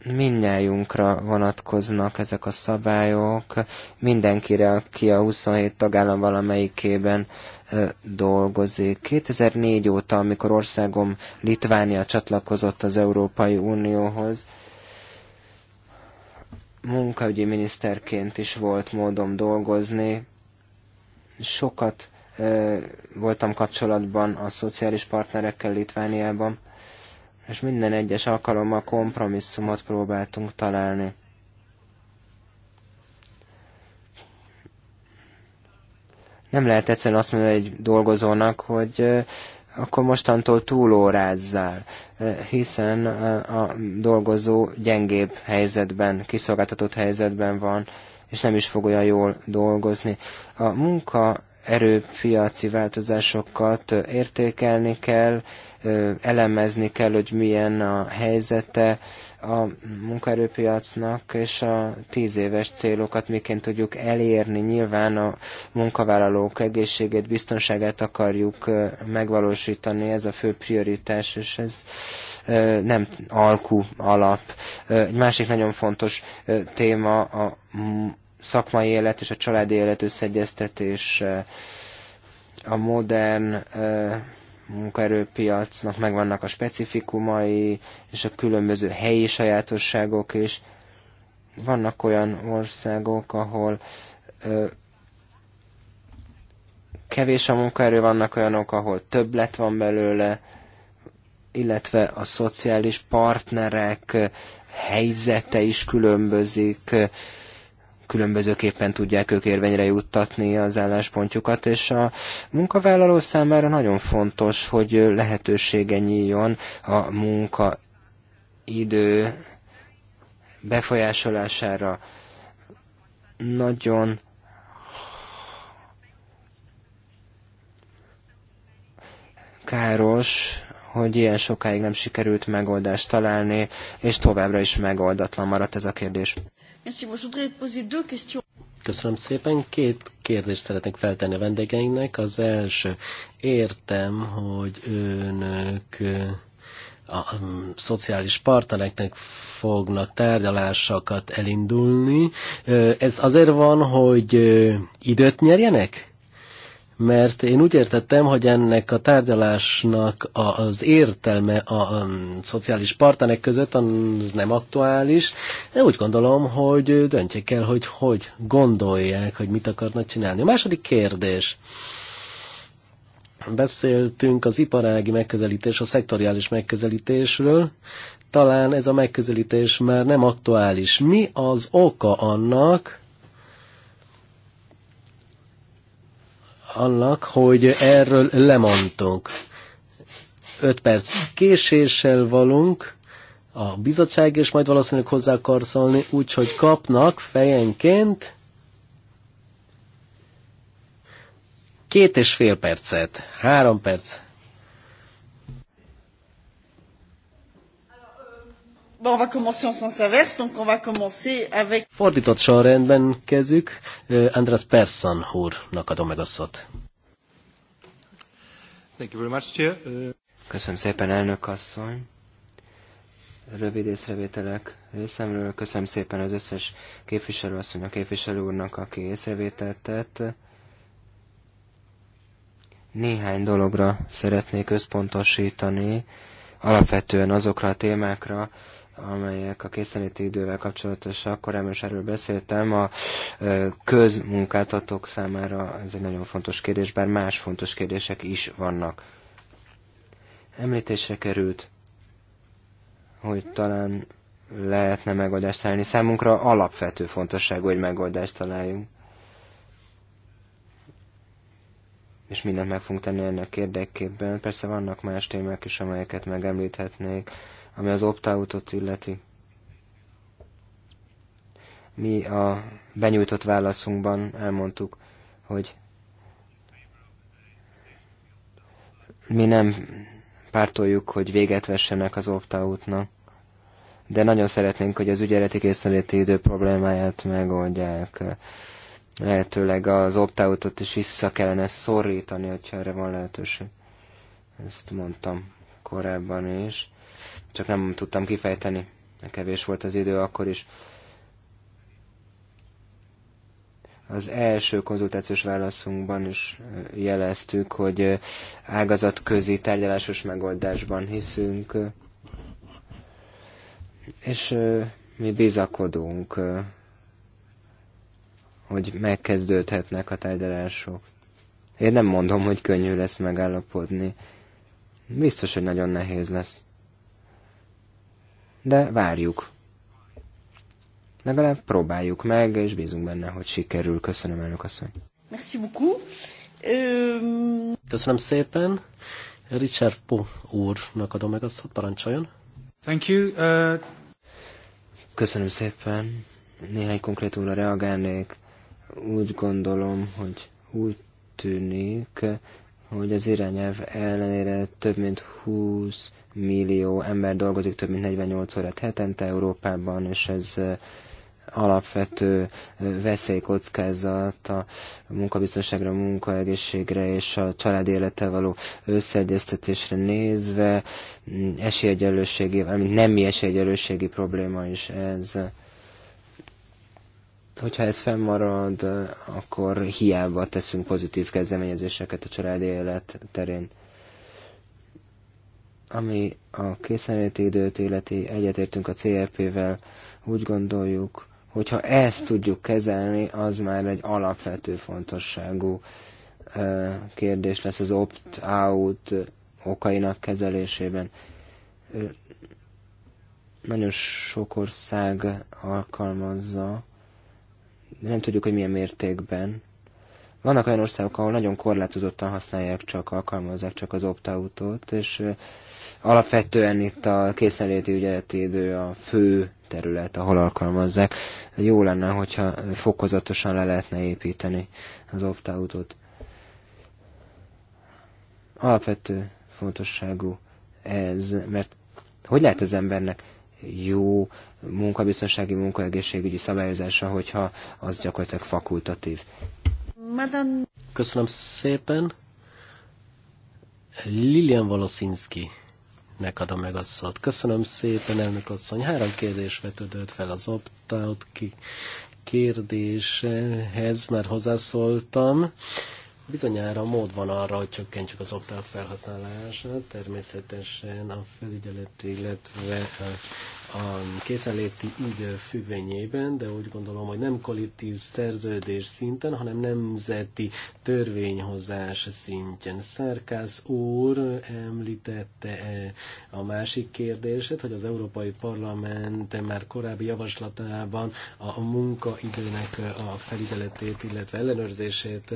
mindnyájunkra vonatkoznak ezek a szabályok, mindenkire, aki a 27 tagállam valamelyikében dolgozik. 2004 óta, amikor országom Litvánia csatlakozott az Európai Unióhoz, munkaügyi miniszterként is volt módom dolgozni. Sokat voltam kapcsolatban a szociális partnerekkel Litvániában és minden egyes alkalommal kompromisszumot próbáltunk találni. Nem lehet egyszerűen azt mondani egy dolgozónak, hogy akkor mostantól túlórázzál, hiszen a dolgozó gyengébb helyzetben, kiszolgáltatott helyzetben van, és nem is fog olyan jól dolgozni. A munka erőpiaci változásokat értékelni kell, elemezni kell, hogy milyen a helyzete a munkaerőpiacnak, és a tíz éves célokat miként tudjuk elérni. Nyilván a munkavállalók egészségét, biztonságát akarjuk megvalósítani, ez a fő prioritás, és ez nem alkú alap. Egy másik nagyon fontos téma a szakmai élet és a családi élet összeegyeztetése, a modern munkaerőpiacnak megvannak a specifikumai, és a különböző helyi sajátosságok is. Vannak olyan országok, ahol ö, kevés a munkaerő, vannak olyanok, ahol többlet van belőle, illetve a szociális partnerek helyzete is különbözik. Ö, különbözőképpen tudják ők érvényre juttatni az álláspontjukat, és a munkavállaló számára nagyon fontos, hogy lehetősége nyíljon a munkaidő befolyásolására. Nagyon káros, hogy ilyen sokáig nem sikerült megoldást találni, és továbbra is megoldatlan maradt ez a kérdés. Köszönöm szépen. Két kérdést szeretnék feltenni a vendégeinknek. Az első, értem, hogy önök a szociális partnereknek fognak tárgyalásokat elindulni. Ez azért van, hogy időt nyerjenek? mert én úgy értettem, hogy ennek a tárgyalásnak az értelme a, a szociális partnerek között az nem aktuális, de úgy gondolom, hogy döntjék el, hogy hogy gondolják, hogy mit akarnak csinálni. A második kérdés. Beszéltünk az iparági megközelítés, a szektoriális megközelítésről, talán ez a megközelítés már nem aktuális. Mi az oka annak, annak, hogy erről lemondtunk. Öt perc késéssel valunk, a bizottság, és majd valószínűleg hozzá akar szólni, úgyhogy kapnak fejenként két és fél percet, három perc, Fordított sorrendben kezdjük. András Persson úrnak adom meg a szót. Köszönöm szépen, elnök asszony. Rövid észrevételek részemről. Köszönöm szépen az összes asszony, a képviselő úrnak, aki észrevételt tett. Néhány dologra szeretnék összpontosítani, alapvetően azokra a témákra, amelyek a készenléti idővel kapcsolatosak, korábban is erről beszéltem, a közmunkáltatók számára ez egy nagyon fontos kérdés, bár más fontos kérdések is vannak. Említésre került, hogy talán lehetne megoldást találni. Számunkra alapvető fontosságú, hogy megoldást találjunk. És mindent meg fogunk tenni ennek érdekében. Persze vannak más témák is, amelyeket megemlíthetnék ami az opt-outot illeti. Mi a benyújtott válaszunkban elmondtuk, hogy mi nem pártoljuk, hogy véget vessenek az opt-outnak, de nagyon szeretnénk, hogy az ügyeleti készenléti idő problémáját megoldják. Lehetőleg az opt-outot is vissza kellene szorítani, hogyha erre van lehetőség. Ezt mondtam korábban is csak nem tudtam kifejteni, kevés volt az idő akkor is. Az első konzultációs válaszunkban is jeleztük, hogy ágazatközi tárgyalásos megoldásban hiszünk, és mi bizakodunk, hogy megkezdődhetnek a tárgyalások. Én nem mondom, hogy könnyű lesz megállapodni. Biztos, hogy nagyon nehéz lesz de várjuk. Legalább próbáljuk meg, és bízunk benne, hogy sikerül. Köszönöm, elnök asszony. Merci beaucoup. Köszönöm szépen. Richard Po úrnak adom meg a szót, parancsoljon. Thank you. Uh... Köszönöm szépen. Néhány konkrétumra reagálnék. Úgy gondolom, hogy úgy tűnik, hogy az irányelv ellenére több mint 20 millió ember dolgozik több mint 48 órát hetente Európában, és ez alapvető veszélykockázat a munkabiztonságra, a munkaegészségre és a család élettel való összeegyeztetésre nézve Esélyegyenlőségi, valamint nemi esélyegyenlőségi probléma is ez. Hogyha ez fennmarad, akkor hiába teszünk pozitív kezdeményezéseket a család élet terén. Ami a készenléti időt illeti, egyetértünk a cep vel úgy gondoljuk, hogyha ezt tudjuk kezelni, az már egy alapvető fontosságú kérdés lesz az opt-out okainak kezelésében. Nagyon sok ország alkalmazza, de nem tudjuk, hogy milyen mértékben. Vannak olyan országok, ahol nagyon korlátozottan használják csak, alkalmazzák csak az opt out és alapvetően itt a készenléti ügyeleti idő a fő terület, ahol alkalmazzák. Jó lenne, hogyha fokozatosan le lehetne építeni az opt -ot. Alapvető fontosságú ez, mert hogy lehet az embernek jó munkabiztonsági, munkaegészségügyi szabályozása, hogyha az gyakorlatilag fakultatív. Köszönöm szépen. Lilian Valoszinski nek adom meg a szót. Köszönöm szépen, elnök asszony. Három kérdés vetődött fel az opt-out kérdéshez, már hozzászóltam. Bizonyára mód van arra, hogy csökkentsük az opt-out felhasználását, természetesen a felügyelet, illetve a a készenléti idő függvényében, de úgy gondolom, hogy nem kollektív szerződés szinten, hanem nemzeti törvényhozás szintjén. Szerkász úr említette eh, a másik kérdését, hogy az Európai Parlament már korábbi javaslatában a munkaidőnek a felügyeletét, illetve ellenőrzését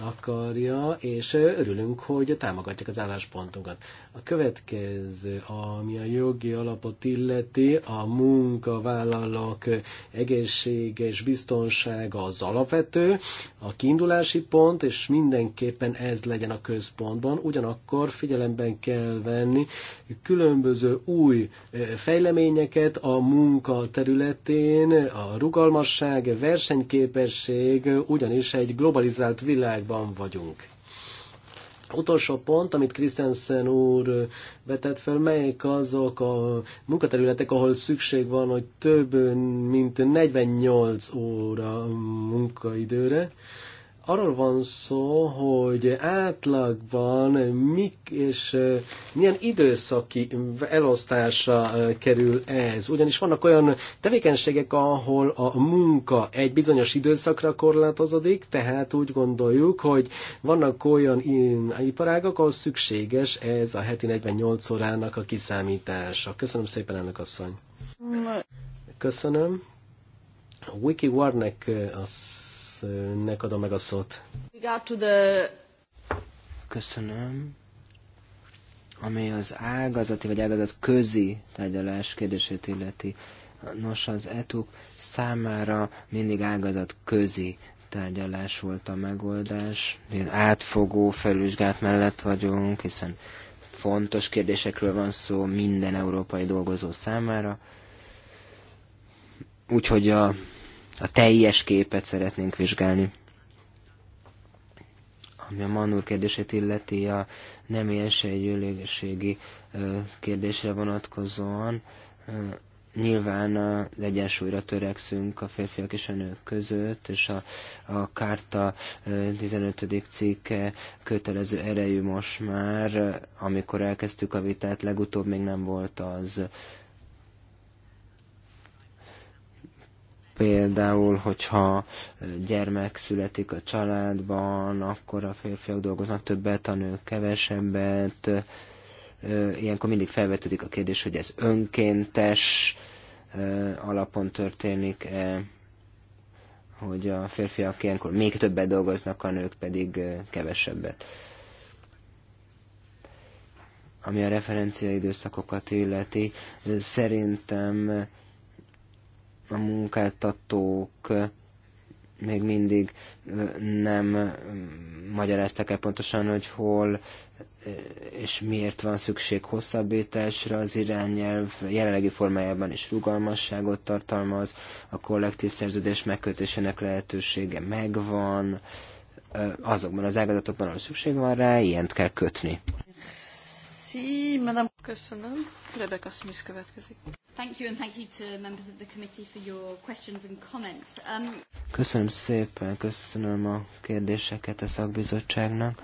akarja, és örülünk, hogy támogatják az álláspontunkat. A következő, ami a jogi alapot illeti, jelenti a munkavállalók egészséges biztonsága az alapvető, a kiindulási pont, és mindenképpen ez legyen a központban. Ugyanakkor figyelemben kell venni különböző új fejleményeket a munka területén, a rugalmasság, versenyképesség, ugyanis egy globalizált világban vagyunk utolsó pont, amit Christensen úr vetett fel, melyek azok a munkaterületek, ahol szükség van, hogy több mint 48 óra munkaidőre arról van szó, hogy átlagban mik és milyen időszaki elosztása kerül ez. Ugyanis vannak olyan tevékenységek, ahol a munka egy bizonyos időszakra korlátozódik, tehát úgy gondoljuk, hogy vannak olyan iparágak, ahol szükséges ez a heti 48 órának a kiszámítása. Köszönöm szépen, elnök asszony. Mm. Köszönöm. Wiki Warnek az asszonynak adom meg a szót. Köszönöm. Ami az ágazati vagy ágazat közi tárgyalás kérdését illeti. Nos, az etuk számára mindig ágazat közi tárgyalás volt a megoldás. Én átfogó felvizsgált mellett vagyunk, hiszen fontos kérdésekről van szó minden európai dolgozó számára. Úgyhogy a a teljes képet szeretnénk vizsgálni. Ami a Manur kérdését illeti, a nemi esélygyűlösségi kérdésre vonatkozóan, nyilván a egyensúlyra törekszünk a férfiak és a nők között, és a, a kárta 15. cikke kötelező erejű most már, amikor elkezdtük a vitát, legutóbb még nem volt az Például, hogyha gyermek születik a családban, akkor a férfiak dolgoznak többet, a nők kevesebbet. Ilyenkor mindig felvetődik a kérdés, hogy ez önkéntes alapon történik-e, hogy a férfiak ilyenkor még többet dolgoznak, a nők pedig kevesebbet ami a időszakokat illeti, szerintem a munkáltatók még mindig nem magyaráztak el pontosan, hogy hol és miért van szükség hosszabbításra az irányelv, jelenlegi formájában is rugalmasságot tartalmaz, a kollektív szerződés megkötésének lehetősége megvan, azokban az ágazatokban, ahol szükség van rá, ilyent kell kötni. Merci, madame. Köszönöm. Rebecca Smith következik. Thank you and thank you to members of the committee for your questions and comments. Um... Köszönöm szépen, köszönöm a kérdéseket a szakbizottságnak.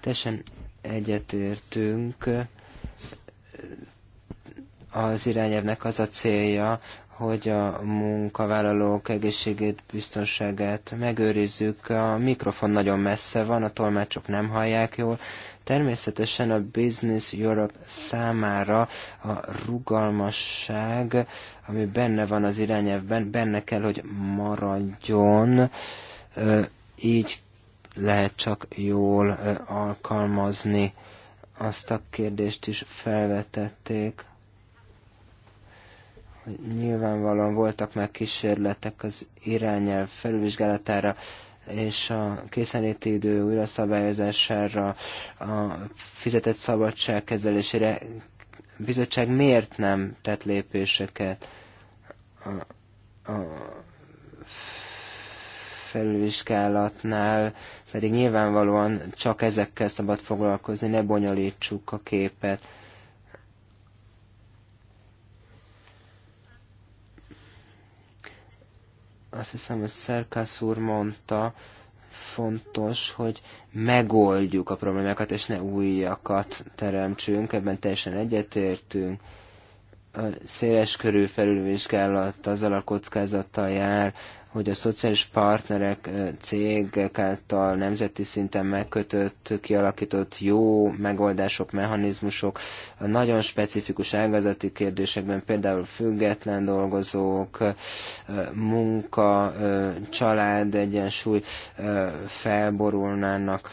Teljesen egyetértünk az irányelvnek az a célja, hogy a munkavállalók egészségét, biztonságát megőrizzük. A mikrofon nagyon messze van, a tolmácsok nem hallják jól. Természetesen a Business Europe számára a rugalmasság, ami benne van az irányelvben, benne kell, hogy maradjon, így lehet csak jól alkalmazni. Azt a kérdést is felvetették, Nyilvánvalóan voltak meg kísérletek az irányelv felülvizsgálatára, és a készenléti idő újra szabályozására, a fizetett szabadság kezelésére bizottság miért nem tett lépéseket a, a felvizsgálatnál, pedig nyilvánvalóan csak ezekkel szabad foglalkozni, ne bonyolítsuk a képet. azt hiszem, hogy Szerkász úr mondta, fontos, hogy megoldjuk a problémákat, és ne újakat teremtsünk, ebben teljesen egyetértünk a széles körű felülvizsgálat azzal a kockázattal jár, hogy a szociális partnerek cégek által nemzeti szinten megkötött, kialakított jó megoldások, mechanizmusok a nagyon specifikus ágazati kérdésekben, például független dolgozók, munka, család, egyensúly felborulnának.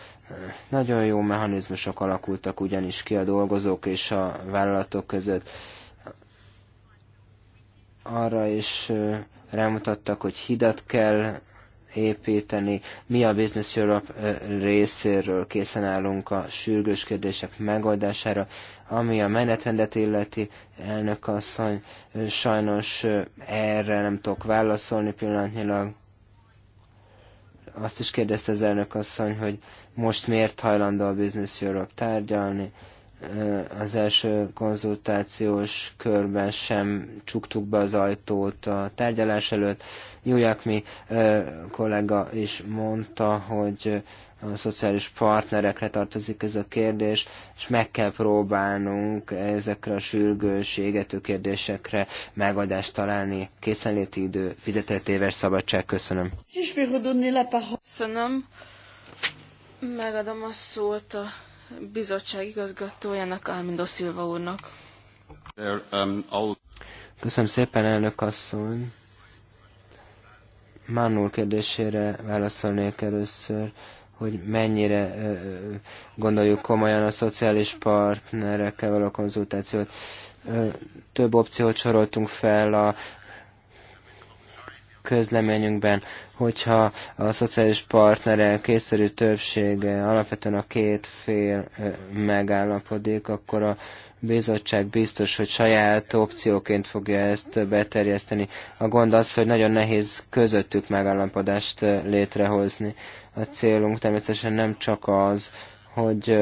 Nagyon jó mechanizmusok alakultak ugyanis ki a dolgozók és a vállalatok között arra is rámutattak, hogy hidat kell építeni. Mi a Business Europe részéről készen állunk a sürgős kérdések megoldására, ami a menetrendet illeti, elnök asszony, sajnos erre nem tudok válaszolni pillanatnyilag. Azt is kérdezte az elnök asszony, hogy most miért hajlandó a Business Europe tárgyalni az első konzultációs körben sem csuktuk be az ajtót a tárgyalás előtt. mi kollega is mondta, hogy a szociális partnerekre tartozik ez a kérdés, és meg kell próbálnunk ezekre a sürgős, égető kérdésekre megoldást találni. Készenléti idő, fizetett éves szabadság, köszönöm. Köszönöm. Megadom a szót a bizottság igazgatójának, Álmindó Szilva úrnak. Um, Köszönöm szépen, elnök asszony. Manul kérdésére válaszolnék először, hogy mennyire gondoljuk komolyan a szociális partnerekkel való konzultációt több opciót soroltunk fel a közleményünkben, hogyha a szociális partnerek készszerű többsége alapvetően a két fél megállapodik, akkor a bizottság biztos, hogy saját opcióként fogja ezt beterjeszteni. A gond az, hogy nagyon nehéz közöttük megállapodást létrehozni. A célunk természetesen nem csak az, hogy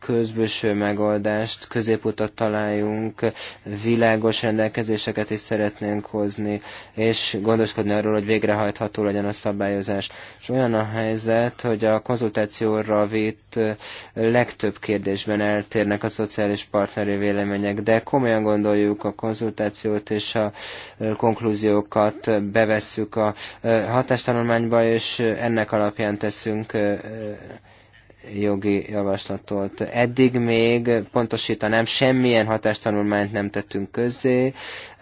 közböső megoldást, középutat találjunk, világos rendelkezéseket is szeretnénk hozni, és gondoskodni arról, hogy végrehajtható legyen a szabályozás. És olyan a helyzet, hogy a konzultációra vitt legtöbb kérdésben eltérnek a szociális partneri vélemények, de komolyan gondoljuk a konzultációt és a konklúziókat, bevesszük a hatástanulmányba, és ennek alapján teszünk jogi javaslatot. Eddig még pontosítanám, semmilyen hatástanulmányt nem tettünk közé,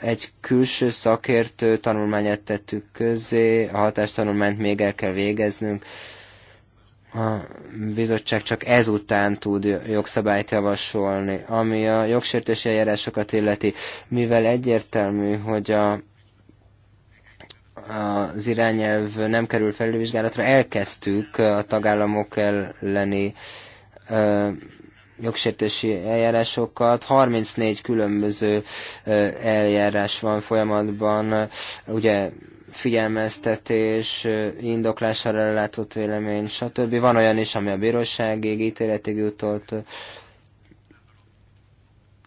egy külső szakértő tanulmányát tettük közé, a hatástanulmányt még el kell végeznünk. A bizottság csak ezután tud jogszabályt javasolni, ami a jogsértési eljárásokat illeti, mivel egyértelmű, hogy a az irányelv nem kerül felülvizsgálatra, elkezdtük a tagállamok elleni jogsértési eljárásokat. 34 különböző eljárás van folyamatban, ugye figyelmeztetés, indoklással ellátott vélemény, stb. Van olyan is, ami a bíróságig ítéletig jutott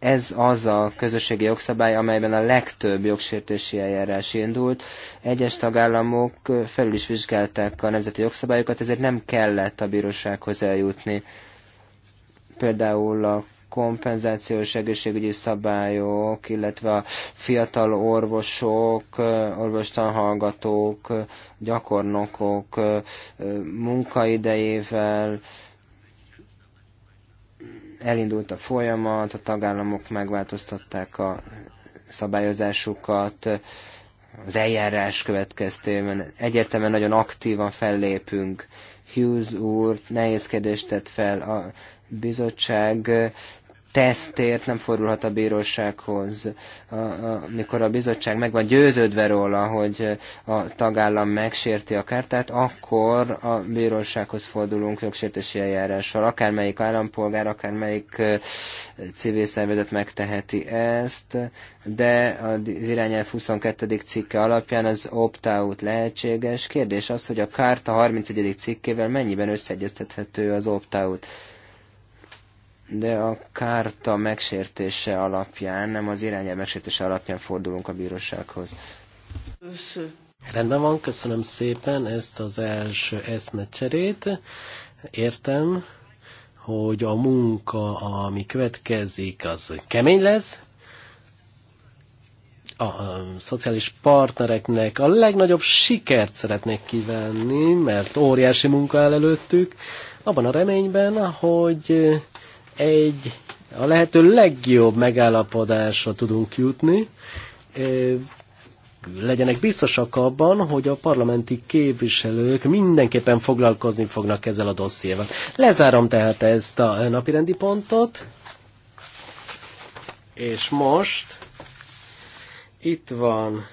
ez az a közösségi jogszabály, amelyben a legtöbb jogsértési eljárás indult. Egyes tagállamok felül is vizsgálták a nemzeti jogszabályokat, ezért nem kellett a bírósághoz eljutni. Például a kompenzációs egészségügyi szabályok, illetve a fiatal orvosok, orvostanhallgatók, gyakornokok munkaidejével, elindult a folyamat, a tagállamok megváltoztatták a szabályozásukat, az eljárás következtében egyértelműen nagyon aktívan fellépünk. Hughes úr nehéz kérdést tett fel, a bizottság tesztért nem fordulhat a bírósághoz. Amikor a bizottság meg van győződve róla, hogy a tagállam megsérti a kártát, akkor a bírósághoz fordulunk jogsértési eljárással. Akármelyik állampolgár, akármelyik civil szervezet megteheti ezt, de az irányelv 22. cikke alapján az opt-out lehetséges. Kérdés az, hogy a kárta 31. cikkével mennyiben összeegyeztethető az opt-out de a kárta megsértése alapján, nem az irányel megsértése alapján fordulunk a bírósághoz. Rendben van, köszönöm szépen ezt az első eszmecserét. Értem, hogy a munka, ami következik, az kemény lesz. A, a szociális partnereknek a legnagyobb sikert szeretnék kívánni, mert óriási munka áll előttük, abban a reményben, hogy egy a lehető legjobb megállapodásra tudunk jutni, legyenek biztosak abban, hogy a parlamenti képviselők mindenképpen foglalkozni fognak ezzel a dossziéval. Lezárom tehát ezt a napirendi pontot, és most itt van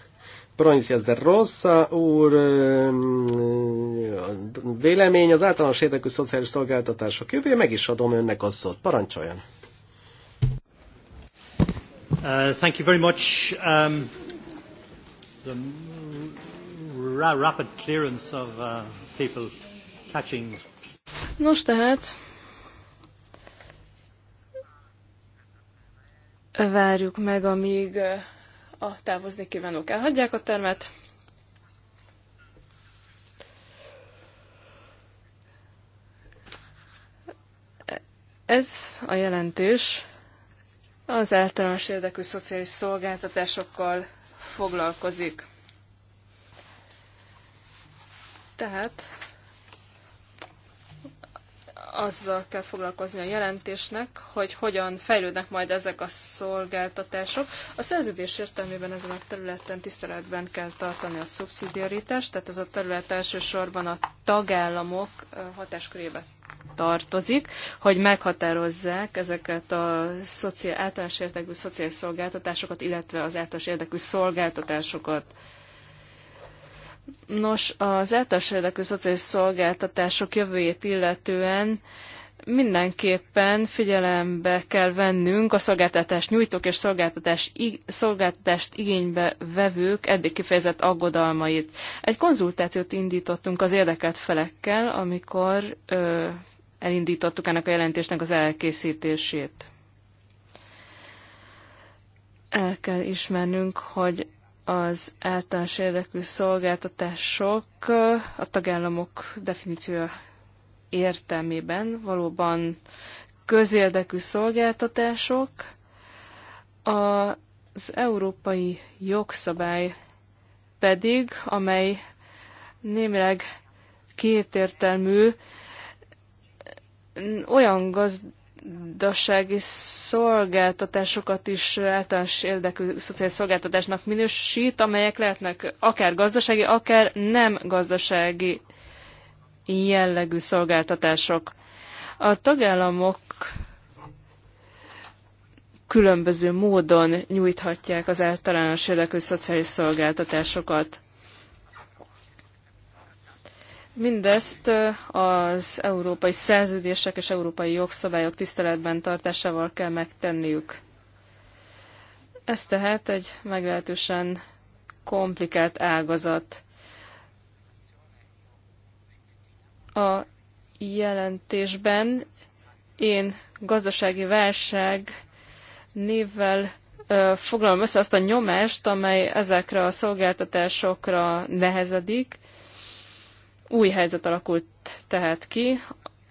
Bronisz de Rossza úr vélemény az általános érdekű szociális szolgáltatások jövője, meg is adom önnek a szót. Parancsoljon! Uh, thank you very much. Um, the rapid clearance of uh, people catching. Nos tehát, várjuk meg, amíg uh, a távozni kívánók elhagyják a termet. Ez a jelentés az általános érdekű szociális szolgáltatásokkal foglalkozik. Tehát azzal kell foglalkozni a jelentésnek, hogy hogyan fejlődnek majd ezek a szolgáltatások. A szerződés értelmében ezen a területen tiszteletben kell tartani a szubszidiaritást, tehát ez a terület elsősorban a tagállamok hatáskörébe tartozik, hogy meghatározzák ezeket a szociál, általános értékű szociális szolgáltatásokat, illetve az általános érdekű szolgáltatásokat. Nos, az általános érdekű szociális szolgáltatások jövőjét illetően mindenképpen figyelembe kell vennünk a szolgáltatás nyújtók és szolgáltatás, szolgáltatást igénybe vevők eddig kifejezett aggodalmait. Egy konzultációt indítottunk az érdekelt felekkel, amikor ö, elindítottuk ennek a jelentésnek az elkészítését. El kell ismernünk, hogy az általános érdekű szolgáltatások a tagállamok definíciója értelmében valóban közérdekű szolgáltatások. Az európai jogszabály pedig, amely némileg kétértelmű, olyan gazd gazdasági szolgáltatásokat is általános érdekű szociális szolgáltatásnak minősít, amelyek lehetnek akár gazdasági, akár nem gazdasági jellegű szolgáltatások. A tagállamok különböző módon nyújthatják az általános érdekű szociális szolgáltatásokat. Mindezt az európai szerződések és európai jogszabályok tiszteletben tartásával kell megtenniük. Ez tehát egy meglehetősen komplikált ágazat. A jelentésben én gazdasági válság névvel foglalom össze azt a nyomást, amely ezekre a szolgáltatásokra nehezedik, új helyzet alakult tehát ki,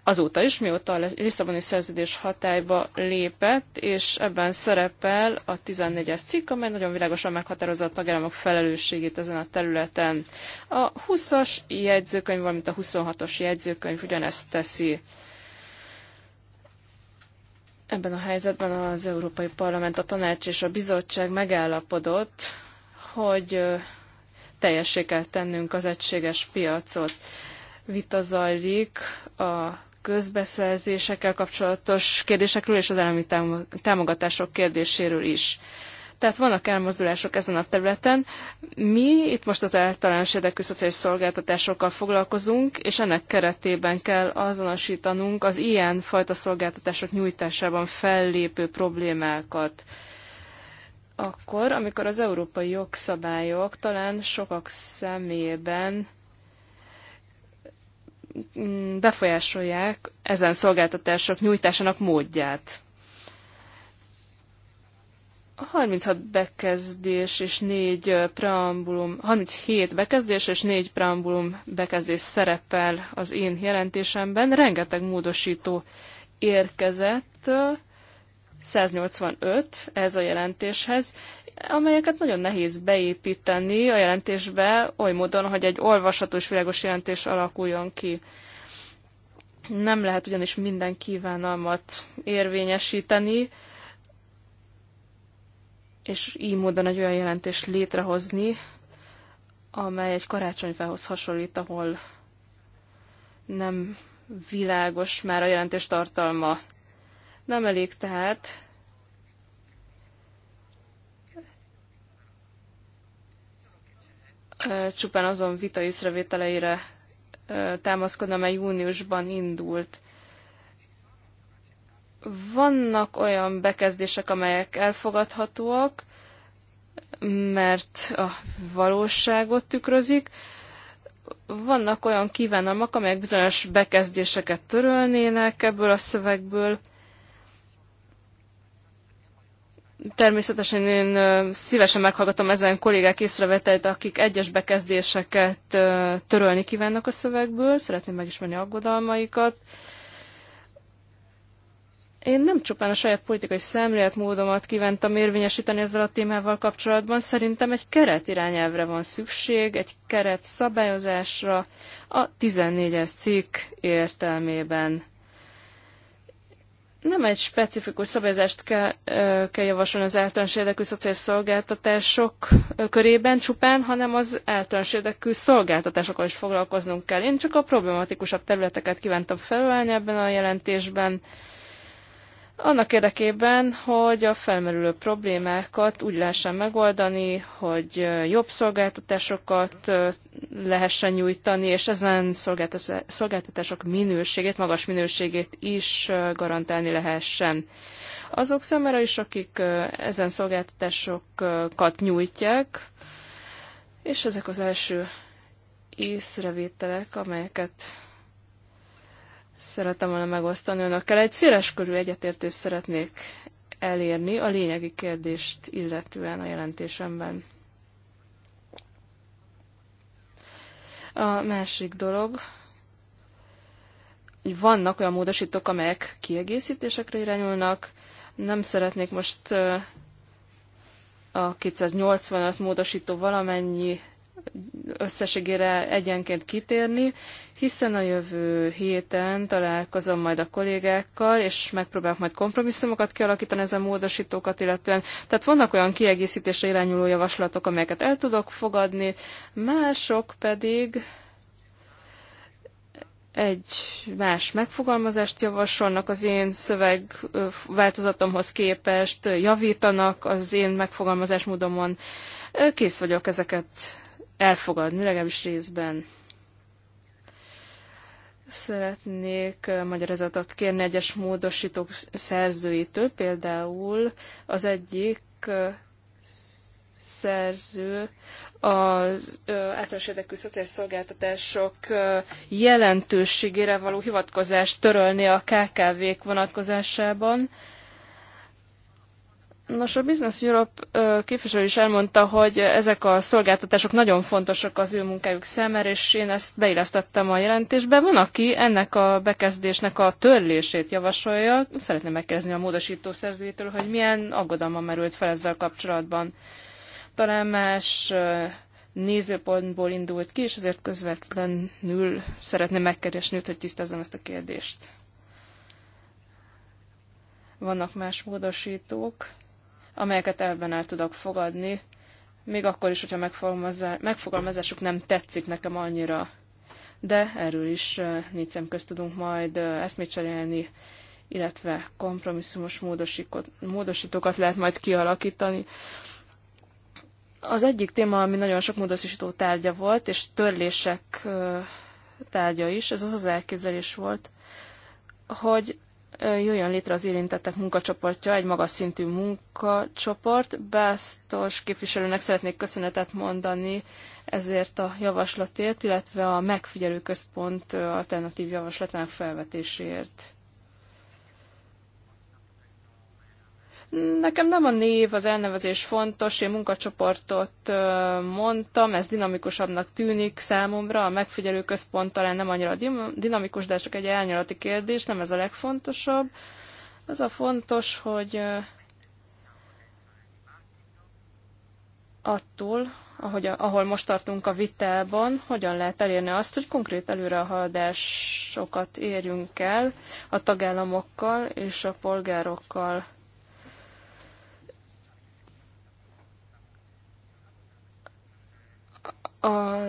azóta is, mióta a Lisszaboni szerződés hatályba lépett, és ebben szerepel a 14-es cikk, amely nagyon világosan meghatározza a tagállamok felelősségét ezen a területen. A 20-as jegyzőkönyv, valamint a 26-os jegyzőkönyv ugyanezt teszi. Ebben a helyzetben az Európai Parlament, a Tanács és a Bizottság megállapodott, hogy teljessé kell tennünk az egységes piacot. Vita zajlik a közbeszerzésekkel kapcsolatos kérdésekről és az elemi támogatások kérdéséről is. Tehát vannak elmozdulások ezen a területen. Mi itt most az általános érdekű szociális szolgáltatásokkal foglalkozunk, és ennek keretében kell azonosítanunk az ilyen fajta szolgáltatások nyújtásában fellépő problémákat akkor, amikor az európai jogszabályok talán sokak szemében mm, befolyásolják ezen szolgáltatások nyújtásának módját. A 36 bekezdés és 4 preambulum, 37 bekezdés és 4 preambulum bekezdés szerepel az én jelentésemben. Rengeteg módosító érkezett 185 ez a jelentéshez, amelyeket nagyon nehéz beépíteni a jelentésbe oly módon, hogy egy olvasható és világos jelentés alakuljon ki. Nem lehet ugyanis minden kívánalmat érvényesíteni, és így módon egy olyan jelentést létrehozni, amely egy karácsonyfához hasonlít, ahol nem világos már a jelentés tartalma. Nem elég tehát csupán azon vita észrevételeire támaszkodni, amely júniusban indult. Vannak olyan bekezdések, amelyek elfogadhatóak, mert a valóságot tükrözik. Vannak olyan kívánalmak, amelyek bizonyos bekezdéseket törölnének ebből a szövegből, Természetesen én szívesen meghallgatom ezen kollégák észrevételeit, akik egyes bekezdéseket törölni kívánnak a szövegből, szeretném megismerni aggodalmaikat. Én nem csupán a saját politikai szemléletmódomat kívántam érvényesíteni ezzel a témával kapcsolatban, szerintem egy keret irányelvre van szükség, egy keret szabályozásra a 14-es cikk értelmében nem egy specifikus szabályozást kell, kell javasolni az általános érdekű szociális szolgáltatások körében csupán, hanem az általános érdekű szolgáltatásokkal is foglalkoznunk kell. Én csak a problematikusabb területeket kívántam felölelni ebben a jelentésben annak érdekében, hogy a felmerülő problémákat úgy lehessen megoldani, hogy jobb szolgáltatásokat lehessen nyújtani, és ezen szolgáltatások minőségét, magas minőségét is garantálni lehessen. Azok számára is, akik ezen szolgáltatásokat nyújtják, és ezek az első észrevételek, amelyeket szeretem volna megosztani önökkel. Egy széles körű egyetértést szeretnék elérni a lényegi kérdést illetően a jelentésemben. A másik dolog, hogy vannak olyan módosítók, amelyek kiegészítésekre irányulnak. Nem szeretnék most a 285 módosító valamennyi összességére egyenként kitérni, hiszen a jövő héten találkozom majd a kollégákkal, és megpróbálok majd kompromisszumokat kialakítani ezen módosítókat, illetően tehát vannak olyan kiegészítésre irányuló javaslatok, amelyeket el tudok fogadni, mások pedig egy más megfogalmazást javasolnak az én szöveg változatomhoz képest, javítanak az én megfogalmazásmódomon. Kész vagyok ezeket elfogadni, legalábbis részben. Szeretnék magyarázatot kérni egyes módosítók szerzőitől, például az egyik szerző az általános érdekű szociális szolgáltatások jelentőségére való hivatkozást törölni a KKV-k vonatkozásában. Nos, a Business Europe képviselő is elmondta, hogy ezek a szolgáltatások nagyon fontosak az ő munkájuk számára, és én ezt beillesztettem a jelentésbe. Van, aki ennek a bekezdésnek a törlését javasolja. Szeretném megkérdezni a módosító szerzőjétől, hogy milyen aggodalma merült fel ezzel kapcsolatban. Talán más nézőpontból indult ki, és ezért közvetlenül szeretném megkeresni őt, hogy tisztázzam ezt a kérdést. Vannak más módosítók amelyeket elben el tudok fogadni, még akkor is, hogyha megfogalmazásuk nem tetszik nekem annyira. De erről is négy szem közt tudunk majd eszmét cserélni, illetve kompromisszumos módosítókat lehet majd kialakítani. Az egyik téma, ami nagyon sok módosító tárgya volt, és törlések tárgya is, ez az az elképzelés volt, hogy jöjjön létre az érintettek munkacsoportja, egy magas szintű munkacsoport. Básztos képviselőnek szeretnék köszönetet mondani ezért a javaslatért, illetve a megfigyelőközpont alternatív javaslatának felvetéséért. Nekem nem a név, az elnevezés fontos, én munkacsoportot mondtam, ez dinamikusabbnak tűnik számomra, a megfigyelő központ talán nem annyira dinamikus, de csak egy elnyalati kérdés, nem ez a legfontosabb. Az a fontos, hogy attól, ahogy, ahol most tartunk a vitában, hogyan lehet elérni azt, hogy konkrét előrehaladásokat érjünk el a tagállamokkal és a polgárokkal a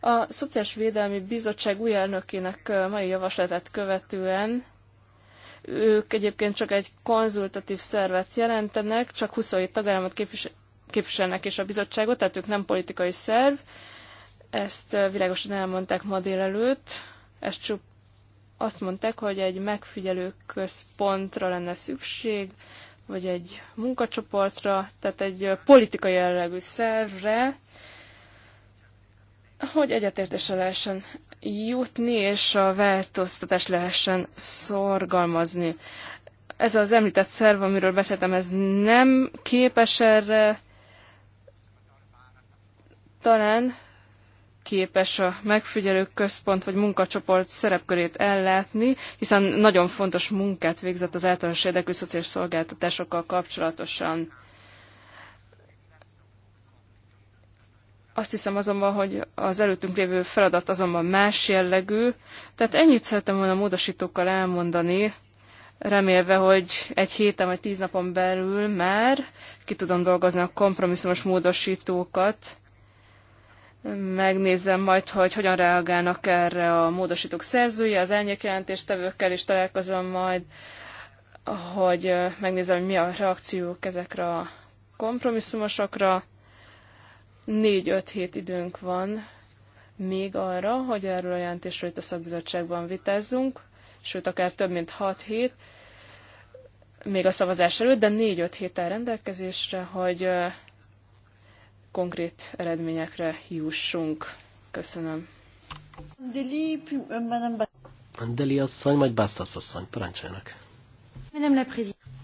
A Szociális Védelmi Bizottság új elnökének mai javaslatát követően ők egyébként csak egy konzultatív szervet jelentenek, csak 27 tagállamot képviselnek és a bizottságot, tehát ők nem politikai szerv. Ezt világosan elmondták ma délelőtt. Ezt csak azt mondták, hogy egy megfigyelő központra lenne szükség, vagy egy munkacsoportra, tehát egy politikai jellegű szervre, hogy egyetértésre lehessen jutni, és a változtatást lehessen szorgalmazni. Ez az említett szerv, amiről beszéltem, ez nem képes erre, talán képes a megfigyelő központ vagy munkacsoport szerepkörét ellátni, hiszen nagyon fontos munkát végzett az általános érdekű szociális szolgáltatásokkal kapcsolatosan. Azt hiszem azonban, hogy az előttünk lévő feladat azonban más jellegű, tehát ennyit szerettem volna módosítókkal elmondani, remélve, hogy egy héten vagy tíz napon belül már ki tudom dolgozni a kompromisszumos módosítókat, Megnézem majd, hogy hogyan reagálnak erre a módosítók szerzője, az elnyékjelentéstevőkkel is találkozom majd, hogy megnézem, hogy mi a reakciók ezekre a kompromisszumosokra. Négy-öt hét időnk van még arra, hogy erről a jelentésről itt a szakbizottságban vitázzunk, sőt, akár több mint hat hét, még a szavazás előtt, de négy-öt héttel rendelkezésre, hogy konkrét eredményekre jussunk. Köszönöm. Deli, asszony, majd Bastas asszony, parancsának.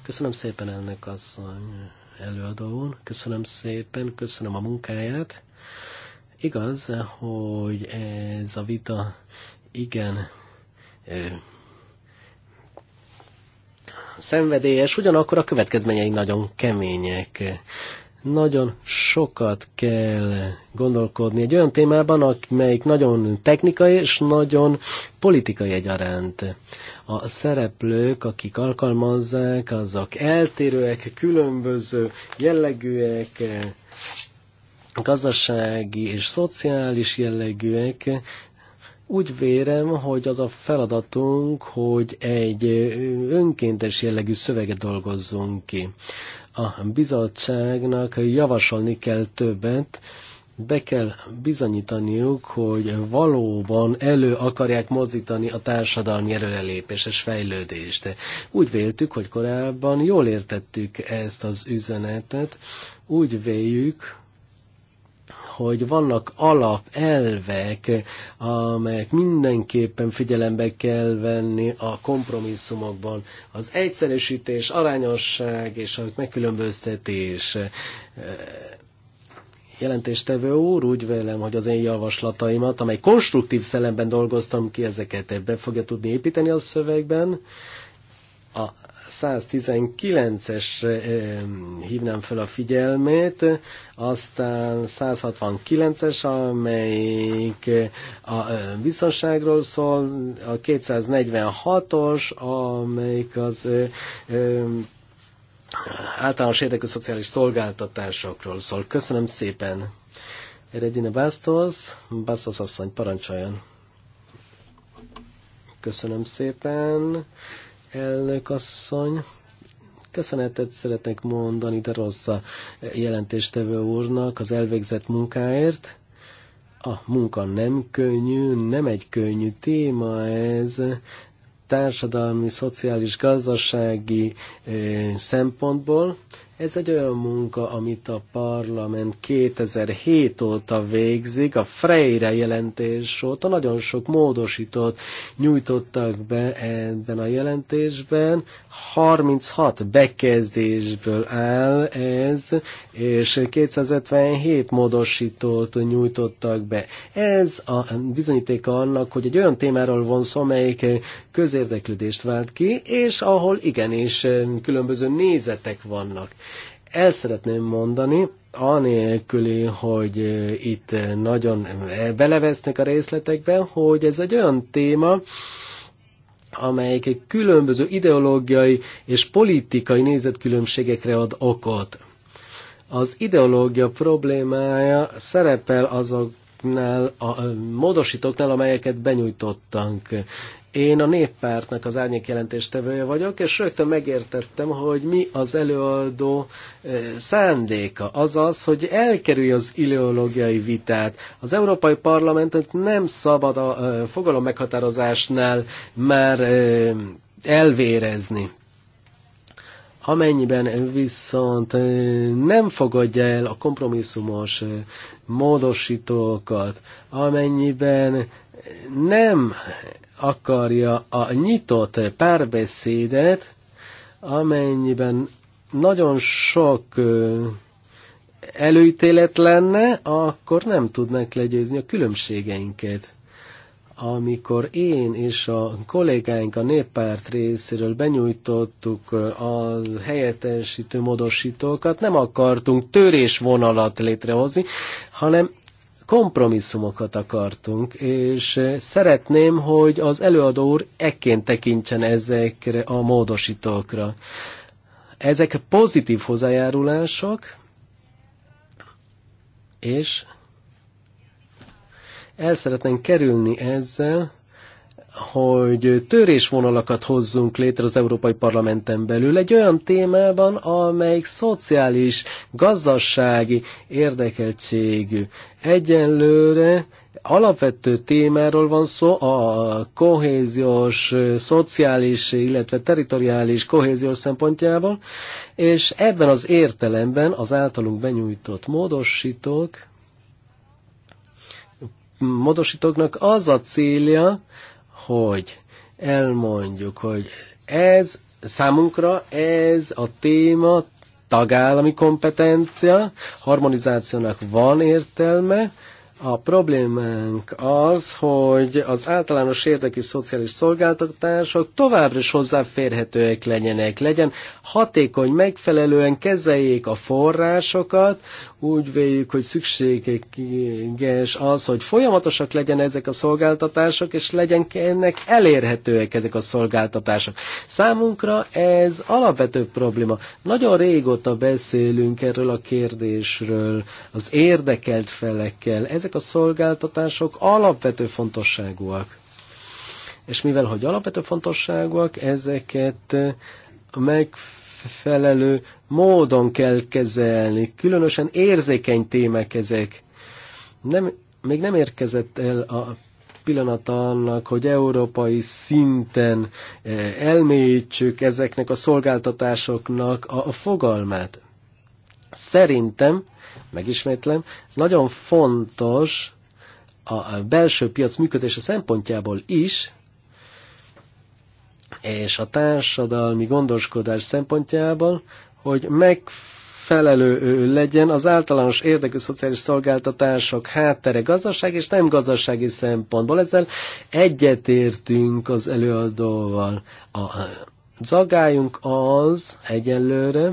Köszönöm szépen, ennek asszony, előadó úr. Köszönöm szépen, köszönöm a munkáját. Igaz, hogy ez a vita igen szenvedélyes, ugyanakkor a következményei nagyon kemények nagyon sokat kell gondolkodni egy olyan témában, amelyik nagyon technikai és nagyon politikai egyaránt. A szereplők, akik alkalmazzák, azok eltérőek, különböző jellegűek, gazdasági és szociális jellegűek, úgy vérem, hogy az a feladatunk, hogy egy önkéntes jellegű szöveget dolgozzunk ki. A bizottságnak javasolni kell többet, be kell bizonyítaniuk, hogy valóban elő akarják mozdítani a társadalmi előrelépés és fejlődést. Úgy véltük, hogy korábban jól értettük ezt az üzenetet, úgy véljük, hogy vannak alapelvek, amelyek mindenképpen figyelembe kell venni a kompromisszumokban. Az egyszerűsítés, arányosság és a megkülönböztetés jelentéstevő úr, úgy vélem, hogy az én javaslataimat, amely konstruktív szellemben dolgoztam ki, ezeket be fogja tudni építeni a szövegben, 119 es eh, hívnám fel a figyelmét, aztán 169-es, amelyik eh, a eh, biztonságról szól, a 246-os, amelyik az általános érdekű szociális szolgáltatásokról szól. Köszönöm szépen! Regina Bastos, Bastos asszony, parancsoljon! Köszönöm szépen! elnök asszony. Köszönetet szeretnék mondani de rossz a jelentéstevő úrnak az elvégzett munkáért. A munka nem könnyű, nem egy könnyű téma ez, társadalmi, szociális, gazdasági eh, szempontból, ez egy olyan munka, amit a parlament 2007 óta végzik, a Freire jelentés óta nagyon sok módosítót nyújtottak be ebben a jelentésben, 36 bekezdésből áll ez, és 257 módosítót nyújtottak be. Ez a bizonyítéka annak, hogy egy olyan témáról van szó, amelyik közérdeklődést vált ki, és ahol igenis különböző nézetek vannak. El szeretném mondani, anélküli, hogy itt nagyon belevesznek a részletekben, hogy ez egy olyan téma, amelyek különböző ideológiai és politikai nézetkülönbségekre ad okot. Az ideológia problémája szerepel azoknál a módosítóknál, amelyeket benyújtottunk. Én a néppártnak az árnyék jelentéstevője vagyok, és rögtön megértettem, hogy mi az előadó eh, szándéka. Azaz, hogy elkerülj az ideológiai vitát. Az Európai Parlamentet nem szabad a eh, fogalom meghatározásnál már eh, elvérezni. Amennyiben viszont nem fogadja el a kompromisszumos módosítókat, amennyiben nem akarja a nyitott párbeszédet, amennyiben nagyon sok előítélet lenne, akkor nem tudnánk legyőzni a különbségeinket. Amikor én és a kollégáink a néppárt részéről benyújtottuk a helyettesítő módosítókat, nem akartunk törésvonalat létrehozni, hanem kompromisszumokat akartunk, és eh, szeretném, hogy az előadó úr ekként tekintsen ezekre a módosítókra. Ezek pozitív hozzájárulások, és el szeretnénk kerülni ezzel, hogy törésvonalakat hozzunk létre az Európai Parlamenten belül egy olyan témában, amelyik szociális, gazdasági érdekeltségű. Egyenlőre alapvető témáról van szó, a kohéziós, szociális, illetve teritoriális kohéziós szempontjából, és ebben az értelemben az általunk benyújtott módosítók, módosítóknak az a célja, hogy elmondjuk, hogy ez számunkra ez a téma tagállami kompetencia, harmonizációnak van értelme, a problémánk az, hogy az általános érdekű szociális szolgáltatások továbbra is hozzáférhetőek legyenek, legyen hatékony, megfelelően kezeljék a forrásokat, úgy véljük, hogy szükséges az, hogy folyamatosak legyen ezek a szolgáltatások, és legyenek elérhetőek ezek a szolgáltatások. Számunkra ez alapvető probléma. Nagyon régóta beszélünk erről a kérdésről, az érdekelt felekkel. Ezek a szolgáltatások alapvető fontosságúak. És mivel, hogy alapvető fontosságúak, ezeket megfelelő módon kell kezelni. Különösen érzékeny témák ezek. Nem, még nem érkezett el a pillanata annak, hogy európai szinten eh, elmélyítsük ezeknek a szolgáltatásoknak a fogalmát. Szerintem, megismétlem, nagyon fontos a belső piac működése szempontjából is, és a társadalmi gondoskodás szempontjából, hogy megfelelő legyen az általános érdekű szociális szolgáltatások háttere gazdaság és nem gazdasági szempontból. Ezzel egyetértünk az előadóval. A zagályunk az egyelőre,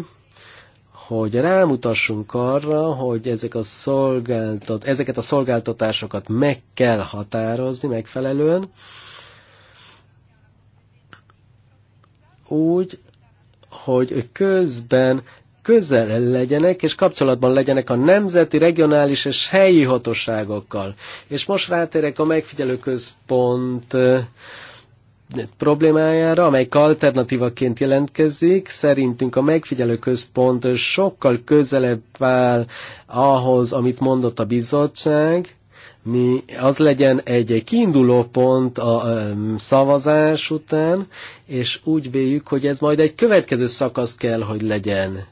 hogy rámutassunk arra, hogy ezek a szolgáltat, ezeket a szolgáltatásokat meg kell határozni megfelelően, úgy, hogy közben közel legyenek és kapcsolatban legyenek a nemzeti, regionális és helyi hatóságokkal. És most rátérek a megfigyelőközpont problémájára, amelyik alternatívaként jelentkezik. Szerintünk a megfigyelőközpont sokkal közelebb áll ahhoz, amit mondott a bizottság, mi az legyen egy kiinduló pont a szavazás után, és úgy véljük, hogy ez majd egy következő szakasz kell, hogy legyen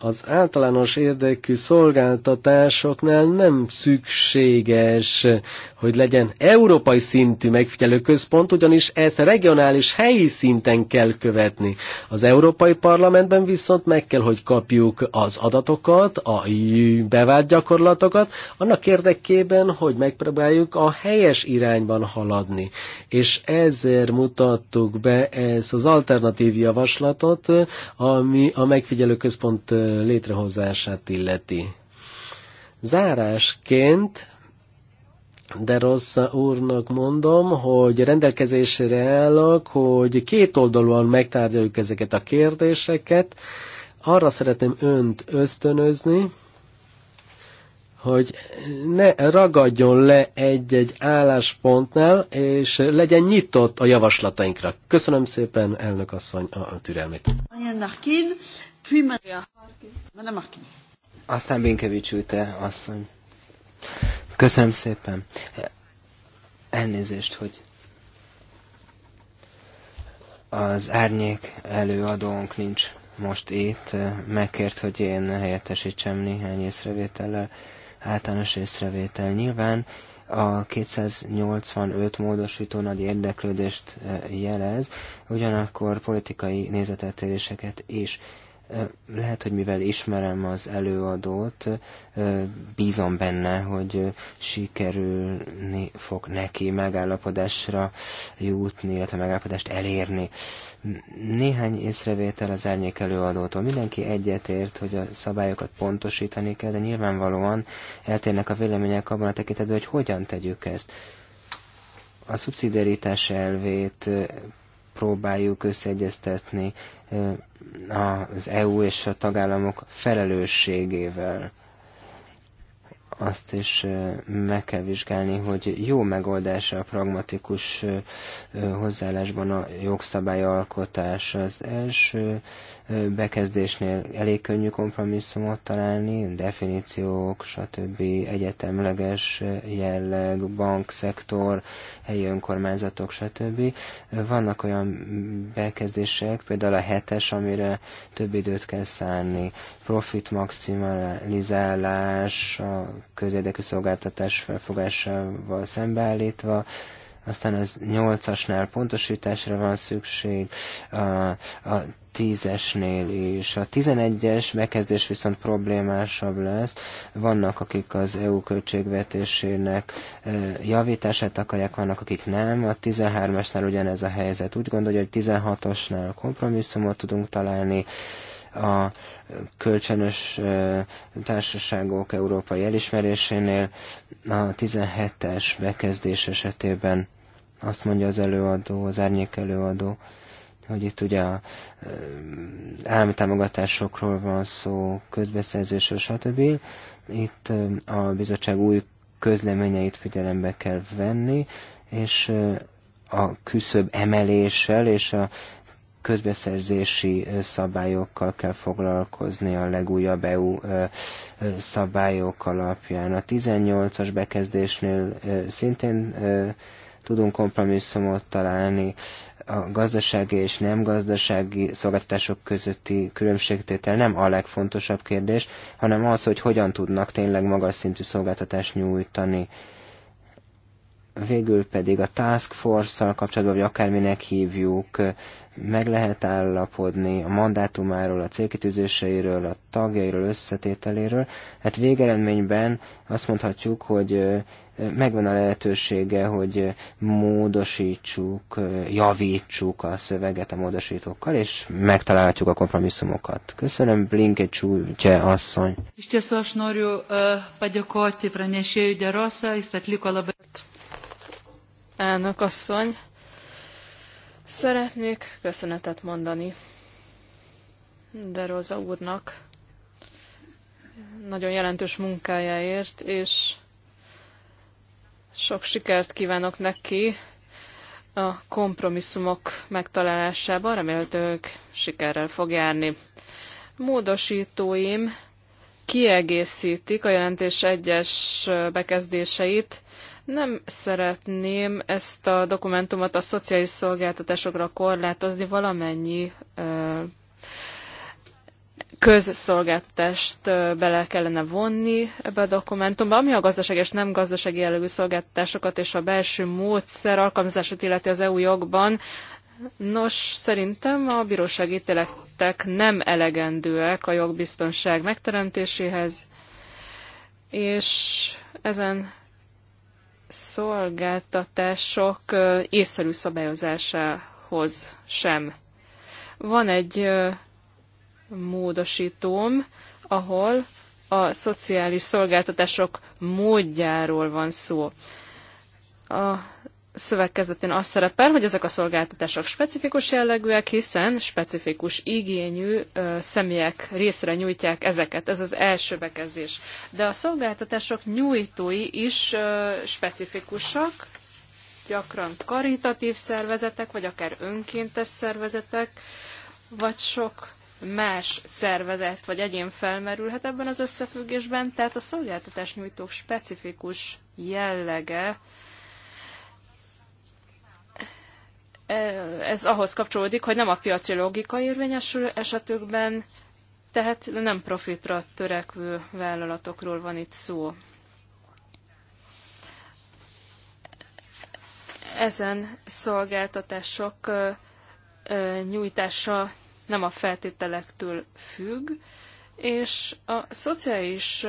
az általános érdekű szolgáltatásoknál nem szükséges, hogy legyen európai szintű megfigyelő központ, ugyanis ezt regionális, helyi szinten kell követni. Az Európai Parlamentben viszont meg kell, hogy kapjuk az adatokat, a bevált gyakorlatokat, annak érdekében, hogy megpróbáljuk a helyes irányban haladni. És ezért mutattuk be ezt az alternatív javaslatot, ami a megfigyelő központ létrehozását illeti. Zárásként de rossz úrnak mondom, hogy rendelkezésre állok, hogy két oldalúan megtárgyaljuk ezeket a kérdéseket. Arra szeretném önt ösztönözni, hogy ne ragadjon le egy-egy álláspontnál, és legyen nyitott a javaslatainkra. Köszönöm szépen, elnök asszony, a türelmét. Aztán Binkevics te asszony. Köszönöm szépen. Elnézést, hogy az árnyék előadónk nincs most itt. Megkért, hogy én helyettesítsem néhány észrevétellel, általános észrevétel. Nyilván a 285 módosító nagy érdeklődést jelez, ugyanakkor politikai nézeteltéréseket is lehet, hogy mivel ismerem az előadót, bízom benne, hogy sikerülni fog neki megállapodásra jutni, illetve megállapodást elérni. Néhány észrevétel az árnyék előadótól. Mindenki egyetért, hogy a szabályokat pontosítani kell, de nyilvánvalóan eltérnek a vélemények abban a tekintetben, hogy hogyan tegyük ezt. A szubszidiaritás elvét próbáljuk összeegyeztetni az EU és a tagállamok felelősségével. Azt is meg kell vizsgálni, hogy jó megoldása a pragmatikus hozzáállásban a jogszabályalkotás. Az első bekezdésnél elég könnyű kompromisszumot találni, definíciók, stb. egyetemleges jelleg, bankszektor, helyi önkormányzatok, stb. Vannak olyan bekezdések, például a hetes, amire több időt kell szállni, profit maximalizálás, a közérdekű szolgáltatás felfogásával szembeállítva, aztán az nyolcasnál pontosításra van szükség, a, a 10 is. A 11-es bekezdés viszont problémásabb lesz. Vannak, akik az EU költségvetésének javítását akarják, vannak, akik nem. A 13-asnál ugyanez a helyzet. Úgy gondolja, hogy 16-osnál kompromisszumot tudunk találni. A kölcsönös társaságok európai elismerésénél a 17-es bekezdés esetében azt mondja az előadó, az árnyék előadó, hogy itt ugye a állami támogatásokról van szó, közbeszerzésről, stb. Itt a bizottság új közleményeit figyelembe kell venni, és a küszöb emeléssel és a közbeszerzési szabályokkal kell foglalkozni a legújabb EU szabályok alapján. A 18-as bekezdésnél szintén tudunk kompromisszumot találni, a gazdasági és nem gazdasági szolgáltatások közötti különbségtétel nem a legfontosabb kérdés, hanem az, hogy hogyan tudnak tényleg magas szintű szolgáltatást nyújtani. Végül pedig a task force-szal kapcsolatban, vagy akárminek hívjuk, meg lehet állapodni a mandátumáról, a célkitűzéseiről, a tagjairól, összetételéről. Hát végeredményben azt mondhatjuk, hogy megvan a lehetősége, hogy módosítsuk, javítsuk a szöveget a módosítókkal, és megtalálhatjuk a kompromisszumokat. Köszönöm, Blinke Csútye asszony. E, Elnök asszony, szeretnék köszönetet mondani de Rosa úrnak nagyon jelentős munkájáért, és sok sikert kívánok neki a kompromisszumok megtalálásában, remélhetőleg sikerrel fog járni. Módosítóim kiegészítik a jelentés egyes bekezdéseit. Nem szeretném ezt a dokumentumot a szociális szolgáltatásokra korlátozni, valamennyi közszolgáltatást bele kellene vonni ebbe a dokumentumba, ami a gazdasági és nem gazdasági jellegű szolgáltatásokat és a belső módszer alkalmazását illeti az EU jogban. Nos, szerintem a bírósági ítéletek nem elegendőek a jogbiztonság megteremtéséhez, és ezen szolgáltatások észszerű szabályozásához sem. Van egy módosítóm, ahol a szociális szolgáltatások módjáról van szó. A szövegkezetén az szerepel, hogy ezek a szolgáltatások specifikus jellegűek, hiszen specifikus igényű ö, személyek részre nyújtják ezeket. Ez az első bekezdés. De a szolgáltatások nyújtói is ö, specifikusak, gyakran karitatív szervezetek, vagy akár önkéntes szervezetek, vagy sok más szervezet vagy egyén felmerülhet ebben az összefüggésben, tehát a szolgáltatás nyújtók specifikus jellege ez ahhoz kapcsolódik, hogy nem a piaci logika érvényesül esetükben, tehát nem profitra törekvő vállalatokról van itt szó. Ezen szolgáltatások nyújtása nem a feltételektől függ, és a szociális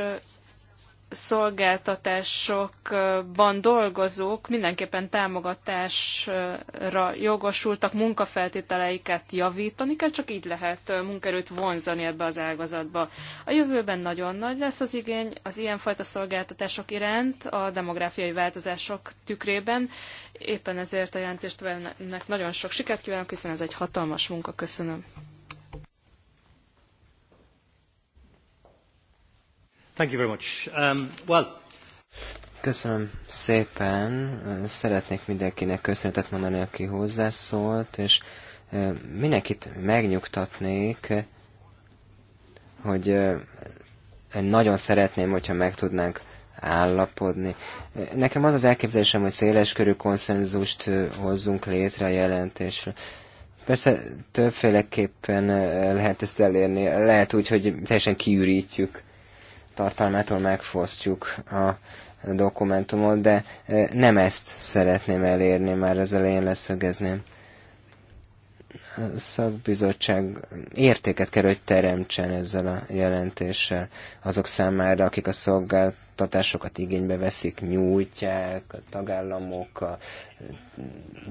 szolgáltatásokban dolgozók mindenképpen támogatásra jogosultak, munkafeltételeiket javítani kell, csak így lehet munkerőt vonzani ebbe az ágazatba. A jövőben nagyon nagy lesz az igény az ilyenfajta szolgáltatások iránt a demográfiai változások tükrében. Éppen ezért a jelentést nagyon sok sikert kívánok, hiszen ez egy hatalmas munka. Köszönöm. Thank you very much. Um, well, Köszönöm szépen. Szeretnék mindenkinek köszönetet mondani, aki hozzászólt, és mindenkit megnyugtatnék, hogy nagyon szeretném, hogyha meg tudnánk állapodni. Nekem az az elképzelésem, hogy széleskörű konszenzust hozzunk létre a jelentésre. Persze többféleképpen lehet ezt elérni. Lehet úgy, hogy teljesen kiürítjük tartalmától megfosztjuk a dokumentumot, de e, nem ezt szeretném elérni, már az elején leszögezném. A szakbizottság értéket kell, hogy teremtsen ezzel a jelentéssel azok számára, akik a szolgáltatásokat igénybe veszik, nyújtják, a tagállamok, a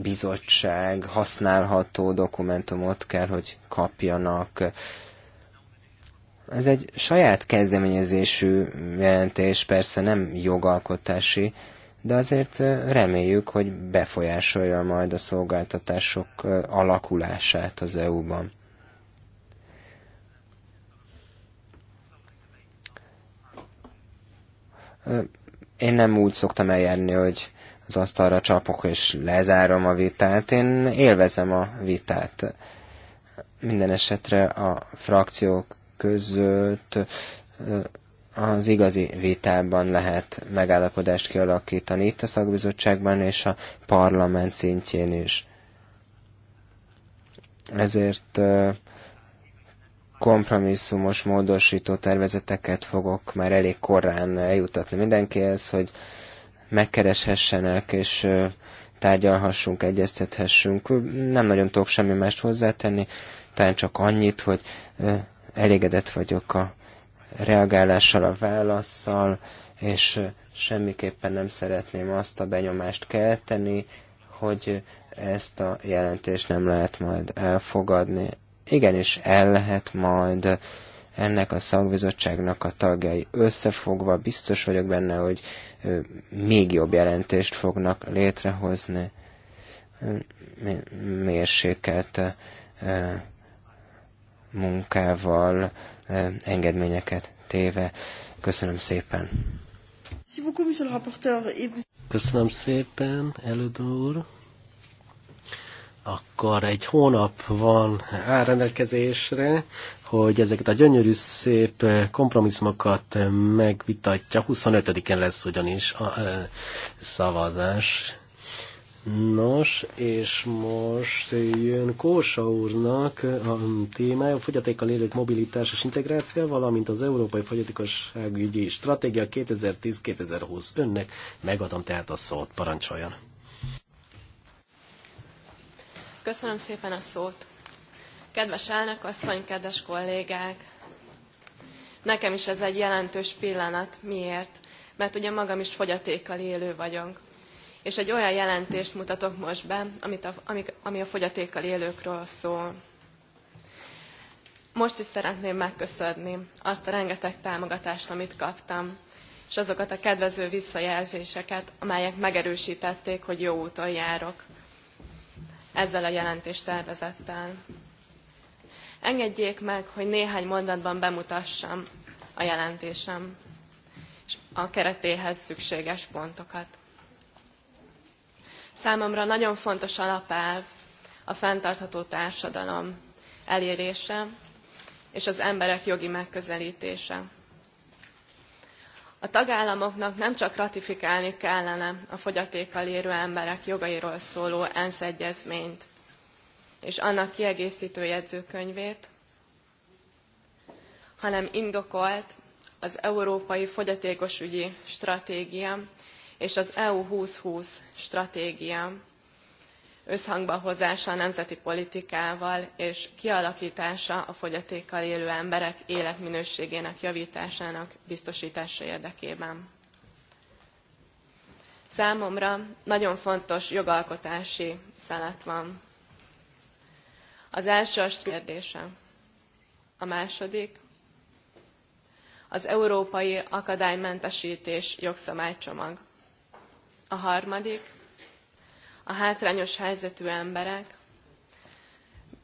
bizottság használható dokumentumot kell, hogy kapjanak, ez egy saját kezdeményezésű jelentés, persze nem jogalkotási, de azért reméljük, hogy befolyásolja majd a szolgáltatások alakulását az EU-ban. Én nem úgy szoktam eljárni, hogy az asztalra csapok és lezárom a vitát. Én élvezem a vitát. Minden esetre a frakciók között az igazi vitában lehet megállapodást kialakítani itt a szakbizottságban és a parlament szintjén is. Ezért kompromisszumos módosító tervezeteket fogok már elég korán eljutatni mindenkihez, hogy megkereshessenek és tárgyalhassunk, egyeztethessünk. Nem nagyon tudok semmi mást hozzátenni, talán csak annyit, hogy elégedett vagyok a reagálással, a válaszsal, és semmiképpen nem szeretném azt a benyomást kelteni, hogy ezt a jelentést nem lehet majd elfogadni. Igenis, el lehet majd ennek a szakbizottságnak a tagjai összefogva, biztos vagyok benne, hogy még jobb jelentést fognak létrehozni. Mérsékelt munkával engedményeket téve. Köszönöm szépen. Köszönöm szépen, elődő úr. Akkor egy hónap van rendelkezésre, hogy ezeket a gyönyörű szép kompromisszumokat megvitatja. 25-en lesz ugyanis a szavazás. Nos, és most jön Kósa úrnak a témája, a fogyatékkal élők mobilitás és integráció, valamint az Európai Fogyatékosságügyi Stratégia 2010-2020. Önnek megadom tehát a szót, parancsoljon. Köszönöm szépen a szót. Kedves elnök asszony, kedves kollégák! Nekem is ez egy jelentős pillanat. Miért? Mert ugye magam is fogyatékkal élő vagyok és egy olyan jelentést mutatok most be, amit a, ami, ami a fogyatékkal élőkről szól. Most is szeretném megköszönni azt a rengeteg támogatást, amit kaptam, és azokat a kedvező visszajelzéseket, amelyek megerősítették, hogy jó úton járok ezzel a tervezettel. Engedjék meg, hogy néhány mondatban bemutassam a jelentésem és a keretéhez szükséges pontokat. Számomra nagyon fontos alapelv a fenntartható társadalom elérése és az emberek jogi megközelítése. A tagállamoknak nem csak ratifikálni kellene a fogyatékkal érő emberek jogairól szóló ENSZ egyezményt és annak kiegészítő jegyzőkönyvét, hanem indokolt az Európai Ügyi Stratégia és az EU 2020 stratégia összhangba hozása a nemzeti politikával és kialakítása a fogyatékkal élő emberek életminőségének javításának biztosítása érdekében. Számomra nagyon fontos jogalkotási szelet van. Az első a kérdése. A második az európai akadálymentesítés jogszabálycsomag. A harmadik, a hátrányos helyzetű emberek,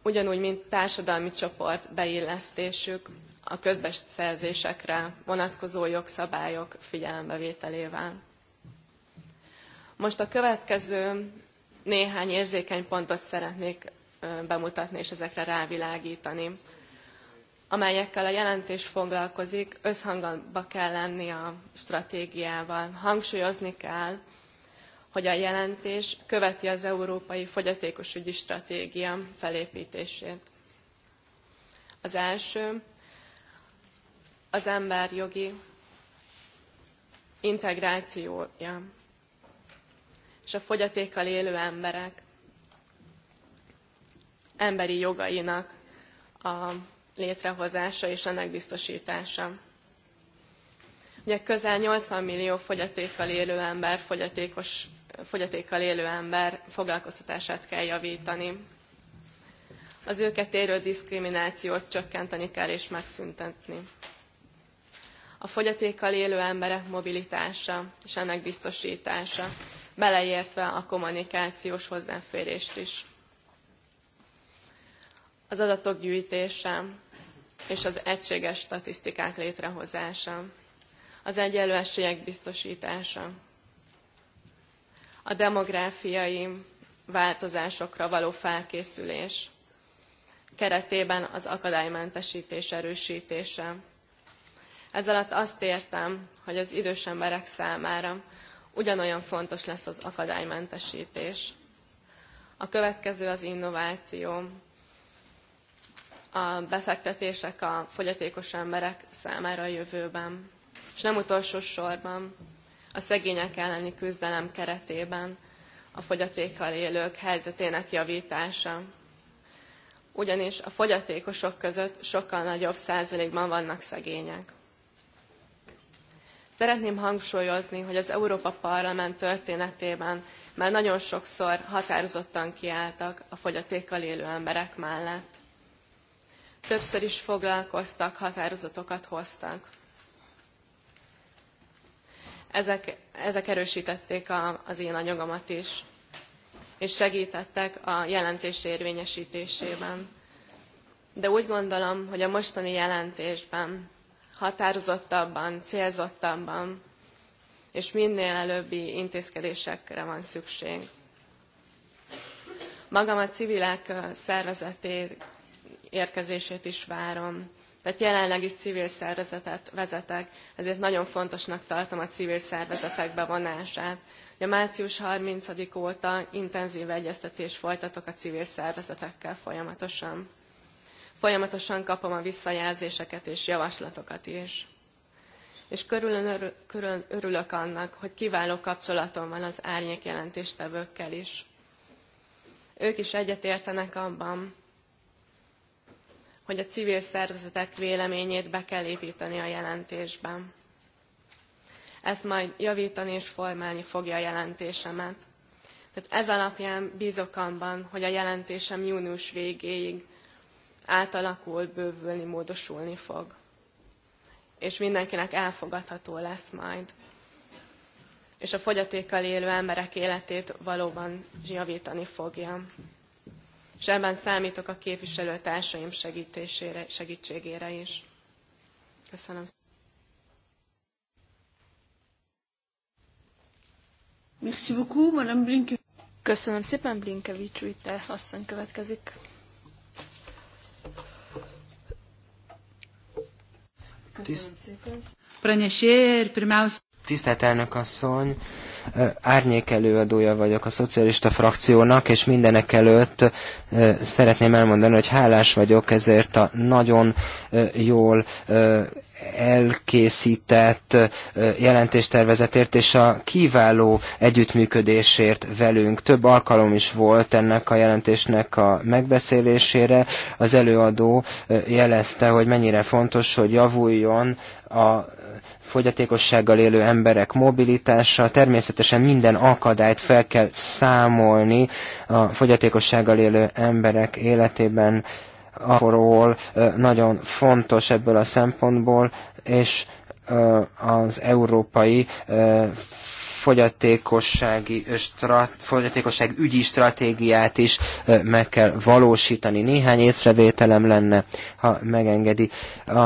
ugyanúgy, mint társadalmi csoport beillesztésük a közbeszerzésekre vonatkozó jogszabályok figyelembevételével. Most a következő néhány érzékeny pontot szeretnék bemutatni és ezekre rávilágítani, amelyekkel a jelentés foglalkozik, összhangba kell lenni a stratégiával. Hangsúlyozni kell, hogy a jelentés követi az Európai Fogyatékosügyi Stratégia felépítését. Az első az jogi integrációja és a fogyatékkal élő emberek emberi jogainak a létrehozása és ennek biztosítása. Ugye közel 80 millió fogyatékkal élő ember fogyatékos fogyatékkal élő ember foglalkoztatását kell javítani. Az őket érő diszkriminációt csökkenteni kell és megszüntetni. A fogyatékkal élő emberek mobilitása és ennek biztosítása, beleértve a kommunikációs hozzáférést is. Az adatok gyűjtése és az egységes statisztikák létrehozása, az egyenlő esélyek biztosítása, a demográfiai változásokra való felkészülés keretében az akadálymentesítés erősítése. Ez alatt azt értem, hogy az idős emberek számára ugyanolyan fontos lesz az akadálymentesítés. A következő az innováció, a befektetések a fogyatékos emberek számára a jövőben. És nem utolsó sorban a szegények elleni küzdelem keretében a fogyatékkal élők helyzetének javítása. Ugyanis a fogyatékosok között sokkal nagyobb százalékban vannak szegények. Szeretném hangsúlyozni, hogy az Európa Parlament történetében már nagyon sokszor határozottan kiálltak a fogyatékkal élő emberek mellett. Többször is foglalkoztak, határozatokat hoztak ezek, ezek erősítették a, az én anyagomat is, és segítettek a jelentés érvényesítésében. De úgy gondolom, hogy a mostani jelentésben határozottabban, célzottabban és minél előbbi intézkedésekre van szükség. Magam a civilek szervezetét érkezését is várom tehát jelenleg is civil szervezetet vezetek, ezért nagyon fontosnak tartom a civil szervezetek bevonását. A március 30 óta intenzív egyeztetés folytatok a civil szervezetekkel folyamatosan. Folyamatosan kapom a visszajelzéseket és javaslatokat is. És körülön, körülön örülök annak, hogy kiváló kapcsolatom van az árnyék jelentéstevőkkel is. Ők is egyetértenek abban, hogy a civil szervezetek véleményét be kell építeni a jelentésben. Ezt majd javítani és formálni fogja a jelentésemet. Tehát ez alapján bízok abban, hogy a jelentésem június végéig átalakul, bővülni, módosulni fog. És mindenkinek elfogadható lesz majd. És a fogyatékkal élő emberek életét valóban javítani fogja és ebben számítok a képviselőtársaim segítésére, segítségére is. Köszönöm. Merci beaucoup, Madame Blinke. Köszönöm szépen, Blinkevics te asszony következik. Köszönöm szépen. Pranyesér, primáusz. Tisztelt elnök asszony, árnyék előadója vagyok a szocialista frakciónak, és mindenek előtt szeretném elmondani, hogy hálás vagyok ezért a nagyon jól elkészített jelentéstervezetért és a kiváló együttműködésért velünk. Több alkalom is volt ennek a jelentésnek a megbeszélésére. Az előadó jelezte, hogy mennyire fontos, hogy javuljon a fogyatékossággal élő emberek mobilitása, természetesen minden akadályt fel kell számolni a fogyatékossággal élő emberek életében, ahol nagyon fontos ebből a szempontból, és az európai fogyatékossági, strat, fogyatékosság ügyi stratégiát is meg kell valósítani. Néhány észrevételem lenne, ha megengedi. A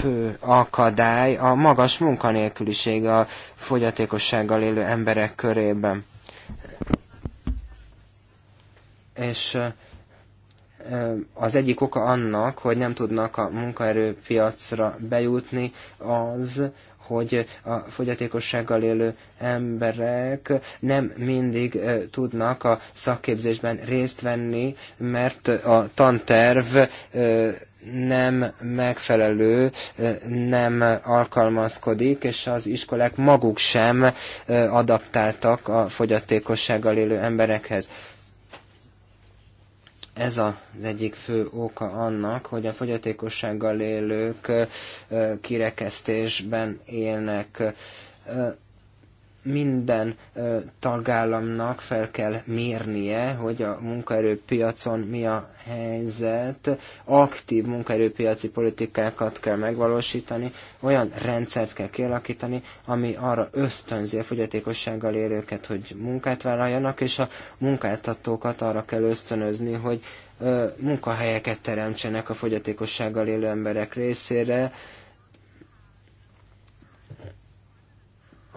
fő akadály a magas munkanélküliség a fogyatékossággal élő emberek körében. És az egyik oka annak, hogy nem tudnak a munkaerőpiacra bejutni, az, hogy a fogyatékossággal élő emberek nem mindig tudnak a szakképzésben részt venni, mert a tanterv nem megfelelő, nem alkalmazkodik, és az iskolák maguk sem adaptáltak a fogyatékossággal élő emberekhez. Ez az egyik fő oka annak, hogy a fogyatékossággal élők kirekesztésben élnek minden tagállamnak fel kell mérnie, hogy a munkaerőpiacon mi a helyzet, aktív munkaerőpiaci politikákat kell megvalósítani, olyan rendszert kell kialakítani, ami arra ösztönzi a fogyatékossággal élőket, hogy munkát vállaljanak, és a munkáltatókat arra kell ösztönözni, hogy munkahelyeket teremtsenek a fogyatékossággal élő emberek részére,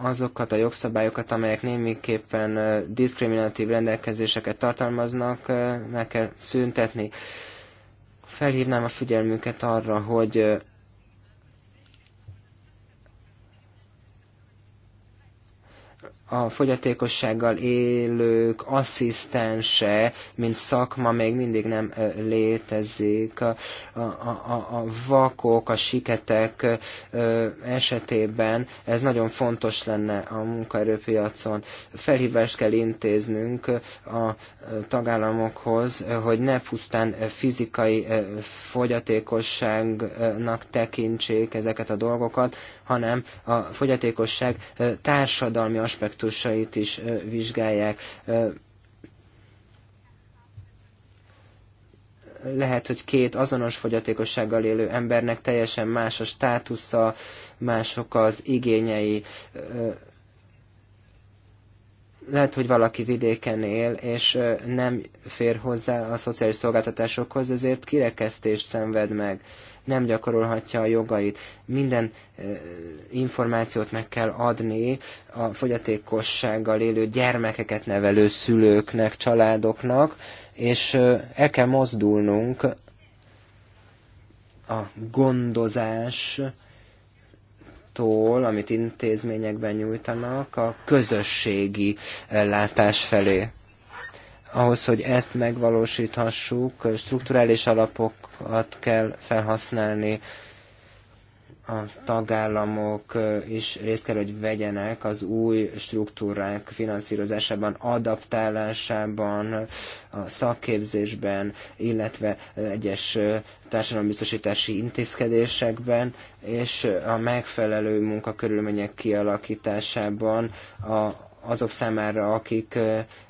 azokat a jogszabályokat, amelyek némiképpen diszkriminatív rendelkezéseket tartalmaznak, meg kell szüntetni. Felhívnám a figyelmüket arra, hogy a fogyatékossággal élők asszisztense, mint szakma még mindig nem létezik. A, a, a, a vakok, a siketek esetében ez nagyon fontos lenne a munkaerőpiacon. Felhívást kell intéznünk a tagállamokhoz, hogy ne pusztán fizikai fogyatékosságnak tekintsék ezeket a dolgokat, hanem a fogyatékosság társadalmi aspektusait is vizsgálják. lehet, hogy két azonos fogyatékossággal élő embernek teljesen más a státusza, mások az igényei. Lehet, hogy valaki vidéken él, és nem fér hozzá a szociális szolgáltatásokhoz, ezért kirekesztést szenved meg nem gyakorolhatja a jogait. Minden információt meg kell adni a fogyatékossággal élő gyermekeket nevelő szülőknek, családoknak, és el kell mozdulnunk a gondozás amit intézményekben nyújtanak, a közösségi látás felé ahhoz, hogy ezt megvalósíthassuk, strukturális alapokat kell felhasználni, a tagállamok is részt kell, hogy vegyenek az új struktúrák finanszírozásában, adaptálásában, a szakképzésben, illetve egyes társadalombiztosítási intézkedésekben, és a megfelelő munkakörülmények kialakításában a azok számára, akik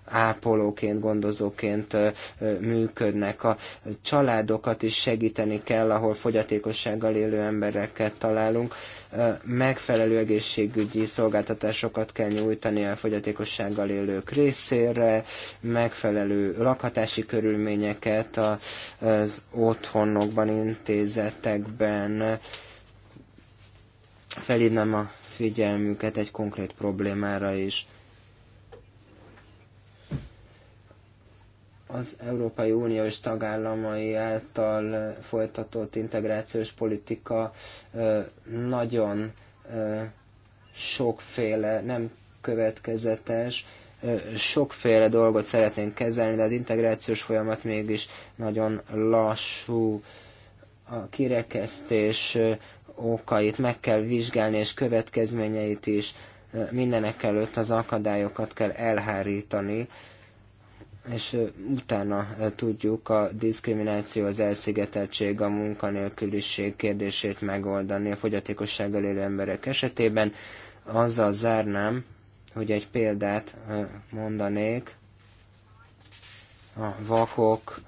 ápolóként, gondozóként működnek. A családokat is segíteni kell, ahol fogyatékossággal élő embereket találunk. Megfelelő egészségügyi szolgáltatásokat kell nyújtani a fogyatékossággal élők részére, megfelelő lakhatási körülményeket az otthonokban, intézetekben. Felhívnám a figyelmüket egy konkrét problémára is az Európai Uniós tagállamai által folytatott integrációs politika nagyon sokféle, nem következetes, sokféle dolgot szeretnénk kezelni, de az integrációs folyamat mégis nagyon lassú. A kirekesztés okait meg kell vizsgálni, és következményeit is mindenek előtt az akadályokat kell elhárítani, és utána tudjuk a diszkrimináció, az elszigeteltség, a munkanélküliség kérdését megoldani a fogyatékossággal élő emberek esetében. Azzal zárnám, hogy egy példát mondanék. A vakok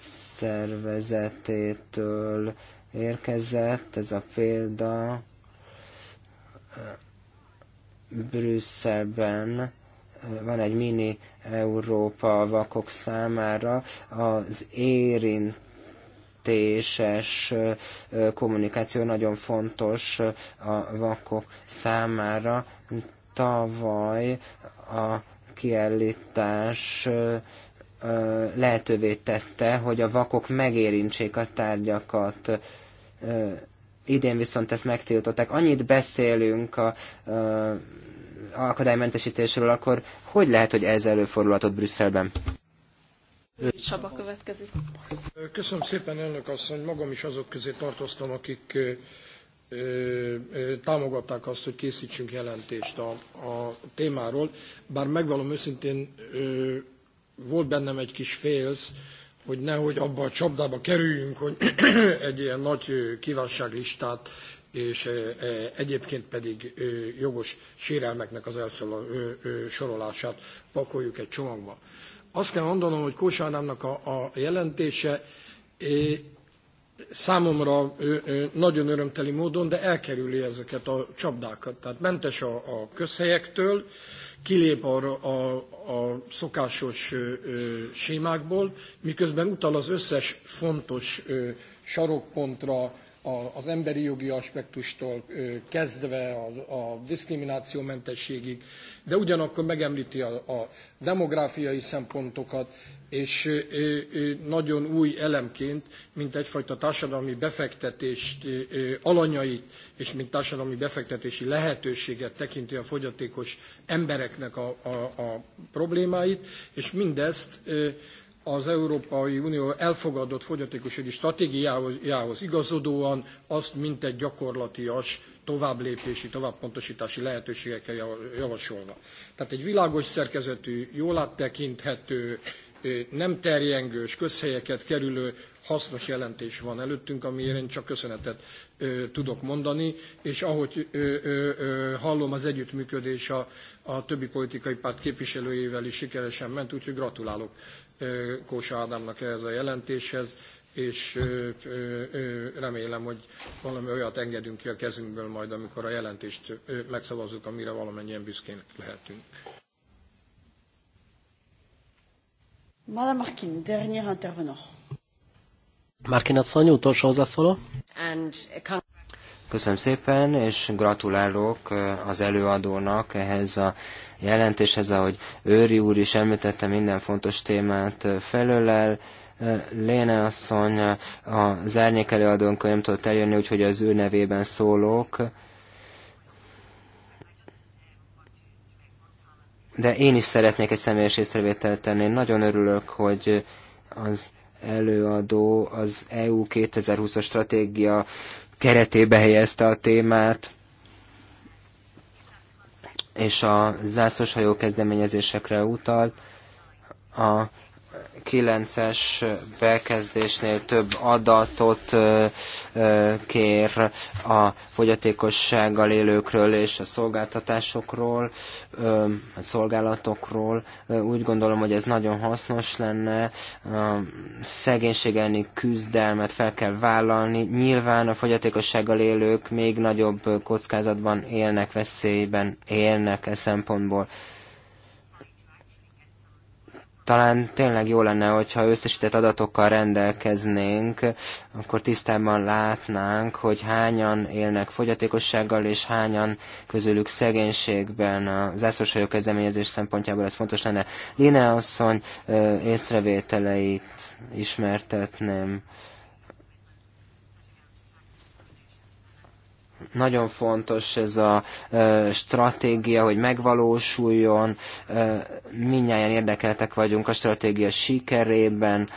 szervezetétől érkezett ez a példa Brüsszelben van egy mini Európa vakok számára, az érint jelentéses kommunikáció nagyon fontos a vakok számára. Tavaly a kiállítás lehetővé tette, hogy a vakok megérintsék a tárgyakat. Idén viszont ezt megtiltották. Annyit beszélünk a akadálymentesítésről, akkor hogy lehet, hogy ez előfordulhatott Brüsszelben? Saba következik. Köszönöm szépen, elnök asszony. Magam is azok közé tartoztam, akik támogatták azt, hogy készítsünk jelentést a, a témáról. Bár megvalom őszintén, volt bennem egy kis félsz, hogy nehogy abba a csapdába kerüljünk, hogy egy ilyen nagy kívánságlistát és egyébként pedig jogos sérelmeknek az elsorolását pakoljuk egy csomagba. Azt kell mondanom, hogy Kósánámnak a, a jelentése számomra nagyon örömteli módon, de elkerüli ezeket a csapdákat. Tehát mentes a, a közhelyektől, kilép a, a, a szokásos ö, sémákból, miközben utal az összes fontos ö, sarokpontra, az emberi jogi aspektustól kezdve a, a diszkriminációmentességig, de ugyanakkor megemlíti a, a demográfiai szempontokat, és nagyon új elemként, mint egyfajta társadalmi befektetést alanyait, és mint társadalmi befektetési lehetőséget tekinti a fogyatékos embereknek a, a, a problémáit, és mindezt az Európai Unió elfogadott fogyatékosügyi stratégiájához igazodóan azt mintegy gyakorlatias továbblépési, továbbpontosítási lehetőségekkel javasolva. Tehát egy világos szerkezetű, jól áttekinthető, nem terjengős, közhelyeket kerülő hasznos jelentés van előttünk, amiért én csak köszönetet tudok mondani, és ahogy hallom, az együttműködés a, a többi politikai párt képviselőjével is sikeresen ment, úgyhogy gratulálok Kósa Ádámnak ehhez a jelentéshez, és remélem, hogy valami olyat engedünk ki a kezünkből majd, amikor a jelentést megszavazzuk, amire valamennyien büszkének lehetünk. Madame Markin, dernier asszony, utolsó hozzászóló. Köszönöm szépen, és gratulálok az előadónak ehhez a jelentéshez, ahogy Őri úr is említette, minden fontos témát felölel. Léne asszony az árnyék előadónkon nem tudott eljönni, úgyhogy az ő nevében szólok. De én is szeretnék egy személyes észrevételt tenni. Én nagyon örülök, hogy az előadó az EU 2020-as stratégia keretébe helyezte a témát és a zászlóshajó kezdeményezésekre utalt, a 9-es bekezdésnél több adatot kér a fogyatékossággal élőkről és a szolgáltatásokról, a szolgálatokról. Úgy gondolom, hogy ez nagyon hasznos lenne. A szegénység elleni küzdelmet fel kell vállalni. Nyilván a fogyatékossággal élők még nagyobb kockázatban élnek, veszélyben élnek e szempontból talán tényleg jó lenne, hogyha összesített adatokkal rendelkeznénk, akkor tisztában látnánk, hogy hányan élnek fogyatékossággal, és hányan közülük szegénységben. A zászlósajó kezdeményezés szempontjából ez fontos lenne. Lina asszony észrevételeit ismertetném. Nagyon fontos ez a stratégia, hogy megvalósuljon, minnyáján érdekeltek vagyunk a stratégia sikerében,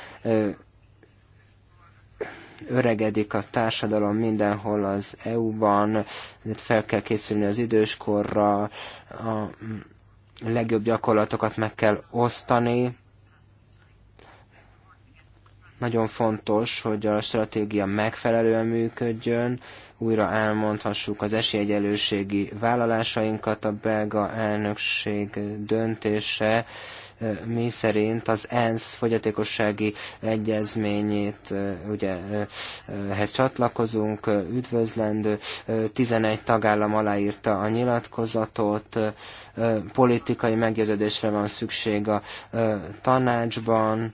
öregedik a társadalom mindenhol az EU-ban, fel kell készülni az időskorra, a legjobb gyakorlatokat meg kell osztani. Nagyon fontos, hogy a stratégia megfelelően működjön, újra elmondhassuk az esélyegyelőségi vállalásainkat. A belga elnökség döntése mi szerint az ENSZ fogyatékossági egyezményét ugye ehhez csatlakozunk, üdvözlendő, 11 tagállam aláírta a nyilatkozatot, politikai meggyőződésre van szükség a tanácsban,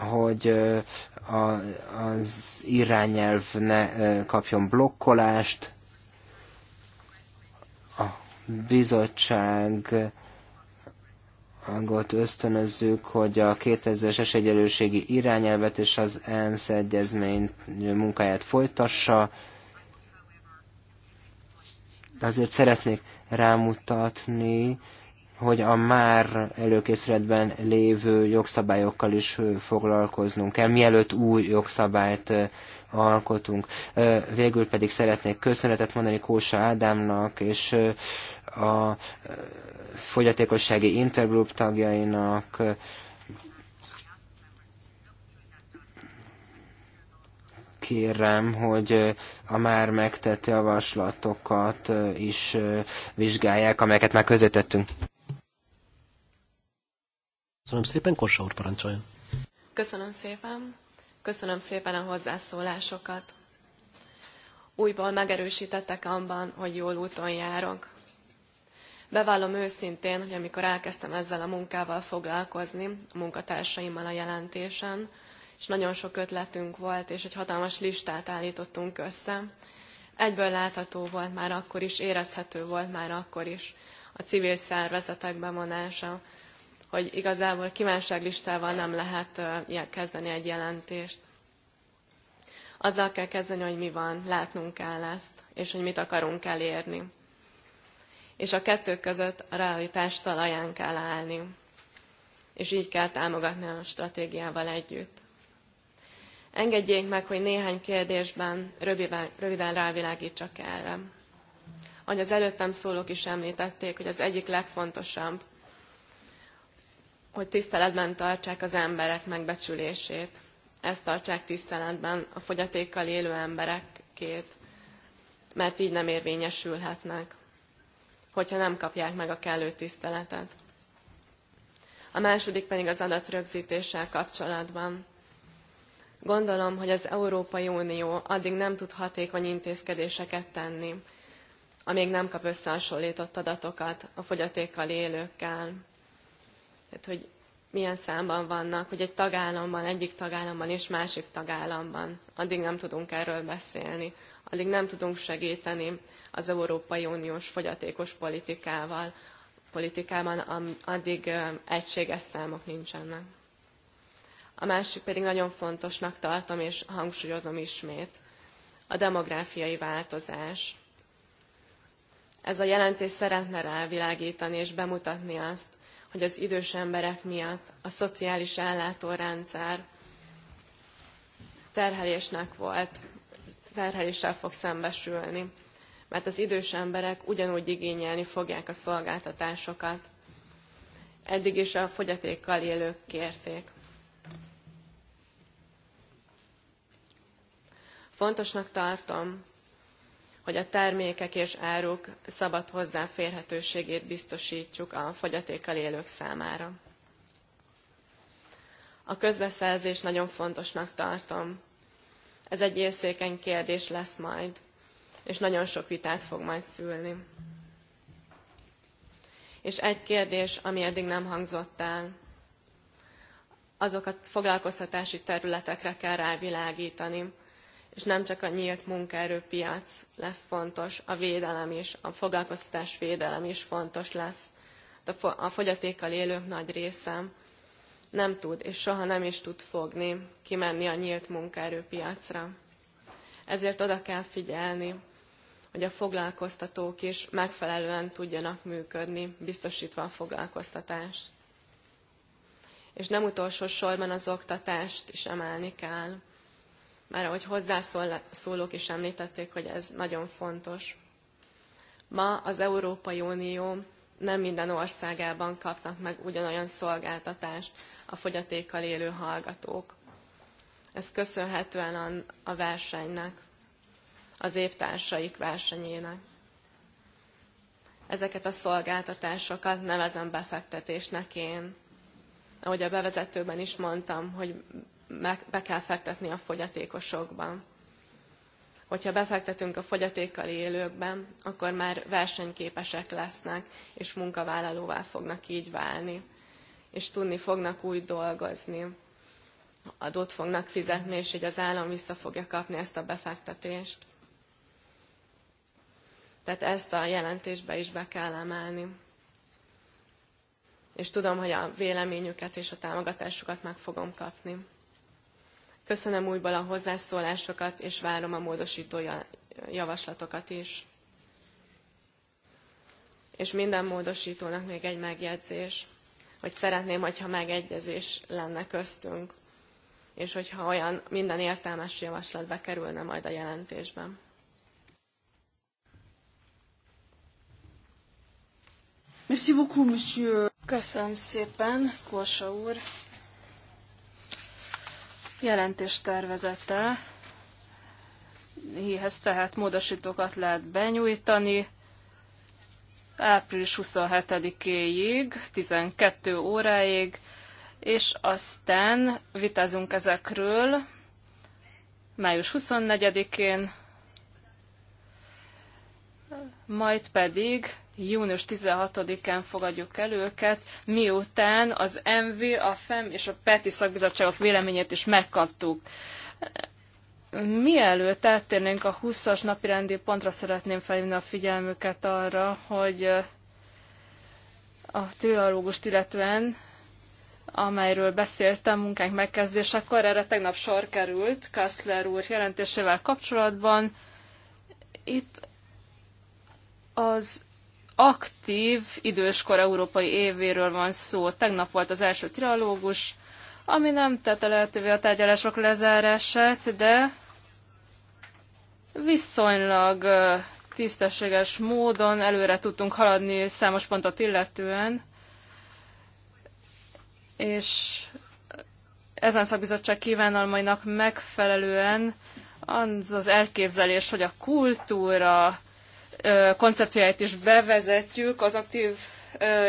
hogy az irányelv ne kapjon blokkolást. A bizottság angolt ösztönözzük, hogy a 2000-es egyenlőségi irányelvet és az ENSZ egyezmény munkáját folytassa. Azért szeretnék rámutatni, hogy a már előkészületben lévő jogszabályokkal is foglalkoznunk kell, mielőtt új jogszabályt alkotunk. Végül pedig szeretnék köszönetet mondani Kósa Ádámnak és a fogyatékossági intergroup tagjainak, kérem, hogy a már megtett javaslatokat is vizsgálják, amelyeket már közötettünk. Köszönöm szépen, Korsa úr parancsoljon. Köszönöm szépen. Köszönöm szépen a hozzászólásokat. Újból megerősítettek abban, hogy jól úton járok. Bevallom őszintén, hogy amikor elkezdtem ezzel a munkával foglalkozni, a munkatársaimmal a jelentésen, és nagyon sok ötletünk volt, és egy hatalmas listát állítottunk össze, egyből látható volt már akkor is, érezhető volt már akkor is a civil szervezetek bevonása, hogy igazából kívánságlistával nem lehet ilyen kezdeni egy jelentést. Azzal kell kezdeni, hogy mi van, látnunk kell ezt, és hogy mit akarunk elérni. És a kettő között a realitás talaján kell állni. És így kell támogatni a stratégiával együtt. Engedjék meg, hogy néhány kérdésben röviden, röviden rávilágítsak erre. Ahogy az előttem szólók is említették, hogy az egyik legfontosabb hogy tiszteletben tartsák az emberek megbecsülését. Ezt tartsák tiszteletben a fogyatékkal élő emberekét, mert így nem érvényesülhetnek, hogyha nem kapják meg a kellő tiszteletet. A második pedig az adatrögzítéssel kapcsolatban. Gondolom, hogy az Európai Unió addig nem tud hatékony intézkedéseket tenni, amíg nem kap összehasonlított adatokat a fogyatékkal élőkkel tehát, hogy milyen számban vannak, hogy egy tagállamban, egyik tagállamban és másik tagállamban. Addig nem tudunk erről beszélni, addig nem tudunk segíteni az Európai Uniós fogyatékos politikával, politikában, addig egységes számok nincsenek. A másik pedig nagyon fontosnak tartom, és hangsúlyozom ismét, a demográfiai változás. Ez a jelentés szeretne rávilágítani és bemutatni azt, hogy az idős emberek miatt a szociális ellátórendszer terhelésnek volt, terheléssel fog szembesülni, mert az idős emberek ugyanúgy igényelni fogják a szolgáltatásokat. Eddig is a fogyatékkal élők kérték. Fontosnak tartom, hogy a termékek és áruk szabad hozzáférhetőségét biztosítsuk a fogyatékkal élők számára. A közbeszerzést nagyon fontosnak tartom. Ez egy érzékeny kérdés lesz majd, és nagyon sok vitát fog majd szülni. És egy kérdés, ami eddig nem hangzott el, azok a foglalkoztatási területekre kell rávilágítani, és nem csak a nyílt munkaerőpiac lesz fontos, a védelem is, a foglalkoztatás védelem is fontos lesz. A fogyatékkal élők nagy része nem tud, és soha nem is tud fogni kimenni a nyílt munkaerőpiacra. Ezért oda kell figyelni, hogy a foglalkoztatók is megfelelően tudjanak működni, biztosítva a foglalkoztatást. És nem utolsó sorban az oktatást is emelni kell már ahogy hozzászólók is említették, hogy ez nagyon fontos. Ma az Európai Unió nem minden országában kapnak meg ugyanolyan szolgáltatást a fogyatékkal élő hallgatók. Ez köszönhetően a versenynek, az évtársaik versenyének. Ezeket a szolgáltatásokat nevezem befektetésnek én. Ahogy a bevezetőben is mondtam, hogy be kell fektetni a fogyatékosokban. Hogyha befektetünk a fogyatékkal élőkben, akkor már versenyképesek lesznek, és munkavállalóvá fognak így válni, és tudni fognak úgy dolgozni. Adót fognak fizetni, és így az állam vissza fogja kapni ezt a befektetést. Tehát ezt a jelentésbe is be kell emelni. És tudom, hogy a véleményüket és a támogatásukat meg fogom kapni. Köszönöm újból a hozzászólásokat, és várom a módosító javaslatokat is. És minden módosítónak még egy megjegyzés, hogy szeretném, hogyha megegyezés lenne köztünk, és hogyha olyan minden értelmes javaslat bekerülne majd a jelentésben. Köszönöm szépen, Korsa úr jelentéstervezete, hihez tehát módosítókat lehet benyújtani április 27-éig, 12 óráig, és aztán vitázunk ezekről május 24-én, majd pedig június 16-án fogadjuk el őket, miután az MV, a FEM és a PETI szakbizottságok véleményét is megkaptuk. Mielőtt áttérnénk a 20-as napirendi pontra, szeretném felhívni a figyelmüket arra, hogy a trialógust illetően, amelyről beszéltem munkánk megkezdésekor, erre tegnap sor került Kastler úr jelentésével kapcsolatban. Itt az aktív időskor európai évéről van szó. Tegnap volt az első trialógus, ami nem tette lehetővé a tárgyalások lezárását, de viszonylag tisztességes módon előre tudtunk haladni számos pontot illetően, és ezen szakbizottság kívánalmainak megfelelően az az elképzelés, hogy a kultúra, koncepcióját is bevezetjük. Az aktív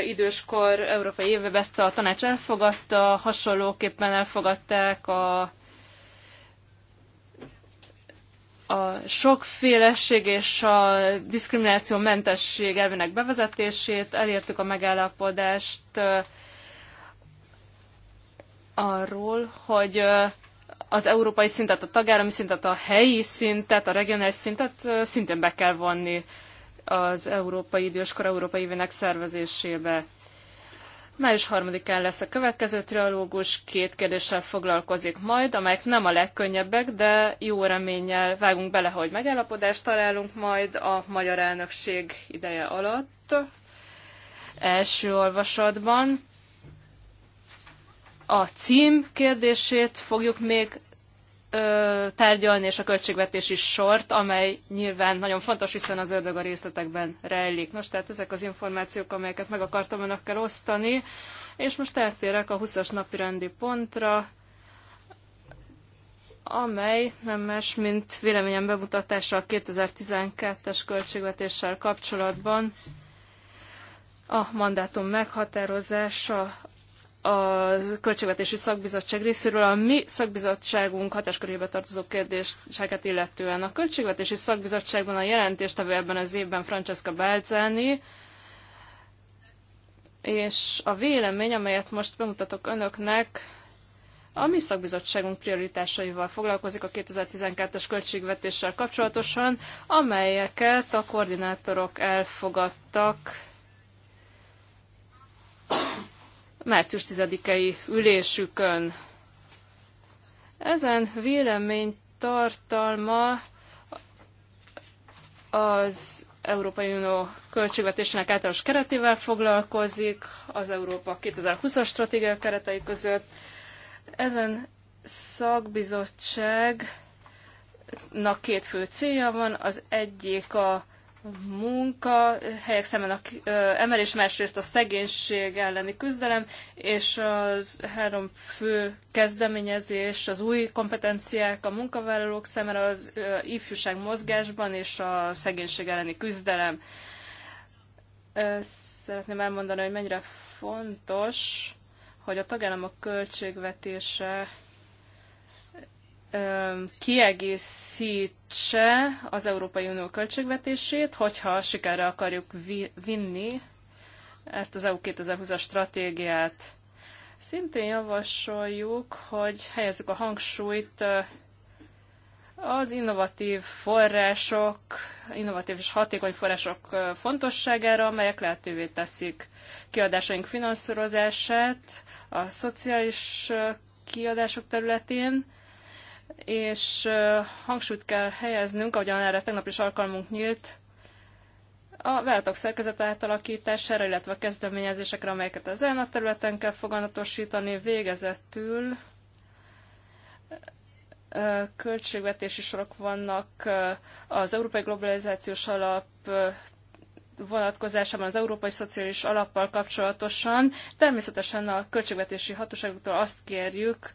időskor európai évben ezt a tanács elfogadta, hasonlóképpen elfogadták a, a sokféleség és a diszkrimináció mentesség elvének bevezetését, elértük a megállapodást arról, hogy az európai szintet, a tagállami szintet, a helyi szintet, a regionális szintet szintén be kell vonni az Európai Időskor Európai Évének szervezésébe. Május 3-án lesz a következő trialógus, két kérdéssel foglalkozik majd, amelyek nem a legkönnyebbek, de jó reménnyel vágunk bele, hogy megállapodást találunk majd a magyar elnökség ideje alatt első olvasatban. A cím kérdését fogjuk még ö, tárgyalni, és a költségvetési sort, amely nyilván nagyon fontos, hiszen az ördög a részletekben rejlik. Nos, tehát ezek az információk, amelyeket meg akartam önökkel osztani, és most eltérek a 20-as napi rendi pontra, amely nem más, mint véleményem bemutatása a 2012-es költségvetéssel kapcsolatban a mandátum meghatározása a Költségvetési Szakbizottság részéről a mi szakbizottságunk hatáskörébe tartozó kérdéseket illetően. A Költségvetési Szakbizottságban a jelentéstevő ebben az évben Francesca Balzani, és a vélemény, amelyet most bemutatok önöknek, a mi szakbizottságunk prioritásaival foglalkozik a 2012-es költségvetéssel kapcsolatosan, amelyeket a koordinátorok elfogadtak március 10-i ülésükön. Ezen vélemény tartalma az Európai Unió költségvetésének általános keretével foglalkozik, az Európa 2020-as stratégia keretei között. Ezen szakbizottságnak két fő célja van, az egyik a munkahelyek szemének emelés, másrészt a szegénység elleni küzdelem, és az három fő kezdeményezés, az új kompetenciák a munkavállalók szemben az ifjúság mozgásban és a szegénység elleni küzdelem. Szeretném elmondani, hogy mennyire fontos, hogy a tagállamok költségvetése kiegészítse az Európai Unió költségvetését, hogyha sikerre akarjuk vinni ezt az EU 2020-as stratégiát. Szintén javasoljuk, hogy helyezzük a hangsúlyt az innovatív források, innovatív és hatékony források fontosságára, amelyek lehetővé teszik kiadásaink finanszírozását a szociális kiadások területén, és hangsúlyt kell helyeznünk, ahogyan erre tegnap is alkalmunk nyílt, a vállalatok szerkezet átalakítására, illetve a kezdeményezésekre, amelyeket ezen a területen kell foganatosítani, végezetül költségvetési sorok vannak az Európai Globalizációs Alap vonatkozásában az Európai Szociális Alappal kapcsolatosan. Természetesen a költségvetési hatóságoktól azt kérjük,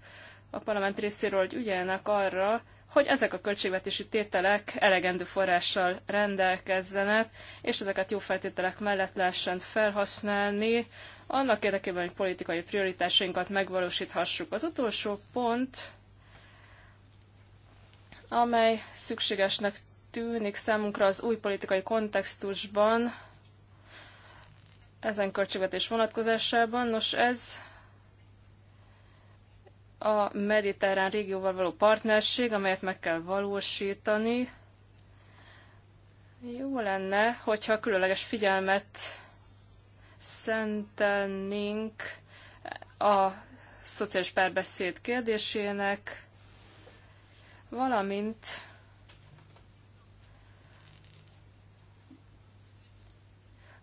a parlament részéről, hogy ügyeljenek arra, hogy ezek a költségvetési tételek elegendő forrással rendelkezzenek, és ezeket jó feltételek mellett lehessen felhasználni, annak érdekében, hogy politikai prioritásainkat megvalósíthassuk. Az utolsó pont, amely szükségesnek tűnik számunkra az új politikai kontextusban, ezen költségvetés vonatkozásában, nos ez a mediterrán régióval való partnerség, amelyet meg kell valósítani. Jó lenne, hogyha különleges figyelmet szentelnénk a szociális párbeszéd kérdésének, valamint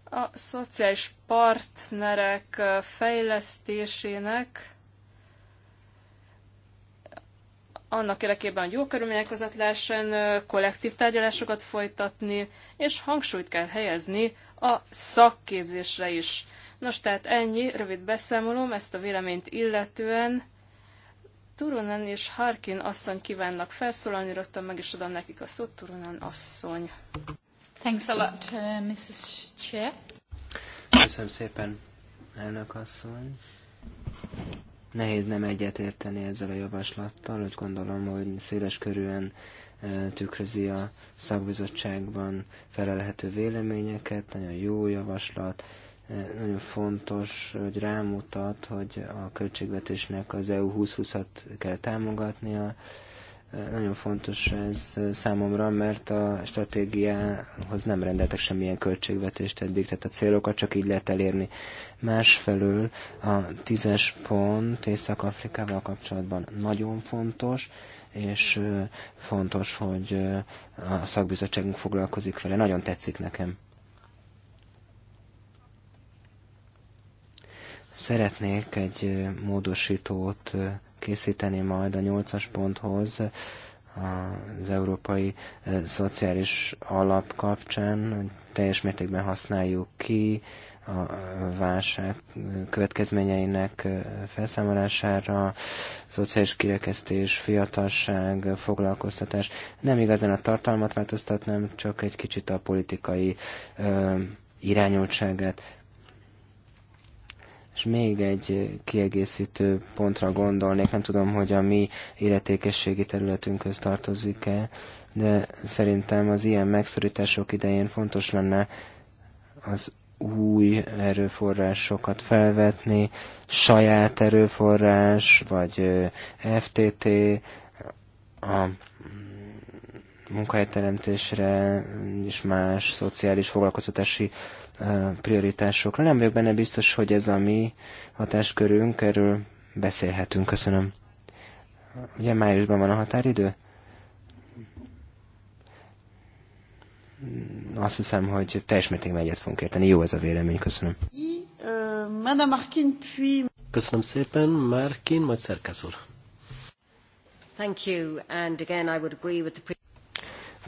a szociális partnerek fejlesztésének, annak érdekében, hogy jó körülmények között lehessen kollektív tárgyalásokat folytatni, és hangsúlyt kell helyezni a szakképzésre is. Nos, tehát ennyi, rövid beszámolom ezt a véleményt illetően. Turunen és Harkin asszony kívánnak felszólalni, rögtön meg is adom nekik a szót, Turunen asszony. Thanks a lot, uh, Mrs. Chair. Köszönöm szépen, elnök asszony. Nehéz nem egyetérteni ezzel a javaslattal, úgy gondolom, hogy széles körűen e, tükrözi a szakbizottságban felelhető véleményeket, nagyon jó javaslat, e, nagyon fontos, hogy rámutat, hogy a költségvetésnek az EU 2020-at kell támogatnia, nagyon fontos ez számomra, mert a stratégiához nem rendeltek semmilyen költségvetést eddig, tehát a célokat csak így lehet elérni. Másfelől a tízes pont Észak-Afrikával kapcsolatban nagyon fontos, és fontos, hogy a szakbizottságunk foglalkozik vele. Nagyon tetszik nekem. Szeretnék egy módosítót készíteni majd a nyolcas ponthoz az európai eh, szociális alap kapcsán, hogy teljes mértékben használjuk ki a válság eh, következményeinek eh, felszámolására, szociális kirekesztés, fiatalság, foglalkoztatás. Nem igazán a tartalmat változtatnám, csak egy kicsit a politikai irányultságát és még egy kiegészítő pontra gondolnék, nem tudom, hogy a mi életékességi területünkhöz tartozik-e, de szerintem az ilyen megszorítások idején fontos lenne az új erőforrásokat felvetni, saját erőforrás, vagy FTT, a munkahelyteremtésre és más szociális foglalkoztatási prioritásokra. Nem vagyok benne biztos, hogy ez a mi hatáskörünk, erről beszélhetünk. Köszönöm. Ugye májusban van a határidő? Azt hiszem, hogy teljes mértékben egyet fogunk érteni. Jó ez a vélemény, köszönöm. Köszönöm szépen, Márkin, majd Szerkesz Thank you, and again I would agree with the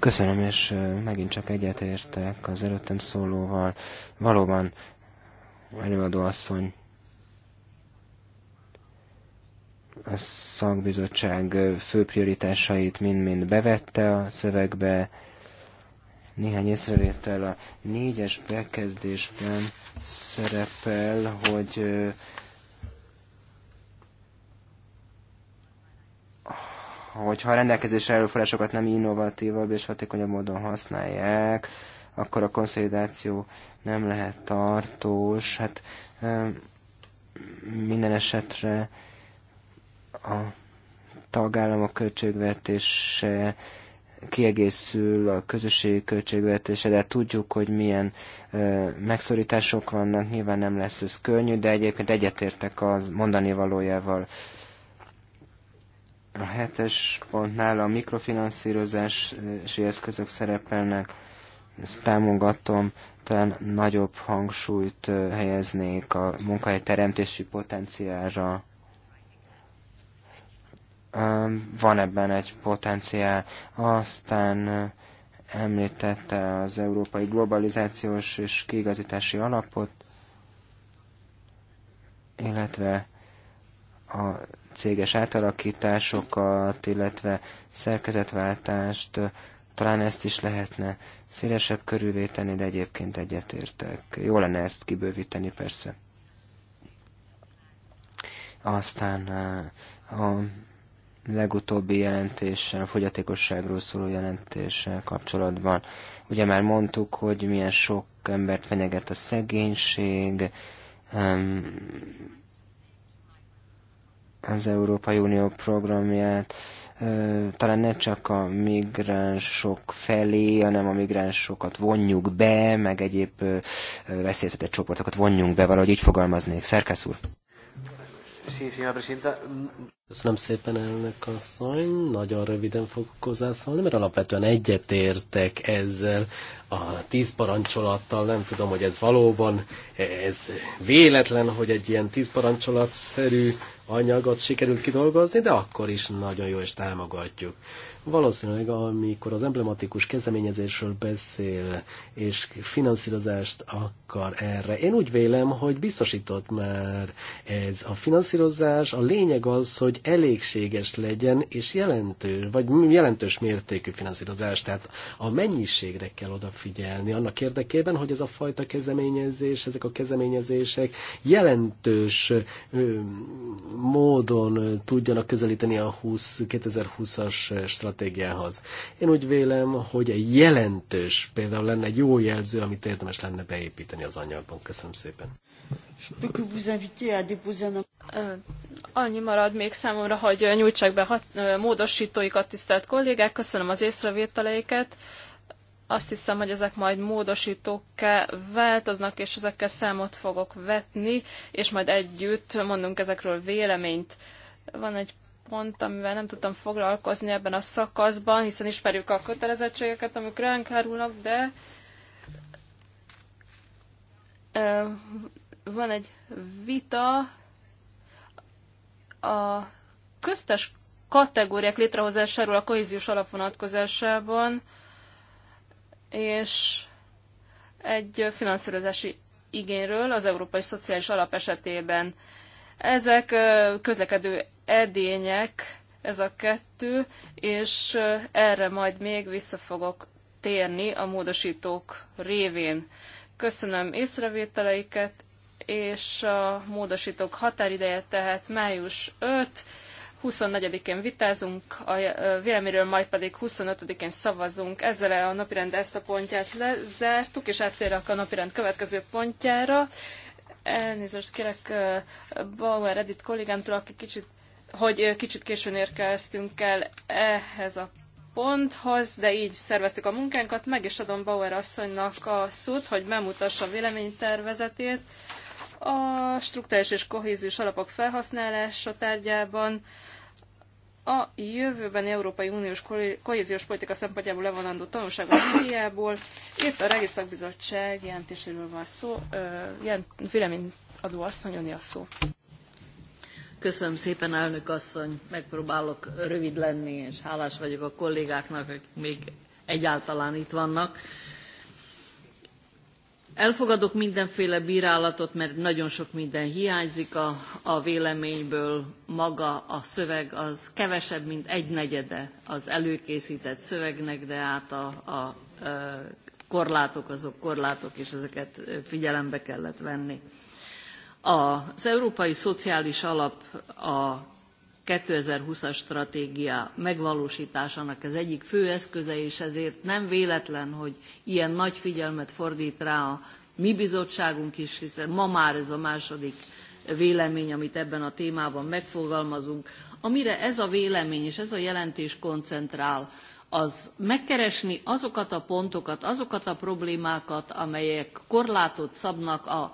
Köszönöm, és megint csak egyetértek az előttem szólóval. Valóban előadó asszony a szakbizottság fő prioritásait mind-mind bevette a szövegbe. Néhány észrevétel a négyes bekezdésben szerepel, hogy hogyha a rendelkezésre forrásokat nem innovatívabb és hatékonyabb módon használják, akkor a konszolidáció nem lehet tartós. Hát minden esetre a tagállamok költségvetése kiegészül a közösségi költségvetése, de tudjuk, hogy milyen ö, megszorítások vannak, nyilván nem lesz ez könnyű, de egyébként egyetértek az mondani valójával. Ö, a hetes pontnál a mikrofinanszírozási eszközök szerepelnek, ezt támogatom, talán nagyobb hangsúlyt helyeznék a teremtési potenciálra. Van ebben egy potenciál. Aztán említette az Európai Globalizációs és Kiigazítási Alapot, illetve a céges átalakításokat, illetve szerkezetváltást, talán ezt is lehetne szélesebb körülvé tenni, de egyébként egyetértek. Jó lenne ezt kibővíteni persze. Aztán eh, a legutóbbi jelentéssel, a fogyatékosságról szóló jelentéssel kapcsolatban. Ugye már mondtuk, hogy milyen sok embert fenyeget a szegénység, az Európai Unió programját talán ne csak a migránsok felé, hanem a migránsokat vonjuk be, meg egyéb veszélyeztetett csoportokat vonjunk be, valahogy így fogalmaznék. Szerkesz úr! Köszönöm szépen, elnök asszony. Nagyon röviden fogok hozzászólni, mert alapvetően egyetértek ezzel a tíz parancsolattal. Nem tudom, hogy ez valóban, ez véletlen, hogy egy ilyen tíz parancsolatszerű anyagot sikerült kidolgozni, de akkor is nagyon jó és támogatjuk. Valószínűleg, amikor az emblematikus kezdeményezésről beszél, és finanszírozást akar erre, én úgy vélem, hogy biztosított már ez a finanszírozás. A lényeg az, hogy elégséges legyen, és jelentő, vagy jelentős mértékű finanszírozás. Tehát a mennyiségre kell odafigyelni annak érdekében, hogy ez a fajta kezdeményezés, ezek a kezdeményezések jelentős módon tudjanak közelíteni a 20, 2020-as stratégiát stratégiához. Én úgy vélem, hogy egy jelentős, például lenne egy jó jelző, amit érdemes lenne beépíteni az anyagban. Köszönöm szépen. Annyi marad még számomra, hogy nyújtsák be hat, módosítóikat, tisztelt kollégák. Köszönöm az észrevételeiket. Azt hiszem, hogy ezek majd módosítókká változnak, és ezekkel számot fogok vetni, és majd együtt mondunk ezekről véleményt. Van egy pont, amivel nem tudtam foglalkozni ebben a szakaszban, hiszen ismerjük a kötelezettségeket, amik ránk árulnak, de van egy vita a köztes kategóriák létrehozásáról a kohéziós alapvonatkozásában, és egy finanszírozási igényről az Európai Szociális Alap esetében. Ezek közlekedő edények, ez a kettő, és erre majd még vissza fogok térni a módosítók révén. Köszönöm észrevételeiket, és a módosítók határideje tehát május 5, 24-én vitázunk, a véleményről majd pedig 25-én szavazunk. Ezzel a napirend ezt a pontját lezártuk, és áttérek a napirend következő pontjára. Elnézést kérek Bauer Edith kollégámtól, aki kicsit hogy kicsit későn érkeztünk el ehhez a ponthoz, de így szerveztük a munkánkat. Meg is adom Bauer asszonynak a szót, hogy bemutassa a véleménytervezetét a strukturális és kohéziós alapok felhasználása tárgyában a jövőben Európai Uniós kohéziós politika szempontjából levonandó tanulságok céljából. Itt a Regiszakbizottság jelentéséről van szó. véleményadó asszony, a szó. Köszönöm szépen, elnök asszony. Megpróbálok rövid lenni, és hálás vagyok a kollégáknak, akik még egyáltalán itt vannak. Elfogadok mindenféle bírálatot, mert nagyon sok minden hiányzik a, a véleményből. Maga a szöveg az kevesebb, mint egy negyede az előkészített szövegnek, de hát a, a korlátok azok korlátok, és ezeket figyelembe kellett venni. Az Európai Szociális Alap a 2020-as stratégia megvalósításának az egyik fő eszköze, és ezért nem véletlen, hogy ilyen nagy figyelmet fordít rá a mi bizottságunk is, hiszen ma már ez a második vélemény, amit ebben a témában megfogalmazunk. Amire ez a vélemény és ez a jelentés koncentrál, az megkeresni azokat a pontokat, azokat a problémákat, amelyek korlátot szabnak a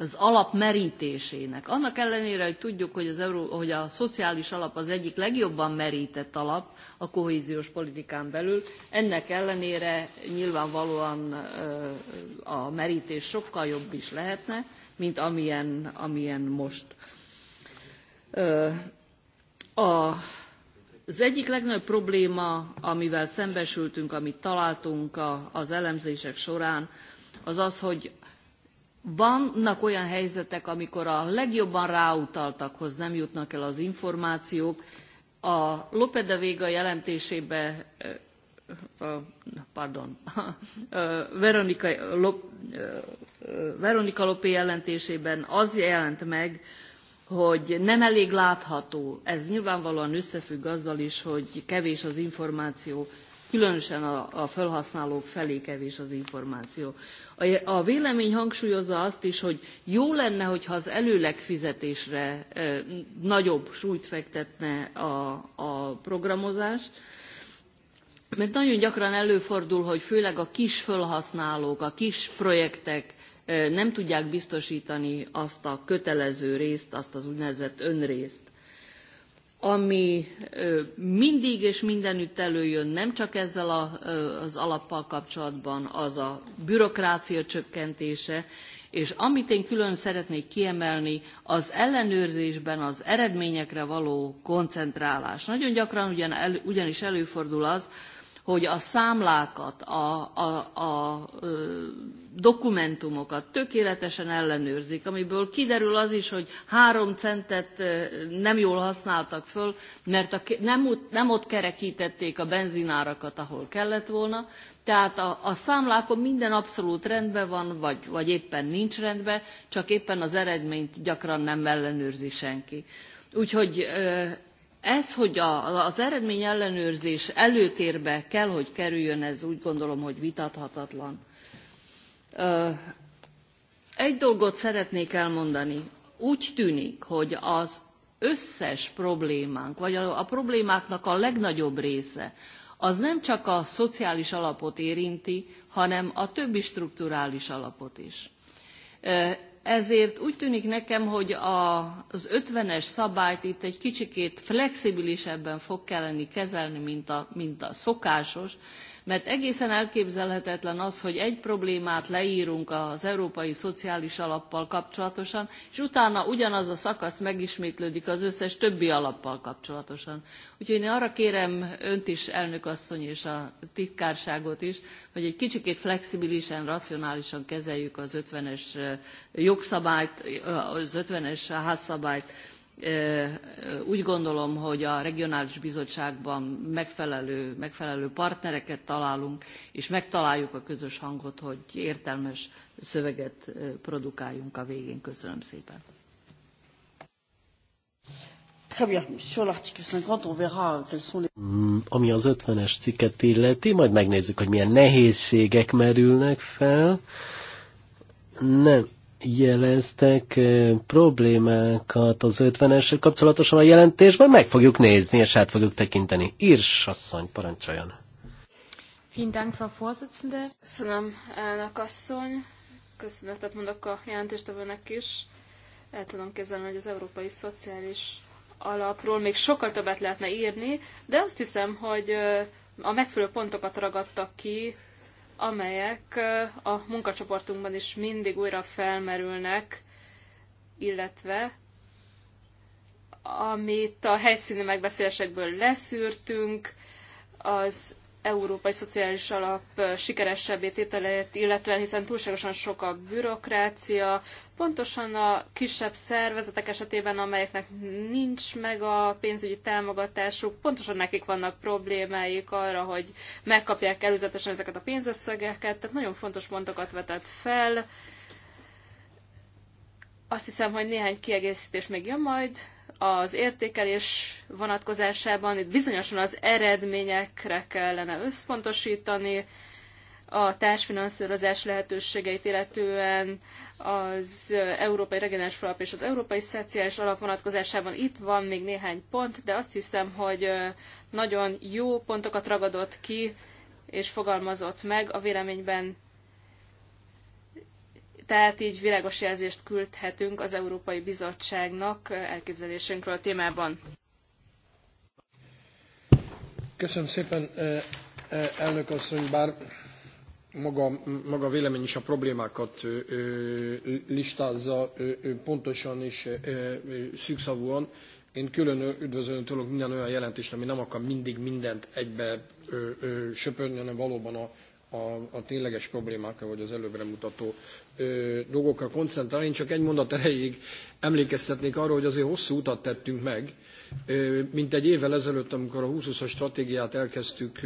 az alap merítésének. Annak ellenére, hogy tudjuk, hogy, az Euró, hogy a szociális alap az egyik legjobban merített alap a kohéziós politikán belül, ennek ellenére nyilvánvalóan a merítés sokkal jobb is lehetne, mint amilyen, amilyen most. A az egyik legnagyobb probléma, amivel szembesültünk, amit találtunk az elemzések során, az az, hogy vannak olyan helyzetek, amikor a legjobban ráutaltakhoz nem jutnak el az információk. A Lope de Vega jelentésébe, pardon, Veronika, Lop, Veronika Lopé jelentésében az jelent meg, hogy nem elég látható. Ez nyilvánvalóan összefügg azzal is, hogy kevés az információ különösen a, a felhasználók felé kevés az információ. A, a vélemény hangsúlyozza azt is, hogy jó lenne, hogyha az előleg fizetésre e, nagyobb súlyt fektetne a, a programozás, mert nagyon gyakran előfordul, hogy főleg a kis felhasználók, a kis projektek e, nem tudják biztosítani azt a kötelező részt, azt az úgynevezett önrészt ami mindig és mindenütt előjön, nem csak ezzel az alappal kapcsolatban, az a bürokrácia csökkentése, és amit én külön szeretnék kiemelni, az ellenőrzésben az eredményekre való koncentrálás. Nagyon gyakran ugyanis előfordul az, hogy a számlákat, a, a, a dokumentumokat tökéletesen ellenőrzik, amiből kiderül az is, hogy három centet nem jól használtak föl, mert a, nem, nem ott kerekítették a benzinárakat, ahol kellett volna, tehát a, a számlákon minden abszolút rendben van, vagy, vagy éppen nincs rendben, csak éppen az eredményt gyakran nem ellenőrzi senki. Úgyhogy ez, hogy a, az eredmény ellenőrzés előtérbe kell, hogy kerüljön, ez úgy gondolom, hogy vitathatatlan. Egy dolgot szeretnék elmondani. Úgy tűnik, hogy az összes problémánk, vagy a, a problémáknak a legnagyobb része, az nem csak a szociális alapot érinti, hanem a többi strukturális alapot is ezért úgy tűnik nekem, hogy a, az 50-es szabályt itt egy kicsikét flexibilisebben fog kelleni kezelni, mint a, mint a szokásos, mert egészen elképzelhetetlen az, hogy egy problémát leírunk az európai szociális alappal kapcsolatosan, és utána ugyanaz a szakasz megismétlődik az összes többi alappal kapcsolatosan. Úgyhogy én arra kérem önt is, elnök asszony és a titkárságot is, hogy egy kicsikét flexibilisen, racionálisan kezeljük az 50-es eh, jogszabályt, eh, az 50-es házszabályt, úgy gondolom, hogy a regionális bizottságban megfelelő, megfelelő partnereket találunk, és megtaláljuk a közös hangot, hogy értelmes szöveget produkáljunk a végén. Köszönöm szépen. Ami az 50-es cikket illeti, majd megnézzük, hogy milyen nehézségek merülnek fel. Nem, jeleztek eh, problémákat az 50-essel kapcsolatosan a jelentésben, meg fogjuk nézni, és át fogjuk tekinteni. Írs asszony, parancsoljon! Köszönöm, elnök asszony. Köszönetet mondok a jelentéstevőnek is. El tudom képzelni, hogy az Európai Szociális Alapról még sokkal többet lehetne írni, de azt hiszem, hogy eh, a megfelelő pontokat ragadtak ki, amelyek a munkacsoportunkban is mindig újra felmerülnek, illetve amit a helyszíni megbeszélésekből leszűrtünk, az európai szociális alap sikeresebbé tételét illetően, hiszen túlságosan sok a bürokrácia, pontosan a kisebb szervezetek esetében, amelyeknek nincs meg a pénzügyi támogatásuk, pontosan nekik vannak problémáik arra, hogy megkapják előzetesen ezeket a pénzösszegeket, tehát nagyon fontos pontokat vetett fel. Azt hiszem, hogy néhány kiegészítés még jön majd az értékelés vonatkozásában itt bizonyosan az eredményekre kellene összpontosítani, a társfinanszírozás lehetőségeit illetően az Európai Regionális Alap és az Európai Szociális Alap vonatkozásában itt van még néhány pont, de azt hiszem, hogy nagyon jó pontokat ragadott ki és fogalmazott meg a véleményben tehát így világos jelzést küldhetünk az Európai Bizottságnak elképzelésünkről a témában. Köszönöm szépen, eh, eh, elnök asszony, bár maga, maga vélemény is a problémákat eh, listázza pontosan és szükszavúan. Én külön üdvözölni tudok minden olyan jelentést, ami nem akar mindig mindent egybe söpörni, hanem valóban a, a, a tényleges problémákra, vagy az előbbre mutató dolgokra koncentrálni. Én csak egy mondat erejéig emlékeztetnék arra, hogy azért hosszú utat tettünk meg. Mint egy évvel ezelőtt, amikor a 20 as stratégiát elkezdtük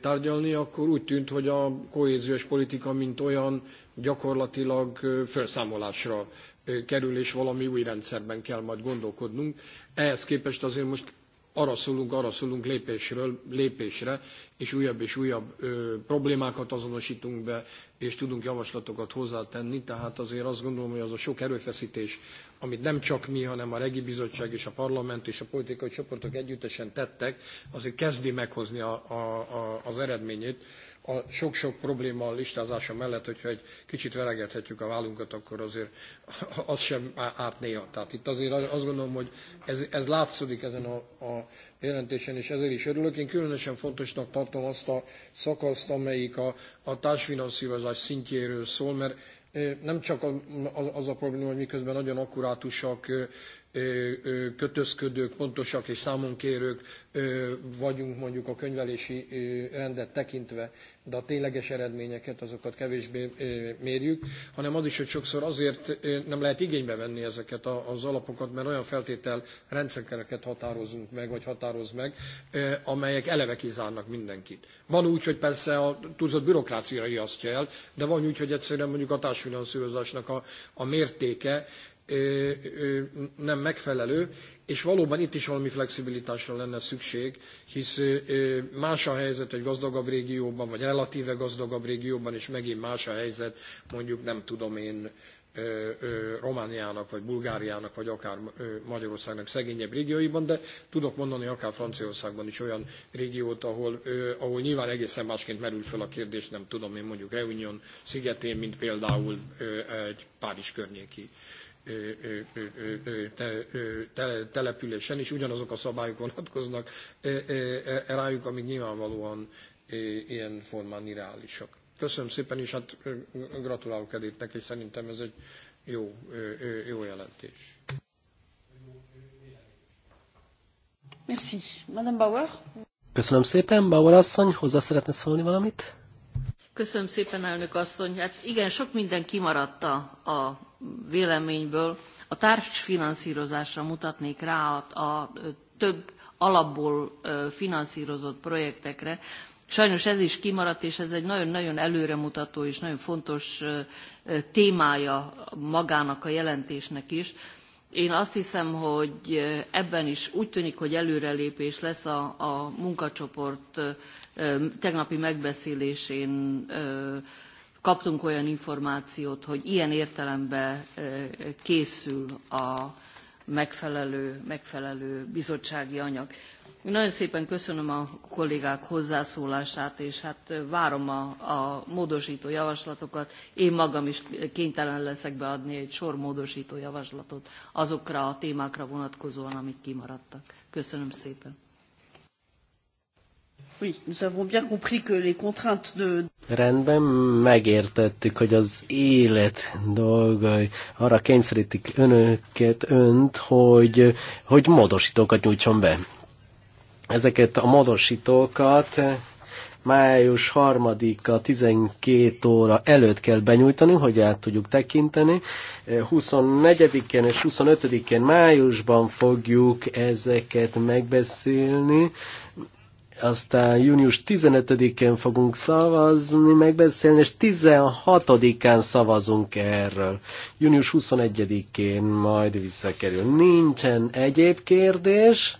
tárgyalni, akkor úgy tűnt, hogy a kohéziós politika, mint olyan, gyakorlatilag felszámolásra kerül, és valami új rendszerben kell majd gondolkodnunk. Ehhez képest azért most arra szólunk, arra szólunk lépésről lépésre, és újabb és újabb ö, problémákat azonosítunk be, és tudunk javaslatokat hozzátenni. Tehát azért azt gondolom, hogy az a sok erőfeszítés, amit nem csak mi, hanem a Regi Bizottság és a Parlament és a politikai csoportok együttesen tettek, azért kezdi meghozni a, a, a, az eredményét a sok-sok probléma listázása mellett, hogyha egy kicsit veregethetjük a vállunkat, akkor azért az sem árt néha. Tehát itt azért azt gondolom, hogy ez, ez látszódik ezen a, a jelentésen, és ezért is örülök. Én különösen fontosnak tartom azt a szakaszt, amelyik a, a társfinanszírozás szintjéről szól, mert nem csak az a probléma, hogy miközben nagyon akkurátusak kötözködők, pontosak és számonkérők vagyunk mondjuk a könyvelési rendet tekintve, de a tényleges eredményeket azokat kevésbé mérjük, hanem az is, hogy sokszor azért nem lehet igénybe venni ezeket az alapokat, mert olyan feltétel rendszereket határozunk meg, vagy határoz meg, amelyek eleve kizárnak mindenkit. Van úgy, hogy persze a túlzott bürokrácia riasztja el, de van úgy, hogy egyszerűen mondjuk a társfinanszírozásnak a, a mértéke nem megfelelő, és valóban itt is valami flexibilitásra lenne szükség, hisz más a helyzet egy gazdagabb régióban, vagy relatíve gazdagabb régióban, és megint más a helyzet, mondjuk nem tudom én, Romániának, vagy Bulgáriának, vagy akár Magyarországnak szegényebb régióiban, de tudok mondani akár Franciaországban is olyan régiót, ahol, ahol nyilván egészen másként merül fel a kérdés, nem tudom én mondjuk Reunion szigetén, mint például egy Párizs környéki településen, és ugyanazok a szabályok vonatkoznak rájuk, amik nyilvánvalóan ilyen formán irreálisak. Köszönöm szépen, és hát gratulálok Edithnek, és szerintem ez egy jó, jó jelentés. Merci. Madame Bauer. Köszönöm szépen, Bauer asszony, hozzá szeretne szólni valamit? Köszönöm szépen, elnök asszony. Hát igen, sok minden kimaradt a véleményből. A társfinanszírozásra mutatnék rá a, a több alapból finanszírozott projektekre. Sajnos ez is kimaradt, és ez egy nagyon-nagyon előremutató és nagyon fontos témája magának a jelentésnek is én azt hiszem, hogy ebben is úgy tűnik, hogy előrelépés lesz a, a munkacsoport tegnapi megbeszélésén kaptunk olyan információt, hogy ilyen értelemben készül a megfelelő, megfelelő bizottsági anyag. Nagyon szépen köszönöm a kollégák hozzászólását, és hát várom a, a módosító javaslatokat. Én magam is kénytelen leszek beadni egy sor módosító javaslatot azokra a témákra vonatkozóan, amik kimaradtak. Köszönöm szépen. Rendben, megértettük, hogy az élet dolgai arra kényszerítik önöket, önt, hogy, hogy módosítókat nyújtson be. Ezeket a módosítókat május 3-a 12 óra előtt kell benyújtani, hogy át tudjuk tekinteni. 24-én és 25-én májusban fogjuk ezeket megbeszélni. Aztán június 15-én fogunk szavazni, megbeszélni, és 16-án szavazunk erről. Június 21-én majd visszakerül. Nincsen egyéb kérdés.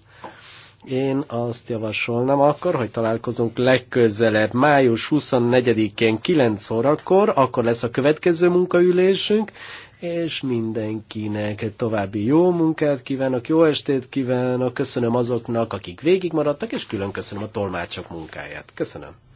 Én azt javasolnám akkor, hogy találkozunk legközelebb május 24-én 9 órakor, akkor lesz a következő munkaülésünk, és mindenkinek további jó munkát kívánok, jó estét kívánok, köszönöm azoknak, akik végigmaradtak, és külön köszönöm a tolmácsok munkáját. Köszönöm.